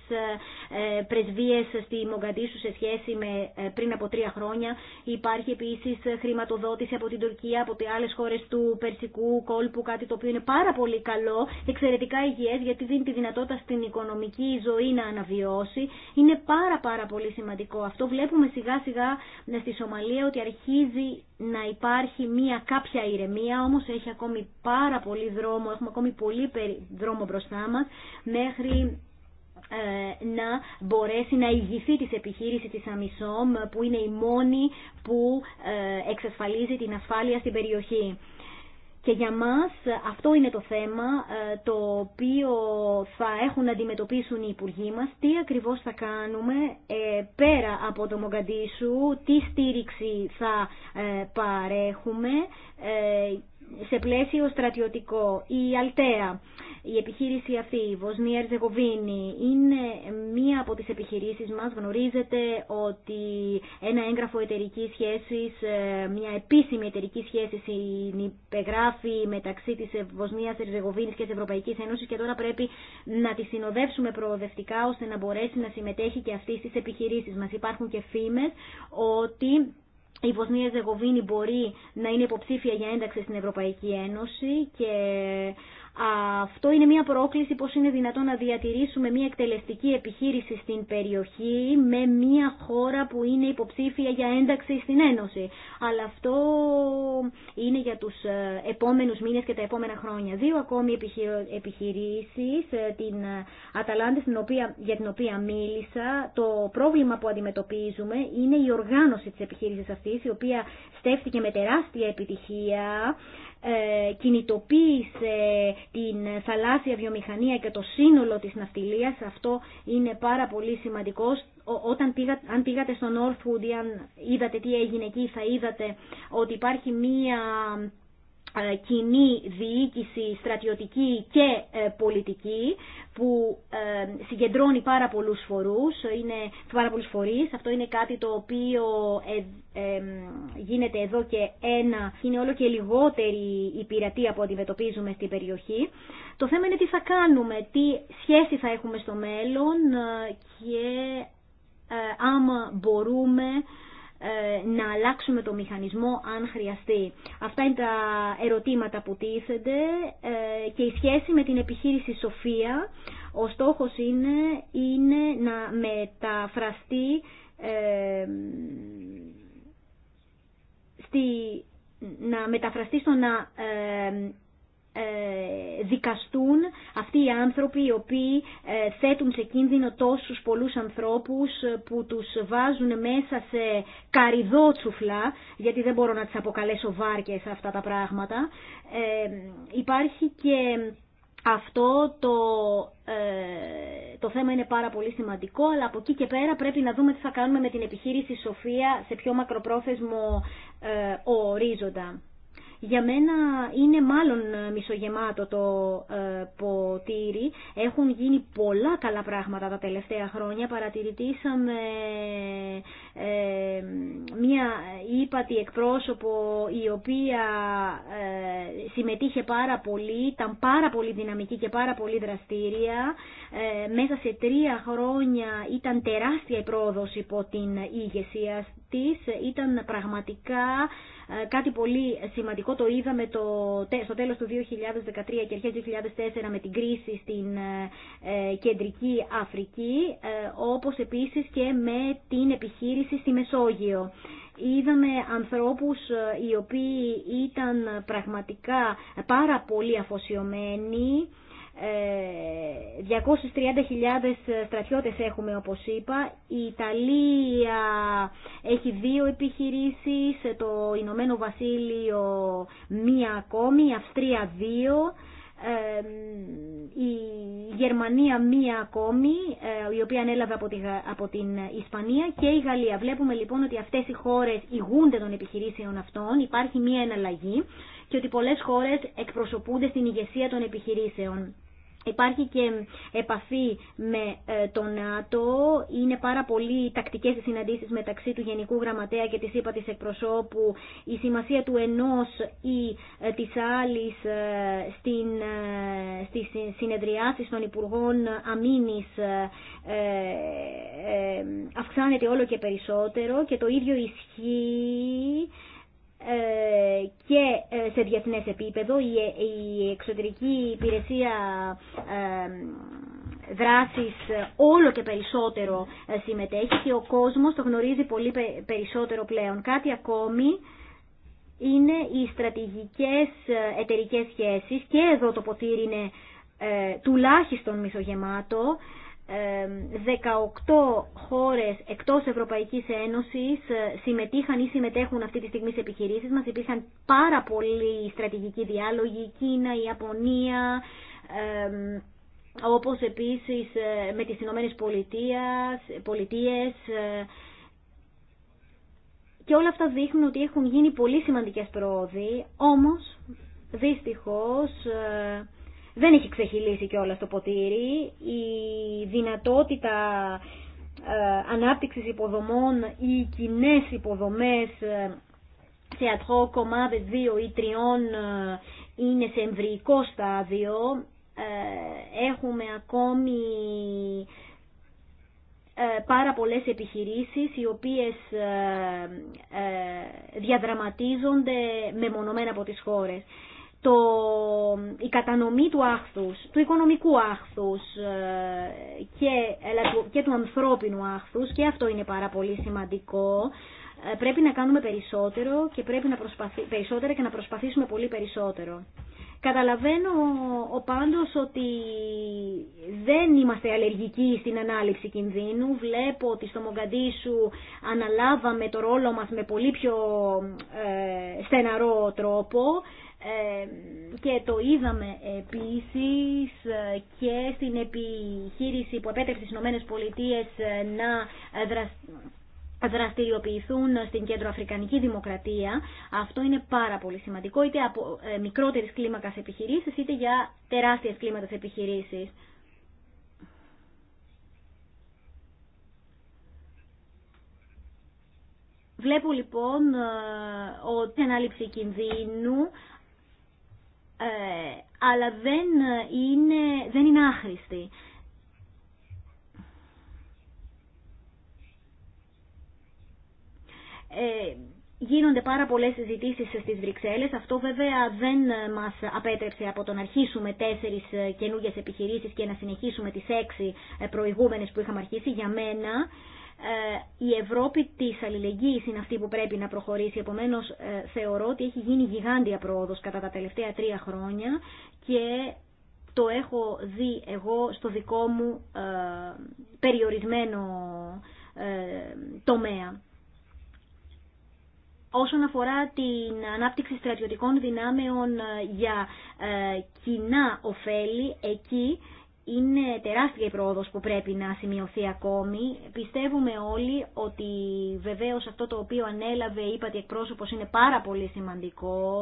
πρεσβείες στη Μογκαντήσου σε σχέση με πριν από τρία χρόνια. Υπάρχει επίσης χρηματοδότηση από την Τουρκία, από άλλες χώρες του Περσικού κόλπου, κάτι το οποίο είναι πάρα πολύ καλό, εξαιρετικά υγιές γιατί δίνει τη δυνατότητα στην οικονομική ζωή να αναβιώσει. Είναι πάρα πάρα πολύ σημαντικό αυτό. Βλέπουμε σιγά σιγά ε, στη Σομαλία ότι αρχίζει να υπάρχει μια κάποια ηρεμία, όμως έχει ακόμη πάρα πολύ δρόμο, έχουμε ακόμη πολύ δρόμο μπροστά μας μέχρι ε, να μπορέσει να ηγηθεί της επιχείρηση της Αμισόμ που είναι η μόνη που ε, εξασφαλίζει την ασφάλεια στην περιοχή. Και για μας αυτό είναι το θέμα ε, το οποίο θα έχουν να αντιμετωπίσουν οι υπουργοί μας. Τι ακριβώς θα κάνουμε ε, πέρα από το Μογκαντήσου, τι στήριξη θα ε, παρέχουμε σε πλαίσιο στρατιωτικό, η Αλτέα, η επιχείρηση αυτή, η Βοσνία Ερζεγοβίνη, είναι μία από τις επιχειρήσεις μας. Γνωρίζετε ότι ένα έγγραφο εταιρική σχέσης, ε, μια επίσημη εταιρική σχέση συνυπεγράφει μεταξύ της Βοσνίας Ερζεγοβίνης και της Ευρωπαϊκής Ένωσης και τώρα πρέπει να τη συνοδεύσουμε προοδευτικά ώστε να μπορέσει να συμμετέχει και αυτή στις επιχειρήσεις μας. Υπάρχουν και φήμες ότι η Βοσνία Ζεγοβίνη μπορεί να είναι υποψήφια για ένταξη στην Ευρωπαϊκή Ένωση και αυτό είναι μια πρόκληση πώς είναι δυνατόν να διατηρήσουμε μια εκτελεστική επιχείρηση στην περιοχή με μια χώρα που είναι υποψήφια για ένταξη στην Ένωση. Αλλά αυτό είναι για τους ε, επόμενους μήνες και τα επόμενα χρόνια. Δύο ακόμη επιχειρήσεις, ε, την ε, Αταλάντη στην οποία, για την οποία μίλησα. Το πρόβλημα που αντιμετωπίζουμε είναι η οργάνωση της επιχείρησης αυτής η οποία στέφθηκε με τεράστια επιτυχία ε, κινητοποίησε την θαλάσσια βιομηχανία και το σύνολο της ναυτιλίας. Αυτό είναι πάρα πολύ σημαντικό. Όταν πήγα, αν πήγατε στο Northwood, αν είδατε τι έγινε εκεί, θα είδατε ότι υπάρχει μία ε, κοινή διοίκηση στρατιωτική και ε, πολιτική που ε, συγκεντρώνει πάρα πολλούς φορούς, είναι πάρα πολλούς φορείς. Αυτό είναι κάτι το οποίο γίνεται εδώ και ένα. Είναι όλο και λιγότερη η πειρατεία που αντιμετωπίζουμε στην περιοχή. Το θέμα είναι τι θα κάνουμε, τι σχέση θα έχουμε στο μέλλον και άμα μπορούμε ε, να αλλάξουμε το μηχανισμό αν χρειαστεί. Αυτά είναι τα ερωτήματα που τίθενται ε, και η σχέση με την επιχείρηση Σοφία. Ο στόχος είναι, είναι να μεταφραστεί ε, στη, να μεταφραστεί στο να ε, ε, δικαστούν αυτοί οι άνθρωποι οι οποίοι ε, θέτουν σε κίνδυνο τόσους πολλούς ανθρώπους ε, που τους βάζουν μέσα σε καριδότσουφλα, γιατί δεν μπορώ να τις αποκαλέσω βάρκες αυτά τα πράγματα. Υπάρχει και αυτό το, θέμα είναι πάρα πολύ σημαντικό, αλλά από εκεί και πέρα πρέπει να δούμε τι θα κάνουμε με την επιχείρηση Σοφία σε πιο μακροπρόθεσμο ορίζοντα. Για μένα είναι μάλλον ε, μισογεμάτο το ε, ποτήρι. Έχουν γίνει πολλά καλά πράγματα τα τελευταία χρόνια. Παρατηρητήσαμε ε, μια ύπατη εκπρόσωπο η οποία συμμετείχε πάρα πολύ, ήταν πάρα πολύ δυναμική και πάρα πολύ δραστήρια. Μέσα σε τρία χρόνια ήταν τεράστια η πρόοδος υπό την ηγεσία της. Ήταν πραγματικά ε, κάτι πολύ σημαντικό το είδαμε το, στο τέλος του 2013 και αρχές 2004 με την κρίση στην ε, ε, Κεντρική Αφρική, όπως επίσης και με την επιχείρηση στη Μεσόγειο. Είδαμε ανθρώπους οι οποίοι ήταν πραγματικά πάρα πολύ αφοσιωμένοι 230.000 ε, στρατιώτες έχουμε όπως είπα η Ιταλία έχει δύο επιχειρήσεις το Ηνωμένο Βασίλειο μία ακόμη η Αυστρία δύο η Γερμανία μία ακόμη ε, η οποία ανέλαβε από την Ισπανία και η Γαλλία βλέπουμε λοιπόν ότι αυτές οι χώρες ηγούνται των επιχειρήσεων αυτών υπάρχει μία εναλλαγή και ότι πολλές χώρες εκπροσωπούνται στην ηγεσία των επιχειρήσεων Υπάρχει και επαφή με ε, το ΝΑΤΟ, είναι πάρα πολύ τακτικές οι συναντήσεις μεταξύ του Γενικού Γραμματέα και της ΥΠΑ της εκπροσώπου. Η σημασία του ενός ή ε, της άλλης ε, στην, στις συνεδριάσεις των Υπουργών Αμήνης αυξάνεται όλο και περισσότερο και το ίδιο ισχύει ε, και ε, σε διεθνές επίπεδο η εξωτερική υπηρεσία ε, δράσης όλο και περισσότερο συμμετέχει και ο κόσμος το γνωρίζει πολύ περισσότερο πλέον. Κάτι ακόμη είναι οι στρατηγικές εταιρικές σχέσεις και εδώ το ποτήρι είναι τουλάχιστον μισογεμάτο 18 χώρες εκτός Ευρωπαϊκής Ένωσης ε, συμμετείχαν ή συμμετέχουν αυτή τη στιγμή σε επιχειρήσεις μας. Υπήρχαν πάρα πολλοί στρατηγικοί διάλογοι, η Κίνα, η Ιαπωνία, όπως επίσης ε, με τις Ηνωμένες Πολιτείες, ε. και όλα αυτά δείχνουν ότι έχουν γίνει πολύ σημαντικές πρόοδοι, όμως δυστυχώς δεν έχει ξεχυλήσει κιόλα το ποτήρι. Η δυνατότητα ε, ανάπτυξης υποδομών ή κοινέ υποδομές σε ατχό κομμάδες δύο ή τριών ε, είναι σε εμβρυϊκό στάδιο. Ε, έχουμε ακόμη πάρα πολλές επιχειρήσεις οι οποίες διαδραματίζονται μεμονωμένα από τις χώρες το, η κατανομή του άχθους, του οικονομικού άχθους ε, και, του ανθρώπινου άχθους και αυτό είναι πάρα πολύ σημαντικό. Ε, πρέπει να κάνουμε περισσότερο και πρέπει να περισσότερα και να προσπαθήσουμε πολύ περισσότερο. Καταλαβαίνω ο πάντως ότι δεν είμαστε αλλεργικοί στην ανάληψη κινδύνου. Βλέπω ότι στο Μογκαντήσου αναλάβαμε το ρόλο μας με πολύ πιο ε, στεναρό τρόπο και το είδαμε επίσης ε, και στην επιχείρηση που επέτρεψε στις Ηνωμένες Πολιτείες ε, να ε, δραστηριοποιηθούν στην κέντρο Αφρικανική δημοκρατία. Αυτό είναι πάρα πολύ σημαντικό είτε από μικρότερες κλίμακας επιχειρήσεις είτε για τεράστιες κλίμακες επιχειρήσεις. Βλέπω λοιπόν ότι η ανάληψη κινδύνου ε, αλλά δεν ε, είναι, δεν είναι άχρηστη. Ε, γίνονται πάρα πολλές συζητήσεις στις Βρυξέλλες. Αυτό βέβαια δεν ε, μας απέτρεψε από το να αρχίσουμε τέσσερις καινούργιες επιχειρήσεις και να συνεχίσουμε τις έξι προηγούμενες που είχαμε αρχίσει. Για μένα ε, η Ευρώπη της αλληλεγγύης είναι αυτή που πρέπει να προχωρήσει. Επομένως ε, θεωρώ ότι έχει γίνει γιγάντια πρόοδος κατά τα τελευταία τρία χρόνια και το έχω δει εγώ στο δικό μου ε, περιορισμένο τομέα. Όσον αφορά την ανάπτυξη στρατιωτικών δυνάμεων για κοινά ωφέλη, εκεί είναι τεράστια η πρόοδος που πρέπει να σημειωθεί ακόμη. Πιστεύουμε όλοι ότι βεβαίως αυτό το οποίο ανέλαβε η εκπρόσωπος είναι πάρα πολύ σημαντικό.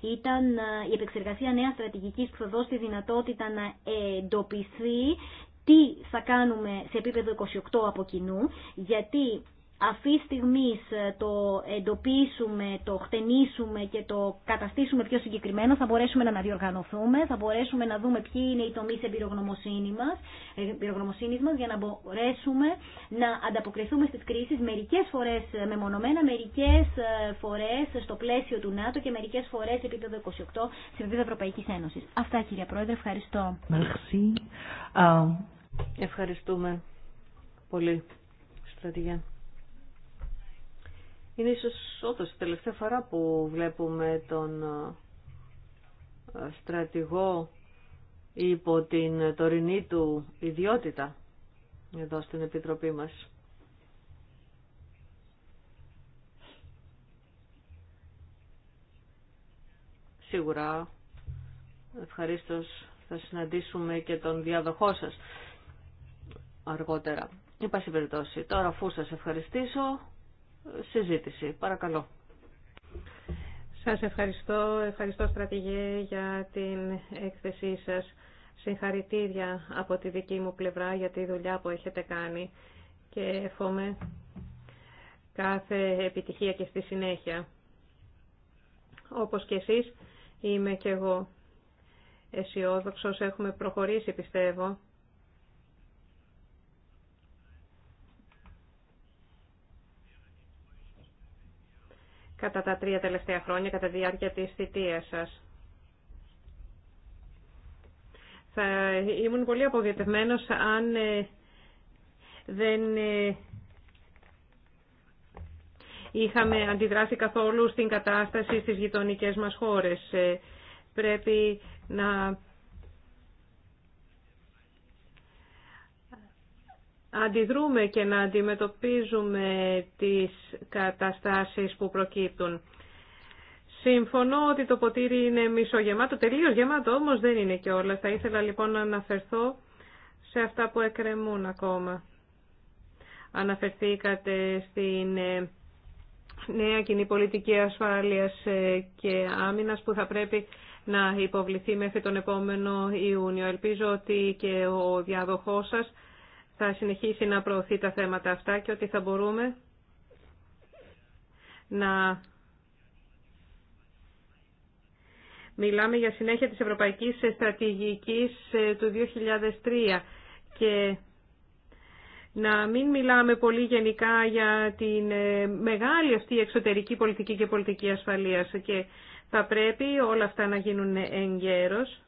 Ήταν ε, η επεξεργασία νέας στρατηγικής που θα δώσει τη δυνατότητα να εντοπιστεί τι θα κάνουμε σε επίπεδο 28 από κοινού, γιατί αυτή τη στιγμή ε, το εντοπίσουμε, το χτενίσουμε και το καταστήσουμε πιο συγκεκριμένο, θα μπορέσουμε να αναδιοργανωθούμε, θα μπορέσουμε να δούμε ποιοι είναι οι τομείς ε, εμπειρογνωμοσύνης μας, για να μπορέσουμε να ανταποκριθούμε στις κρίσεις μερικές φορές ε, μεμονωμένα, μερικές φορές στο πλαίσιο του ΝΑΤΟ και μερικές φορές επίπεδο 28 σε επίπεδο Ένωση. Αυτά κύριε Πρόεδρε, ευχαριστώ. Ευχαριστούμε πολύ, στρατηγέ. Είναι ίσως όντως η τελευταία φορά που βλέπουμε τον ε, στρατηγό υπό την τωρινή του ιδιότητα εδώ στην Επιτροπή μας. Σίγουρα ευχαρίστως θα συναντήσουμε και τον διαδοχό σας αργότερα. πάση περιπτώσει. Τώρα αφού σας ευχαριστήσω συζήτηση. Παρακαλώ. Σας ευχαριστώ. Ευχαριστώ, στρατηγέ, για την έκθεσή σας. Συγχαρητήρια από τη δική μου πλευρά για τη δουλειά που έχετε κάνει και εύχομαι κάθε επιτυχία και στη συνέχεια. Όπως και εσείς, είμαι και εγώ αισιόδοξο. Έχουμε προχωρήσει, πιστεύω, κατά τα τρία τελευταία χρόνια, κατά τη διάρκεια της θητείας σας. Θα ήμουν πολύ απογοητευμένος αν ε, δεν ε, είχαμε αντιδράσει καθόλου στην κατάσταση στις γειτονικές μας χώρες. Ε, πρέπει να αντιδρούμε και να αντιμετωπίζουμε τις καταστάσεις που προκύπτουν. Συμφωνώ ότι το ποτήρι είναι μισογεμάτο, τελείως γεμάτο όμως δεν είναι και όλα. Θα ήθελα λοιπόν να αναφερθώ σε αυτά που εκκρεμούν ακόμα. Αναφερθήκατε στην ε, νέα κοινή πολιτική ασφάλειας ε, και άμυνας που θα πρέπει να υποβληθεί μέχρι τον επόμενο Ιούνιο. Ελπίζω ότι και ο διάδοχός σας θα συνεχίσει να προωθεί τα θέματα αυτά και ότι θα μπορούμε να μιλάμε για συνέχεια της Ευρωπαϊκής Στρατηγικής ε, του 2003 και να μην μιλάμε πολύ γενικά για την ε, μεγάλη αυτή εξωτερική πολιτική και πολιτική ασφαλείας και θα πρέπει όλα αυτά να γίνουν εγκαίρως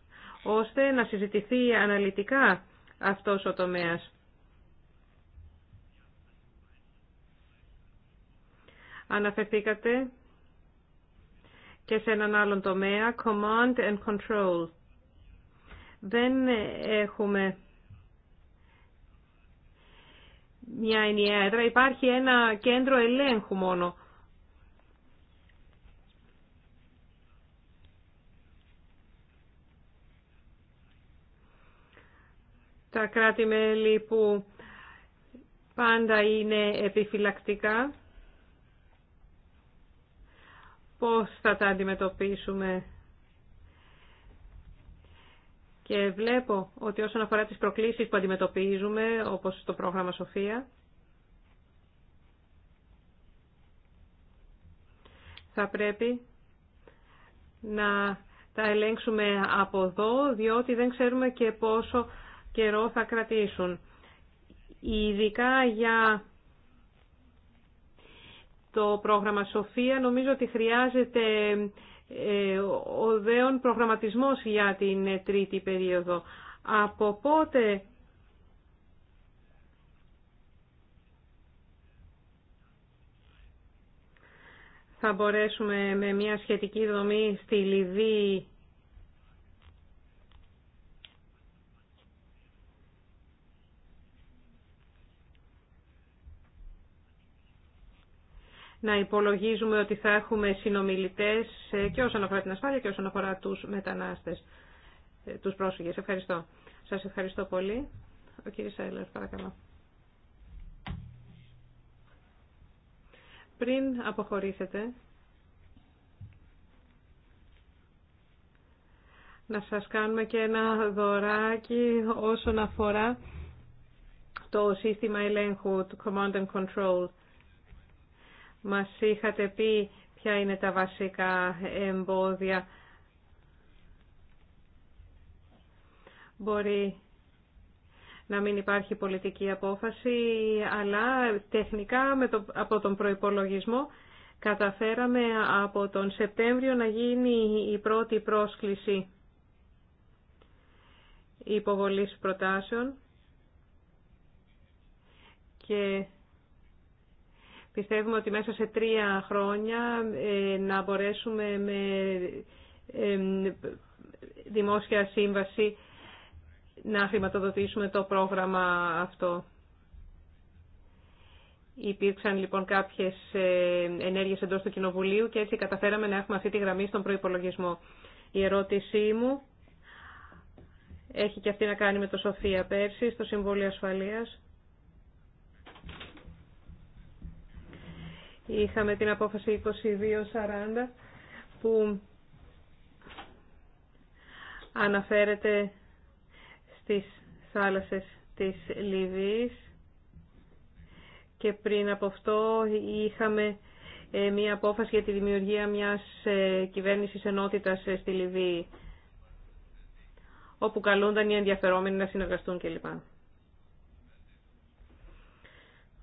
ώστε να συζητηθεί αναλυτικά αυτός ο τομέας. Αναφερθήκατε και σε έναν άλλον τομέα, command and control. Δεν έχουμε μια ενιαία έδρα, υπάρχει ένα κέντρο ελέγχου μόνο. Τα κράτη-μέλη που πάντα είναι επιφυλακτικά πώς θα τα αντιμετωπίσουμε. Και βλέπω ότι όσον αφορά τις προκλήσεις που αντιμετωπίζουμε, όπως το πρόγραμμα Σοφία, θα πρέπει να τα ελέγξουμε από εδώ, διότι δεν ξέρουμε και πόσο καιρό θα κρατήσουν. Ειδικά για το πρόγραμμα Σοφία. Νομίζω ότι χρειάζεται ε, ο δέον προγραμματισμός για την ε, τρίτη περίοδο. Από πότε θα μπορέσουμε με μια σχετική δομή στη Λιβύη να υπολογίζουμε ότι θα έχουμε συνομιλητές ε, και όσον αφορά την ασφάλεια και όσον αφορά τους μετανάστες, ε, τους πρόσφυγες. Ευχαριστώ. Σας ευχαριστώ πολύ. Ο κύριος Σέλερ, παρακαλώ. Πριν αποχωρήσετε, να σας κάνουμε και ένα δωράκι όσον αφορά το σύστημα ελέγχου του Command and Control. Μας είχατε πει ποια είναι τα βασικά εμπόδια. Μπορεί να μην υπάρχει πολιτική απόφαση, αλλά τεχνικά με το, από τον προϋπολογισμό καταφέραμε από τον Σεπτέμβριο να γίνει η πρώτη πρόσκληση υποβολής προτάσεων και Πιστεύουμε ότι μέσα σε τρία χρόνια ε, να μπορέσουμε με ε, δημόσια σύμβαση να χρηματοδοτήσουμε το πρόγραμμα αυτό. Υπήρξαν λοιπόν κάποιες ε, ενέργειες εντός του Κοινοβουλίου και έτσι καταφέραμε να έχουμε αυτή τη γραμμή στον προϋπολογισμό. Η ερώτησή μου έχει και αυτή να κάνει με το Σοφία πέρση, στο Συμβούλιο Ασφαλείας. Είχαμε την απόφαση 2240 που αναφέρεται στις θάλασσες της Λιβύης και πριν από αυτό είχαμε ε, μια απόφαση για τη δημιουργία μιας ε, κυβέρνησης ενότητας ε, στη Λιβύη όπου καλούνταν οι ενδιαφερόμενοι να συνεργαστούν κλπ.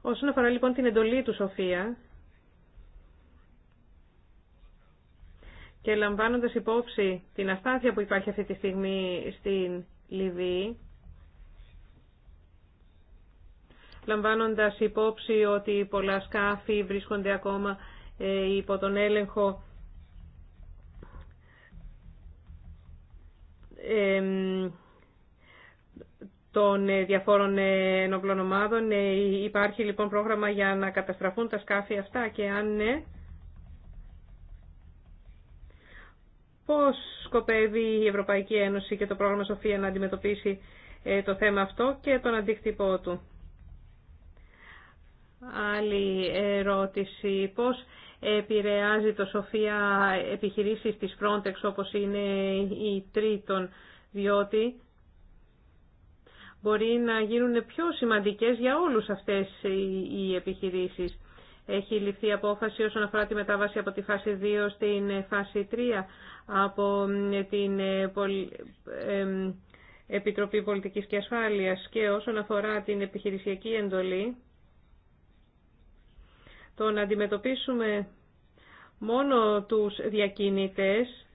Όσον αφορά λοιπόν την εντολή του Σοφία, και λαμβάνοντας υπόψη την αστάθεια που υπάρχει αυτή τη στιγμή στην Λιβύη, λαμβάνοντας υπόψη ότι πολλά σκάφη βρίσκονται ακόμα ε, υπό τον έλεγχο των ε, διαφόρων ε, ενοπλών ομάδων. Υπάρχει λοιπόν πρόγραμμα για να καταστραφούν τα σκάφη αυτά και αν ναι, Πώς σκοπεύει η Ευρωπαϊκή Ένωση και το πρόγραμμα Σοφία να αντιμετωπίσει ε, το θέμα αυτό και τον αντίκτυπό του. Άλλη ερώτηση. Πώς επηρεάζει το Σοφία επιχειρήσεις της Frontex όπως είναι η Τρίτον, διότι μπορεί να γίνουν πιο σημαντικές για όλους αυτές οι επιχειρήσεις έχει ληφθεί απόφαση όσον αφορά τη μετάβαση από τη φάση 2 στην φάση 3 από ε, την ε, ε, Επιτροπή Πολιτικής και Ασφάλειας και όσον αφορά την επιχειρησιακή εντολή, το να αντιμετωπίσουμε μόνο τους διακινητές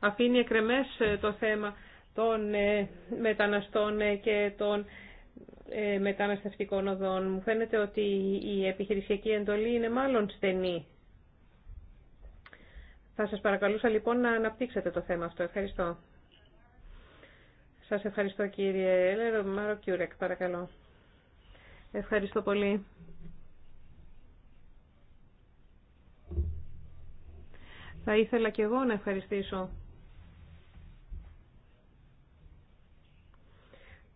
αφήνει εκρεμές το θέμα των μεταναστών και των ε, μεταναστευτικών οδών. Μου φαίνεται ότι η επιχειρησιακή εντολή είναι μάλλον στενή. Θα σας παρακαλούσα λοιπόν να αναπτύξετε το θέμα αυτό. Ευχαριστώ. Σας ευχαριστώ κύριε Έλερο Μάρο Κιούρεκ, παρακαλώ. Ευχαριστώ πολύ. Θα ήθελα και εγώ να ευχαριστήσω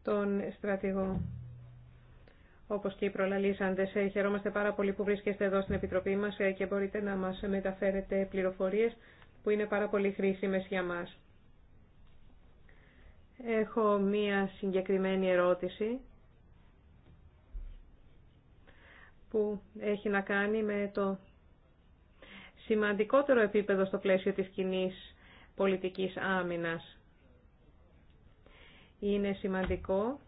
τον στρατηγό. Όπως και οι προλαλήσαντες, ε, χαιρόμαστε πάρα πολύ που βρίσκεστε εδώ στην Επιτροπή μας ε, και μπορείτε να μας μεταφέρετε πληροφορίες που είναι πάρα πολύ χρήσιμες για μας. Έχω μία συγκεκριμένη ερώτηση που έχει να κάνει με το σημαντικότερο επίπεδο στο πλαίσιο της κοινή πολιτικής άμυνας. Είναι σημαντικό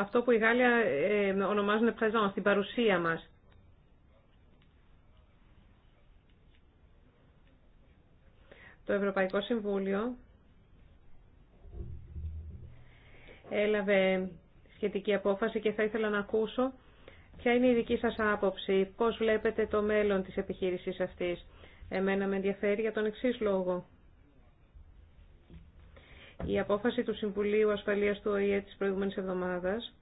αυτό που οι Γάλλια ε, ονομάζουν πρεζόν, στην παρουσία μας. Το Ευρωπαϊκό Συμβούλιο έλαβε σχετική απόφαση και θα ήθελα να ακούσω ποια είναι η δική σας άποψη, πώς βλέπετε το μέλλον της επιχείρησης αυτής. Εμένα με ενδιαφέρει για τον εξής λόγο. Η απόφαση του Συμβουλίου Ασφαλείας του ΟΗΕ της προηγούμενης εβδομάδας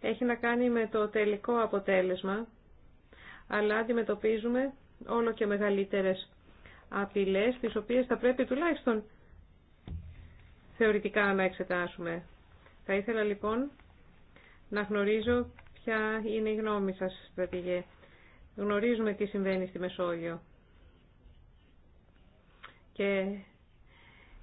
έχει να κάνει με το τελικό αποτέλεσμα, αλλά αντιμετωπίζουμε όλο και μεγαλύτερες απειλές, τις οποίες θα πρέπει τουλάχιστον θεωρητικά να εξετάσουμε. Θα ήθελα λοιπόν να γνωρίζω ποια είναι η γνώμη σας, στρατηγέ. Γνωρίζουμε τι συμβαίνει στη Μεσόγειο. Και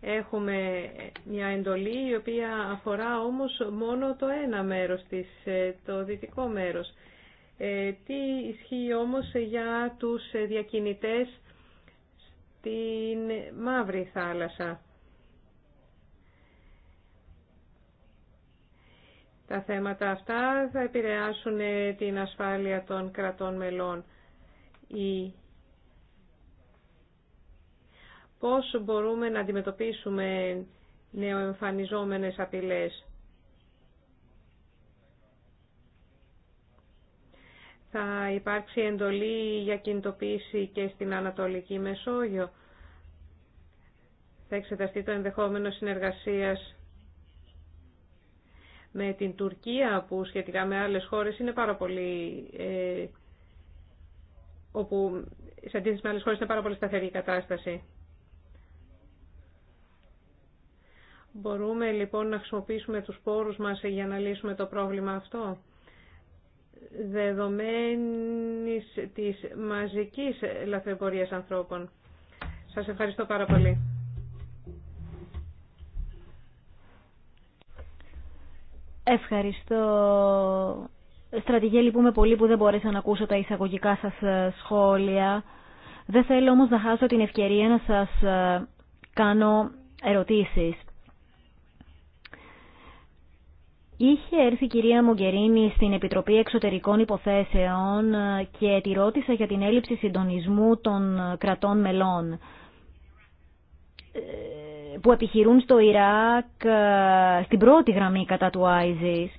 έχουμε μια εντολή η οποία αφορά όμως μόνο το ένα μέρος της, ε, το δυτικό μέρος. Ε, τι ισχύει όμως για τους διακινητές στην Μαύρη Θάλασσα. Τα θέματα αυτά θα επηρεάσουν ε, την ασφάλεια των κρατών μελών. Η... Πώς μπορούμε να αντιμετωπίσουμε νεοεμφανιζόμενες απειλές. Θα υπάρξει εντολή για κινητοποίηση και στην Ανατολική Μεσόγειο. Θα εξεταστεί το ενδεχόμενο συνεργασίας με την Τουρκία που σχετικά με άλλες χώρες είναι πάρα πολύ... Ε, όπου σε αντίθεση με άλλες χώρες είναι πάρα πολύ σταθερή η κατάσταση. Μπορούμε λοιπόν να χρησιμοποιήσουμε τους πόρους μας για να λύσουμε το πρόβλημα αυτό. Δεδομένης της μαζικής λαθρεπορίας ανθρώπων. Σας ευχαριστώ πάρα πολύ. Ευχαριστώ. Στρατηγέ, λυπούμε πολύ που δεν μπόρεσα να ακούσω τα εισαγωγικά σας ε, σχόλια. Δεν θέλω όμως να χάσω την ευκαιρία να σας ε, κάνω ερωτήσεις. Είχε έρθει η κυρία Μογκερίνη στην Επιτροπή Εξωτερικών Υποθέσεων ε, και τη ρώτησα για την έλλειψη συντονισμού των κρατών μελών που επιχειρούν στο Ιράκ ε, στην πρώτη γραμμή κατά του ISIS.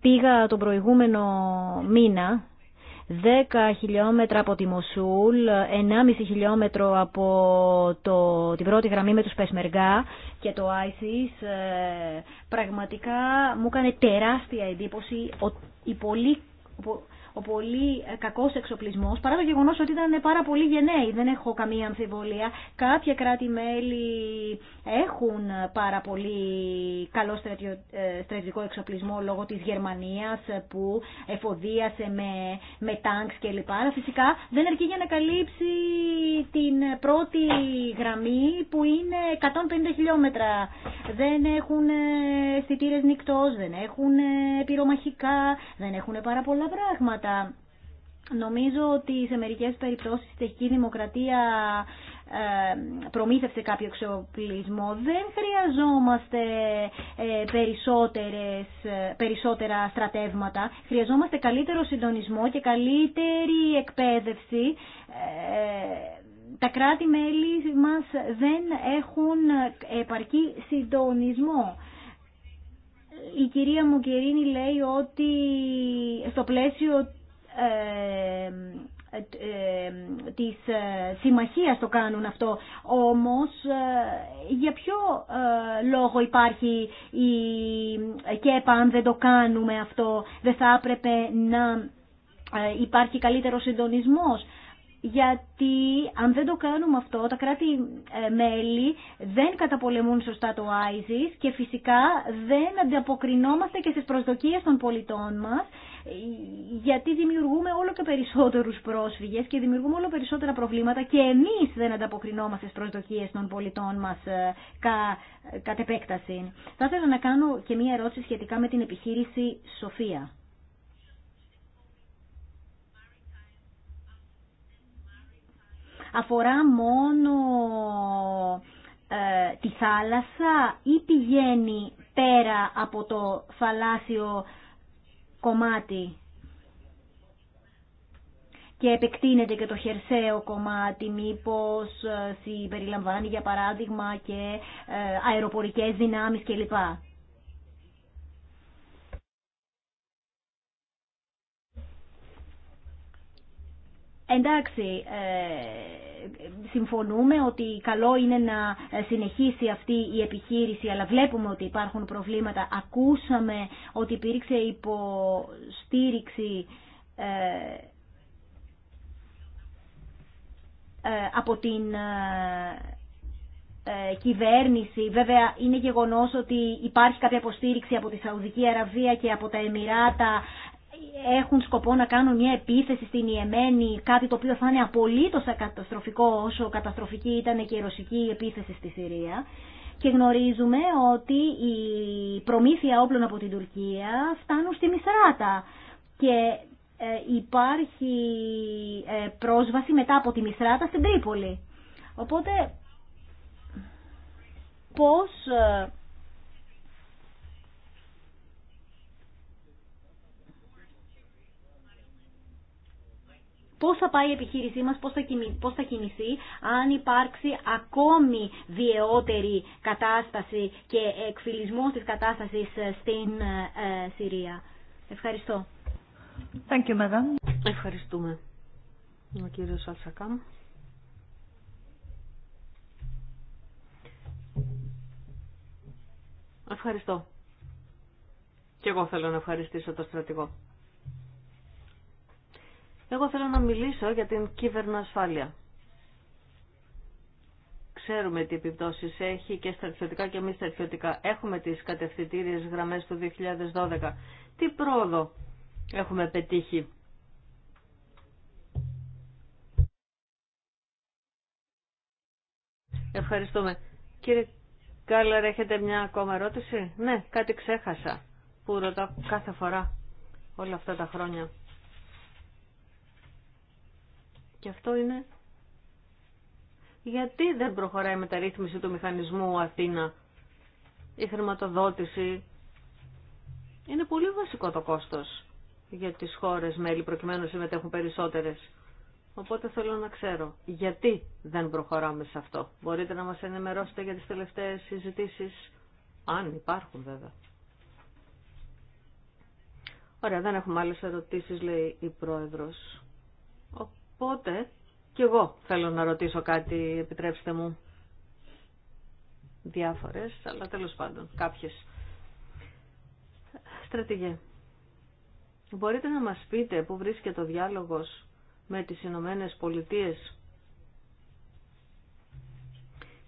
Πήγα τον προηγούμενο μήνα 10 χιλιόμετρα από τη Μοσούλ, 1,5 χιλιόμετρο από το, την πρώτη γραμμή με τους Πεσμεργά και το ISIS, ε, πραγματικά μου έκανε τεράστια εντύπωση η πολύ ο πολύ ε, κακός εξοπλισμός, παρά το γεγονός ότι ήταν πάρα πολύ γενναίοι, δεν έχω καμία αμφιβολία. Κάποια κράτη-μέλη έχουν πάρα πολύ καλό ε, στρατιωτικό εξοπλισμό λόγω της Γερμανίας που εφοδίασε με, με τάγκς κλπ. Αλλά φυσικά δεν αρκεί για να καλύψει την πρώτη γραμμή που είναι 150 χιλιόμετρα. Δεν έχουν ε, αισθητήρε νυχτό, δεν έχουν πυρομαχικά, δεν έχουν πάρα πολλά πράγματα. Νομίζω ότι σε μερικές περιπτώσεις η τεχνική δημοκρατία ε, προμήθευσε κάποιο εξοπλισμό. Δεν χρειαζόμαστε ε, περισσότερες, ε, περισσότερα στρατεύματα. Χρειαζόμαστε καλύτερο συντονισμό και καλύτερη εκπαίδευση. Τα κράτη-μέλη μας δεν έχουν επαρκή συντονισμό. Η κυρία Μουγκερίνη λέει ότι στο πλαίσιο ε, ε, ε, της συμμαχίας το κάνουν αυτό. Όμως για ποιο λόγο υπάρχει η ΚΕΠΑ αν δεν το κάνουμε αυτό, δεν θα έπρεπε να υπάρχει καλύτερο συντονισμός. Γιατί αν δεν το κάνουμε αυτό, τα κράτη-μέλη δεν καταπολεμούν σωστά το ISIS και φυσικά δεν ανταποκρινόμαστε και στις προσδοκίες των πολιτών μας γιατί δημιουργούμε όλο και περισσότερους πρόσφυγες και δημιουργούμε όλο περισσότερα προβλήματα και εμείς δεν ανταποκρινόμαστε στι προσδοκίε των πολιτών μας ε, κα, κατ' επέκταση. Θα ήθελα να κάνω και μία ερώτηση σχετικά με την επιχείρηση Σοφία. Αφορά μόνο ε, τη θάλασσα ή πηγαίνει πέρα από το θαλάσσιο κομμάτι και επεκτείνεται και το χερσαίο κομμάτι, μήπως ε, συμπεριλαμβάνει για παράδειγμα και ε, αεροπορικές δυνάμεις κλπ. Εντάξει, ε, συμφωνούμε ότι καλό είναι να συνεχίσει αυτή η επιχείρηση, αλλά βλέπουμε ότι υπάρχουν προβλήματα. Ακούσαμε ότι υπήρξε υποστήριξη ε, ε, από την ε, κυβέρνηση. Βέβαια είναι γεγονός ότι υπάρχει κάποια υποστήριξη από τη Σαουδική Αραβία και από τα Εμμυράτα έχουν σκοπό να κάνουν μια επίθεση στην Ιεμένη, κάτι το οποίο θα είναι απολύτως καταστροφικό όσο καταστροφική ήταν και η ρωσική επίθεση στη Συρία. Και γνωρίζουμε ότι η προμήθεια όπλων από την Τουρκία φτάνουν στη Μισράτα και ε, υπάρχει ε, πρόσβαση μετά από τη Μισράτα στην Τρίπολη. Οπότε πώς ε, πώς θα πάει η επιχείρησή μας, πώς θα, πώς κινηθεί αν υπάρξει ακόμη βιαιότερη κατάσταση και εκφυλισμός της κατάστασης ε, στην ε, ε, Συρία. Ευχαριστώ. Thank you, madam. Ευχαριστούμε. Ο κύριος Αλσακάμ. Ευχαριστώ. Και εγώ θέλω να ευχαριστήσω τον στρατηγό. Εγώ θέλω να μιλήσω για την ασφάλεια. Ξέρουμε τι επιπτώσεις έχει και στρατιωτικά και μη στρατιωτικά. Έχουμε τις κατευθυντήριες γραμμές του 2012. Τι πρόοδο έχουμε πετύχει. Ευχαριστούμε. Κύριε Κάλλερ, έχετε μια ακόμα ερώτηση. Ναι, κάτι ξέχασα που ρωτάω κάθε φορά όλα αυτά τα χρόνια. Και αυτό είναι γιατί δεν προχωράει η μεταρρύθμιση του μηχανισμού Αθήνα. Η χρηματοδότηση είναι πολύ βασικό το κόστος για τις χώρες μέλη προκειμένου να συμμετέχουν περισσότερες. Οπότε θέλω να ξέρω γιατί δεν προχωράμε σε αυτό. Μπορείτε να μας ενημερώσετε για τις τελευταίες συζητήσεις, αν υπάρχουν βέβαια. Ωραία, δεν έχουμε άλλες ερωτήσεις, λέει η Πρόεδρος. Οπότε και εγώ θέλω να ρωτήσω κάτι, επιτρέψτε μου. Διάφορες, αλλά τέλος πάντων κάποιες. Στρατηγέ, μπορείτε να μας πείτε που βρίσκεται ο διάλογος με τις Ηνωμένε Πολιτείες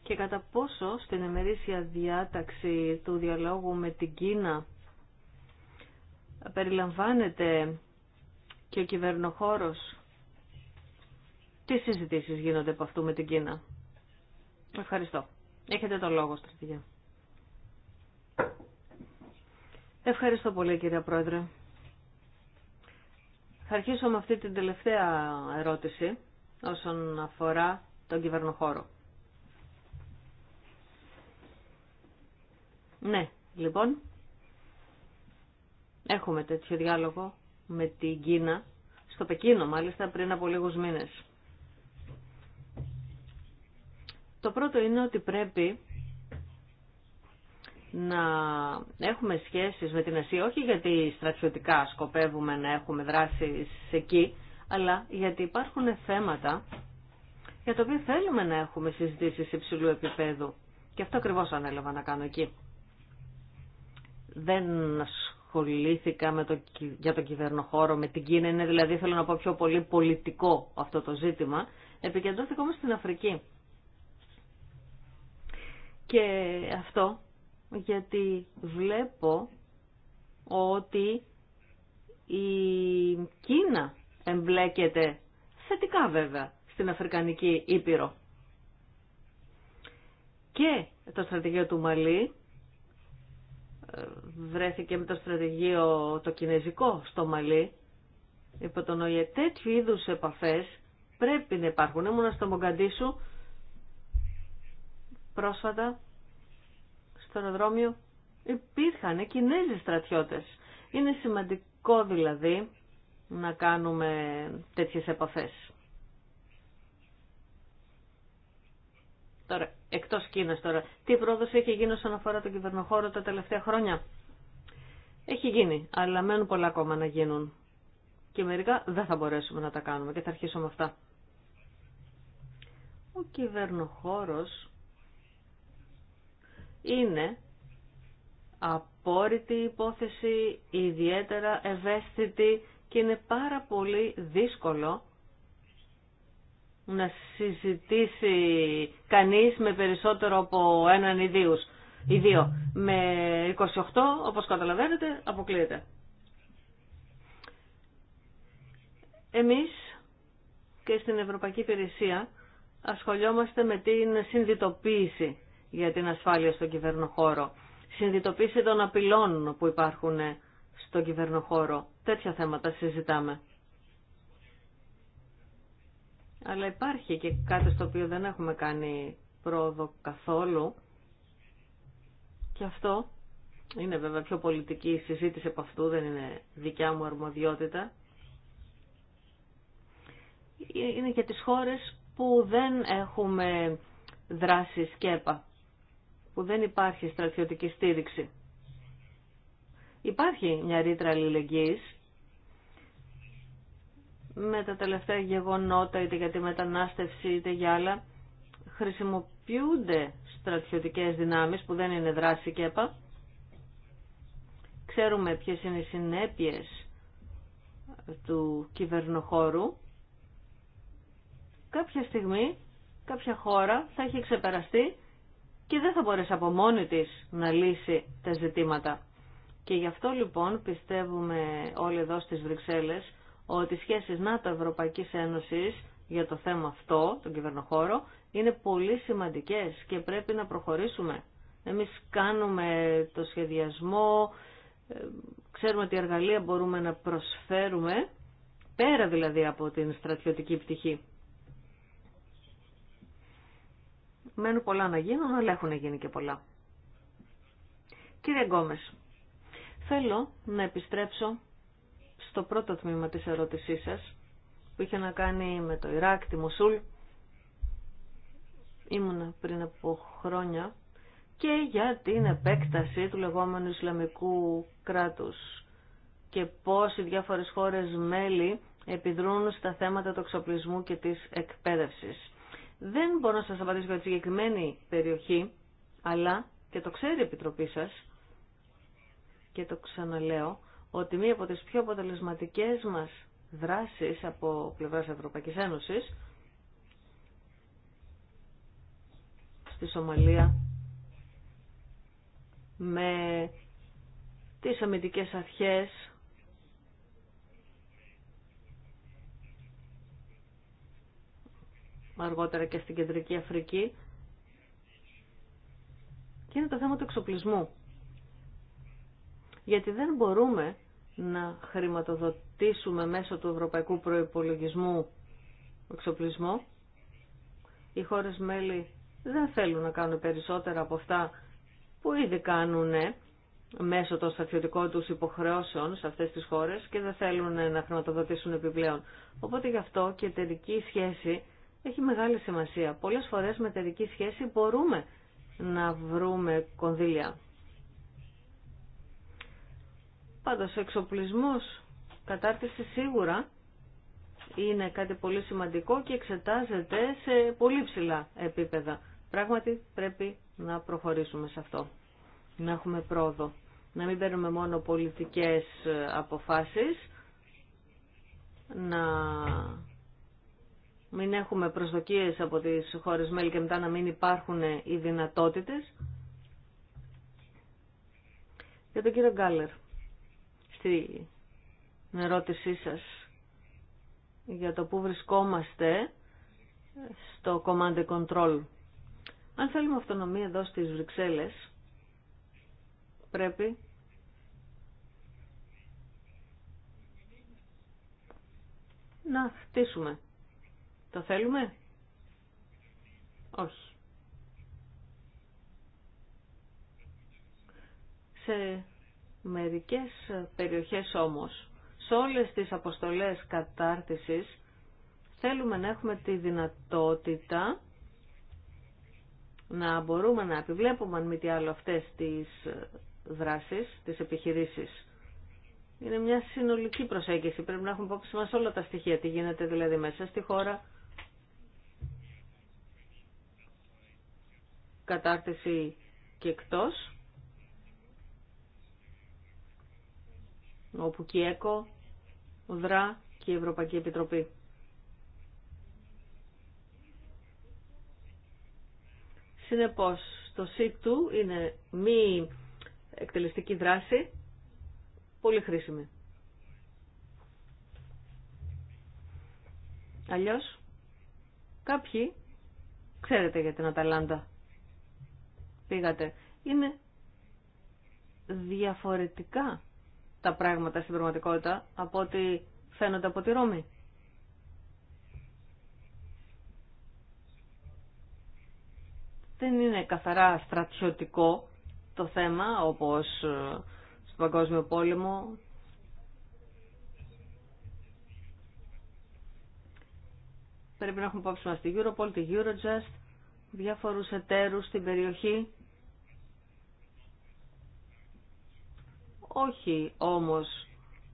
και κατά πόσο στην εμερήσια διάταξη του διαλόγου με την Κίνα περιλαμβάνεται και ο κυβερνοχώρος τι συζητήσει γίνονται από αυτού με την Κίνα. Ευχαριστώ. Έχετε το λόγο, στρατηγέ. Ευχαριστώ πολύ, κύριε Πρόεδρε. Θα αρχίσω με αυτή την τελευταία ερώτηση όσον αφορά τον κυβερνοχώρο. Ναι, λοιπόν, έχουμε τέτοιο διάλογο με την Κίνα, στο Πεκίνο μάλιστα πριν από λίγους μήνες. Το πρώτο είναι ότι πρέπει να έχουμε σχέσεις με την Ασία, όχι γιατί στρατιωτικά σκοπεύουμε να έχουμε δράσεις εκεί, αλλά γιατί υπάρχουν θέματα για τα οποία θέλουμε να έχουμε συζητήσεις υψηλού επίπεδου. Και αυτό ακριβώς ανέλαβα να κάνω εκεί. Δεν ασχολήθηκα με το, για τον κυβερνοχώρο, με την Κίνα, είναι δηλαδή θέλω να πω πιο πολύ πολιτικό αυτό το ζήτημα. Επικεντρώθηκα όμως στην Αφρική και αυτό γιατί βλέπω ότι η Κίνα εμπλέκεται θετικά βέβαια στην Αφρικανική Ήπειρο. Και το στρατηγείο του Μαλή ε, βρέθηκε με το στρατηγείο το κινέζικο στο Μαλή υπό τον ΟΗΕ τέτοιου είδους επαφές πρέπει να υπάρχουν. Ήμουνα στο Μογκαντήσου πρόσφατα στο αεροδρόμιο υπήρχαν Κινέζοι στρατιώτες. Είναι σημαντικό δηλαδή να κάνουμε τέτοιες επαφές. Τώρα, εκτός Κίνας τώρα, τι πρόοδος έχει γίνει όσον αφορά τον κυβερνοχώρο τα τελευταία χρόνια. Έχει γίνει, αλλά μένουν πολλά ακόμα να γίνουν. Και μερικά δεν θα μπορέσουμε να τα κάνουμε και θα αρχίσουμε αυτά. Ο κυβερνοχώρος είναι απόρριτη υπόθεση, ιδιαίτερα ευαίσθητη και είναι πάρα πολύ δύσκολο να συζητήσει κανείς με περισσότερο από έναν ή δύο. Με 28, όπως καταλαβαίνετε, αποκλείεται. Εμείς και στην Ευρωπαϊκή Υπηρεσία ασχολιόμαστε με την συνδυτοποίηση για την ασφάλεια στον κυβερνοχώρο. Συνειδητοποίηση των απειλών που υπάρχουν στον κυβερνοχώρο. Τέτοια θέματα συζητάμε. Αλλά υπάρχει και κάτι στο οποίο δεν έχουμε κάνει πρόοδο καθόλου. Και αυτό είναι βέβαια πιο πολιτική συζήτηση από αυτού, δεν είναι δικιά μου αρμοδιότητα. Είναι και τις χώρες που δεν έχουμε δράση σκέπα. ...που δεν υπάρχει στρατιωτική στήριξη. Υπάρχει μια ρήτρα αλληλεγγύης με τα τελευταία γεγονότα είτε για τη μετανάστευση είτε για άλλα χρησιμοποιούνται στρατιωτικές δυνάμεις που δεν είναι δράση και έπα. Ξέρουμε ποιες είναι οι συνέπειες του κυβερνοχώρου. Κάποια στιγμή, κάποια χώρα θα έχει ξεπεραστεί και δεν θα μπορέσει από μόνη της να λύσει τα ζητήματα. Και γι' αυτό λοιπόν πιστεύουμε όλοι εδώ στις Βρυξέλλες ότι οι σχέσεις ΝΑΤΟ-Ευρωπαϊκής Ένωσης για το θέμα αυτό, τον κυβερνοχώρο, είναι πολύ σημαντικές και πρέπει να προχωρήσουμε. Εμείς κάνουμε το σχεδιασμό, ε, ξέρουμε τι εργαλεία μπορούμε να προσφέρουμε, πέρα δηλαδή από την στρατιωτική πτυχή. Μένουν πολλά να γίνουν, αλλά έχουν γίνει και πολλά. Κύριε Γκόμες, θέλω να επιστρέψω στο πρώτο τμήμα της ερώτησής σας, που είχε να κάνει με το Ιράκ, τη Μοσούλ. Ήμουνα πριν από χρόνια και για την επέκταση του λεγόμενου Ισλαμικού κράτους και πώς οι διάφορες χώρες μέλη επιδρούν στα θέματα του εξοπλισμού και της εκπαίδευσης. Δεν μπορώ να σας απαντήσω για τη συγκεκριμένη περιοχή, αλλά και το ξέρει η Επιτροπή σας και το ξαναλέω, ότι μία από τις πιο αποτελεσματικές μας δράσεις από πλευράς Ευρωπαϊκή Ένωση στη Σομαλία με τις αμυντικές αρχές αργότερα και στην Κεντρική Αφρική. Και είναι το θέμα του εξοπλισμού. Γιατί δεν μπορούμε να χρηματοδοτήσουμε μέσω του ευρωπαϊκού προϋπολογισμού εξοπλισμό. Οι χώρες μέλη δεν θέλουν να κάνουν περισσότερα από αυτά που ήδη κάνουν ε, μέσω των σταθιωτικών τους υποχρεώσεων σε αυτές τις χώρες και δεν θέλουν να χρηματοδοτήσουν επιπλέον. Οπότε γι' αυτό και η εταιρική σχέση έχει μεγάλη σημασία. Πολλές φορές με τερική σχέση μπορούμε να βρούμε κονδύλια. Πάντως, εξοπλισμός κατάρτιση σίγουρα είναι κάτι πολύ σημαντικό και εξετάζεται σε πολύ ψηλά επίπεδα. Πράγματι πρέπει να προχωρήσουμε σε αυτό, να έχουμε πρόοδο, να μην παίρνουμε μόνο πολιτικές αποφάσεις, να μην έχουμε προσδοκίες από τις χώρες μέλη και μετά να μην υπάρχουν οι δυνατότητες. Για τον κύριο Γκάλερ, στην ερώτησή σας για το που βρισκόμαστε στο command and control. Αν θέλουμε αυτονομία εδώ στις Βρυξέλλες, πρέπει να χτίσουμε το θέλουμε? Όχι. Σε μερικές περιοχές όμως, σε όλες τις αποστολές κατάρτισης, θέλουμε να έχουμε τη δυνατότητα να μπορούμε να επιβλέπουμε αν μη τι άλλο αυτές τις δράσεις, τις επιχειρήσεις. Είναι μια συνολική προσέγγιση. Πρέπει να έχουμε υπόψη μας όλα τα στοιχεία. Τι γίνεται δηλαδή μέσα στη χώρα, κατάρτιση και εκτός, όπου και ΕΚΟ, ΔΡΑ και η Ευρωπαϊκή Επιτροπή. Συνεπώς, το C2 είναι μη εκτελεστική δράση, πολύ χρήσιμη. Αλλιώς, κάποιοι ξέρετε για την Αταλάντα πήγατε. Είναι διαφορετικά τα πράγματα στην πραγματικότητα από ό,τι φαίνονται από τη Ρώμη. Δεν είναι καθαρά στρατιωτικό το θέμα, όπως ε, στον Παγκόσμιο Πόλεμο. Πρέπει να έχουμε υπόψη μας τη Europol, τη Eurojust, διάφορους εταίρους στην περιοχή όχι όμως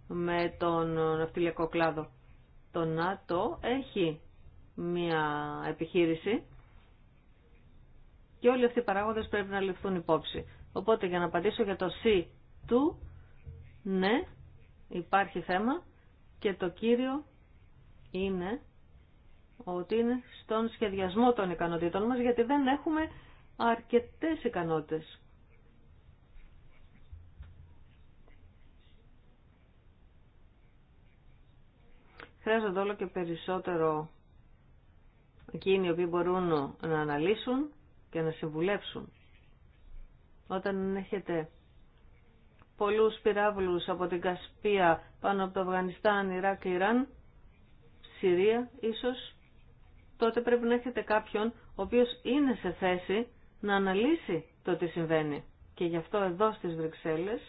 με τον ναυτιλιακό κλάδο. Το ΝΑΤΟ έχει μια επιχείρηση και όλοι αυτοί οι παράγοντες πρέπει να ληφθούν υπόψη. Οπότε για να απαντήσω για το C του, ναι, υπάρχει θέμα και το κύριο είναι ότι είναι στον σχεδιασμό των ικανοτήτων μας γιατί δεν έχουμε αρκετές ικανότητες. χρειάζονται όλο και περισσότερο εκείνοι οι οποίοι μπορούν να αναλύσουν και να συμβουλεύσουν. Όταν έχετε πολλούς πυράβλους από την Κασπία πάνω από το Αφγανιστάν, Ιράκ, Ιράν, Συρία ίσως, τότε πρέπει να έχετε κάποιον ο οποίος είναι σε θέση να αναλύσει το τι συμβαίνει. Και γι' αυτό εδώ στις Βρυξέλλες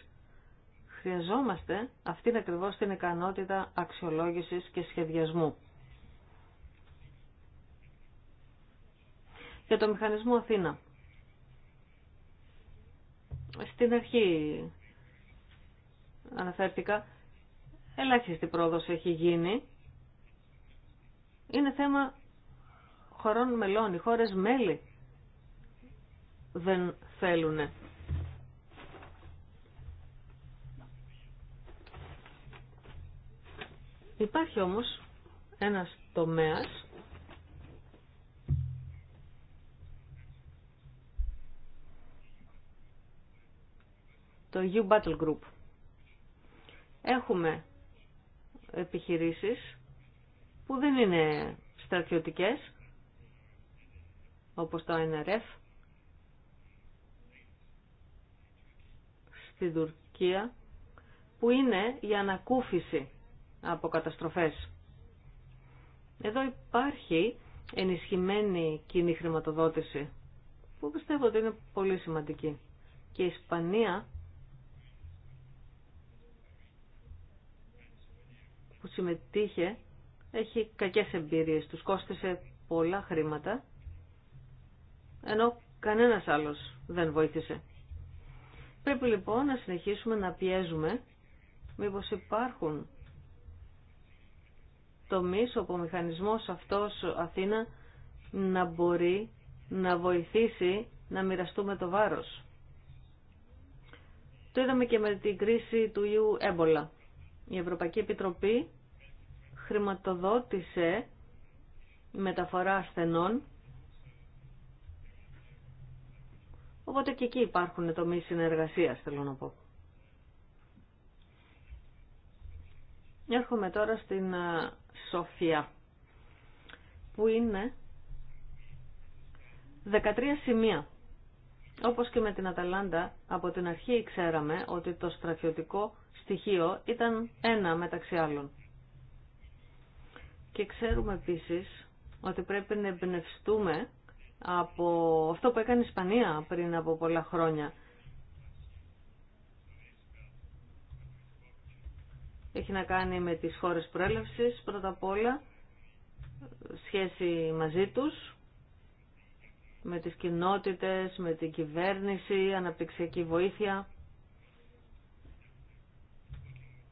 χρειαζόμαστε αυτήν ακριβώς την ικανότητα αξιολόγησης και σχεδιασμού. Για το μηχανισμό Αθήνα. Στην αρχή αναφέρθηκα, ελάχιστη πρόοδος έχει γίνει. Είναι θέμα χωρών μελών. Οι χώρες μέλη δεν θέλουνε. Υπάρχει όμως ένας τομέας το u Battle Group. Έχουμε επιχειρήσεις που δεν είναι στρατιωτικές, όπως το NRF, στην Τουρκία, που είναι η ανακούφιση από καταστροφές. Εδώ υπάρχει ενισχυμένη κοινή χρηματοδότηση που πιστεύω ότι είναι πολύ σημαντική. Και η Ισπανία που συμμετείχε έχει κακές εμπειρίες. Τους κόστησε πολλά χρήματα ενώ κανένας άλλος δεν βοήθησε. Πρέπει λοιπόν να συνεχίσουμε να πιέζουμε μήπως υπάρχουν το όπου ο μηχανισμός αυτός Αθήνα να μπορεί να βοηθήσει να μοιραστούμε το βάρος. Το είδαμε και με την κρίση του ιού έμπολα. Η Ευρωπαϊκή Επιτροπή χρηματοδότησε μεταφορά ασθενών Οπότε και εκεί υπάρχουν τομείς συνεργασίας, θέλω να πω. Έρχομαι τώρα στην Σοφία, που είναι 13 σημεία. Όπως και με την Αταλάντα, από την αρχή ξέραμε ότι το στρατιωτικό στοιχείο ήταν ένα μεταξύ άλλων. Και ξέρουμε επίσης ότι πρέπει να εμπνευστούμε από αυτό που έκανε η Ισπανία πριν από πολλά χρόνια. Έχει να κάνει με τις χώρες προέλευσης πρώτα απ' όλα, σχέση μαζί τους, με τις κοινότητες, με την κυβέρνηση, αναπτυξιακή βοήθεια.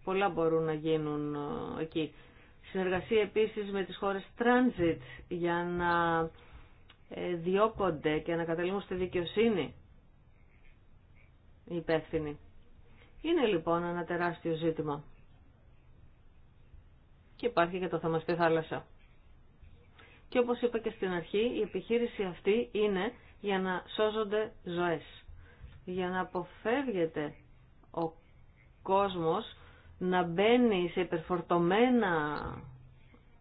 Πολλά μπορούν να γίνουν ε, εκεί. Συνεργασία επίσης με τις χώρες transit για να ε, διώκονται και να καταλήγουν στη δικαιοσύνη οι υπεύθυνοι. Είναι λοιπόν ένα τεράστιο ζήτημα και υπάρχει και το θέμα στη θάλασσα. Και όπως είπα και στην αρχή, η επιχείρηση αυτή είναι για να σώζονται ζωές. Για να αποφεύγεται ο κόσμος να μπαίνει σε υπερφορτωμένα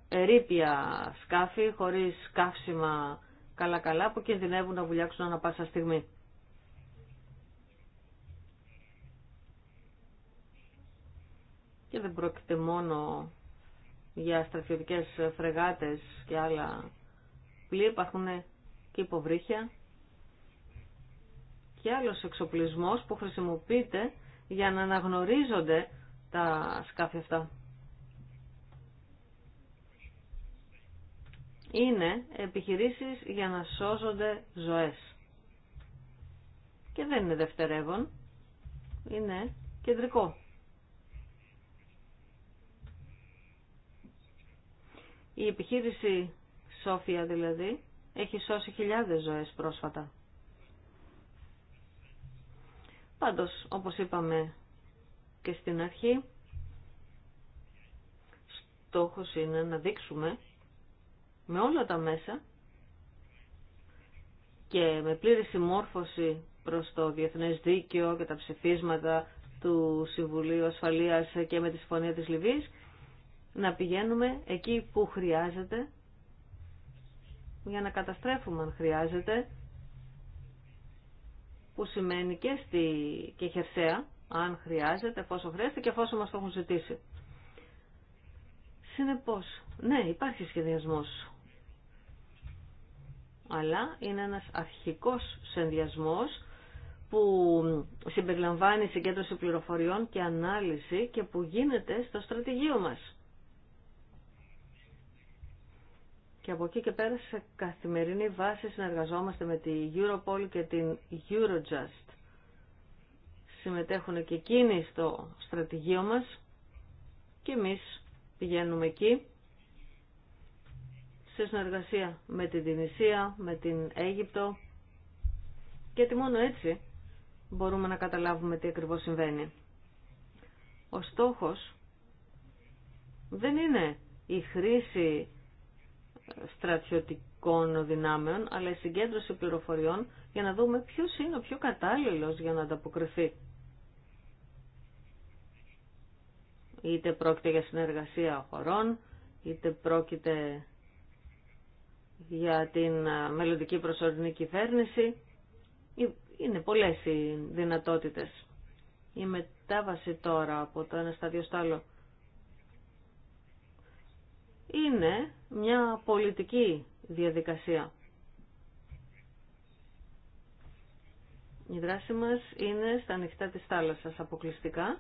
ερήπια σκάφη χωρίς καύσιμα καλά-καλά που κινδυνεύουν να βουλιάξουν ανα πάσα στιγμή. Και δεν πρόκειται μόνο για στρατιωτικές φρεγάτες και άλλα πλοία, υπάρχουν και υποβρύχια και άλλος εξοπλισμός που χρησιμοποιείται για να αναγνωρίζονται τα σκάφια αυτά. Είναι επιχειρήσεις για να σώζονται ζωές. Και δεν είναι δευτερεύον, είναι κεντρικό. Η επιχείρηση Σόφια δηλαδή έχει σώσει χιλιάδες ζωές πρόσφατα. Πάντως, όπως είπαμε και στην αρχή, στόχος είναι να δείξουμε με όλα τα μέσα και με πλήρη συμμόρφωση προς το διεθνές δίκαιο και τα ψηφίσματα του Συμβουλίου Ασφαλείας και με τη Συμφωνία της Λιβύης, να πηγαίνουμε εκεί που χρειάζεται για να καταστρέφουμε αν χρειάζεται που σημαίνει και, στη, και αν χρειάζεται, εφόσον χρειάζεται και εφόσον μας το έχουν ζητήσει. Συνεπώς, ναι υπάρχει σχεδιασμός αλλά είναι ένας αρχικός σχεδιασμός που συμπεριλαμβάνει συγκέντρωση πληροφοριών και ανάλυση και που γίνεται στο στρατηγείο μας. Και από εκεί και πέρα σε καθημερινή βάση συνεργαζόμαστε με τη Europol και την Eurojust. Συμμετέχουν και εκείνοι στο στρατηγείο μας και εμείς πηγαίνουμε εκεί σε συνεργασία με την Τινησία, με την Αίγυπτο γιατί μόνο έτσι μπορούμε να καταλάβουμε τι ακριβώς συμβαίνει. Ο στόχος δεν είναι η χρήση στρατιωτικών δυνάμεων, αλλά η συγκέντρωση πληροφοριών για να δούμε ποιος είναι ο πιο κατάλληλος για να ανταποκριθεί. Είτε πρόκειται για συνεργασία χωρών, είτε πρόκειται για την ε, μελλοντική προσωρινή κυβέρνηση. Είναι πολλές οι δυνατότητες. Η μετάβαση τώρα από το ένα στάδιο στο άλλο είναι μια πολιτική διαδικασία. Η δράση μας είναι στα ανοιχτά της θάλασσας αποκλειστικά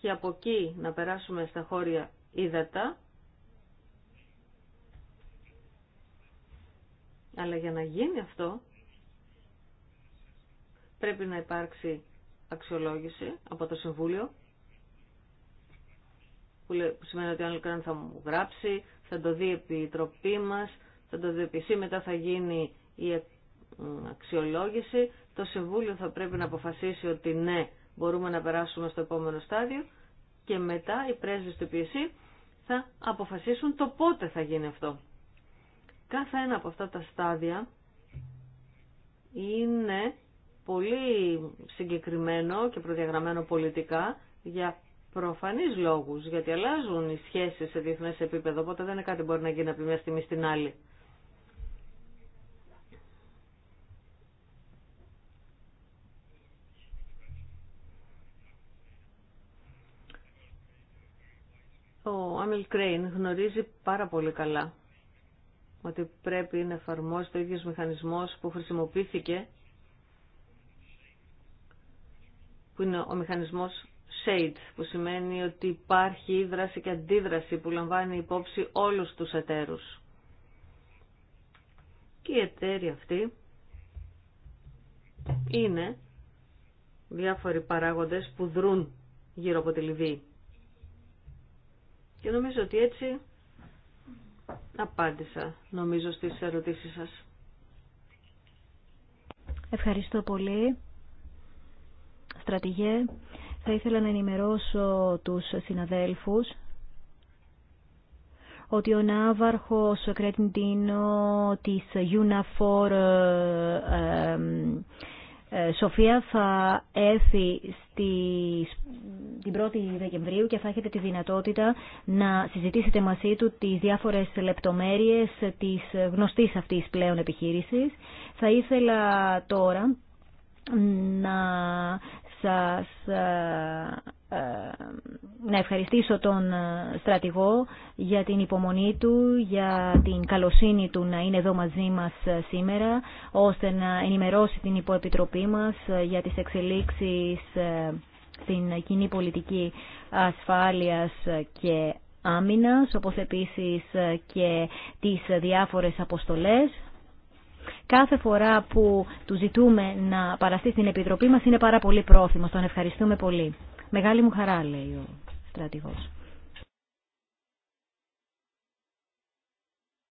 και από εκεί να περάσουμε στα χώρια ύδατα αλλά για να γίνει αυτό πρέπει να υπάρξει αξιολόγηση από το Συμβούλιο που, σημαίνει ότι αν Λεκράν θα μου γράψει, θα το δει η Επιτροπή μας, θα το δει επίση, μετά θα γίνει η αξιολόγηση, το Συμβούλιο θα πρέπει να αποφασίσει ότι ναι, μπορούμε να περάσουμε στο επόμενο στάδιο και μετά οι πρέσβες του πίση, θα αποφασίσουν το πότε θα γίνει αυτό. Κάθε ένα από αυτά τα στάδια είναι πολύ συγκεκριμένο και προδιαγραμμένο πολιτικά για προφανείς λόγους, γιατί αλλάζουν οι σχέσεις σε διεθνές επίπεδο, οπότε δεν είναι κάτι που μπορεί να γίνει από μια στιγμή στην άλλη. Ο Άμιλ Κρέιν γνωρίζει πάρα πολύ καλά ότι πρέπει να εφαρμόσει το ίδιος μηχανισμός που χρησιμοποιήθηκε, που είναι ο μηχανισμός που σημαίνει ότι υπάρχει δράση και αντίδραση που λαμβάνει υπόψη όλους τους εταίρους. Και οι εταίροι αυτοί είναι διάφοροι παράγοντες που δρούν γύρω από τη Λιβύη. Και νομίζω ότι έτσι απάντησα, νομίζω, στις ερωτήσεις σας. Ευχαριστώ πολύ. Στρατηγέ, θα ήθελα να ενημερώσω τους συναδέλφους ότι ο Ναύαρχος Κρέτιντίνο της UNAFOR ε, ε, ε, Σοφία θα έρθει στη, την 1η Δεκεμβρίου και θα έχετε τη δυνατότητα να συζητήσετε μαζί του τις διάφορες λεπτομέρειες της γνωστής αυτής πλέον επιχείρησης. Θα ήθελα τώρα να σας ε, ε, να ευχαριστήσω τον ε, στρατηγό για την υπομονή του, για την καλοσύνη του να είναι εδώ μαζί μας σήμερα, ώστε να ενημερώσει την υποεπιτροπή μας για τις εξελίξεις στην κοινή πολιτική ασφάλειας και άμυνας, όπως επίσης και τις διάφορες αποστολές κάθε φορά που του ζητούμε να παραστεί στην Επιτροπή μας είναι πάρα πολύ πρόθυμος. Τον ευχαριστούμε πολύ. Μεγάλη μου χαρά, λέει ο στρατηγός.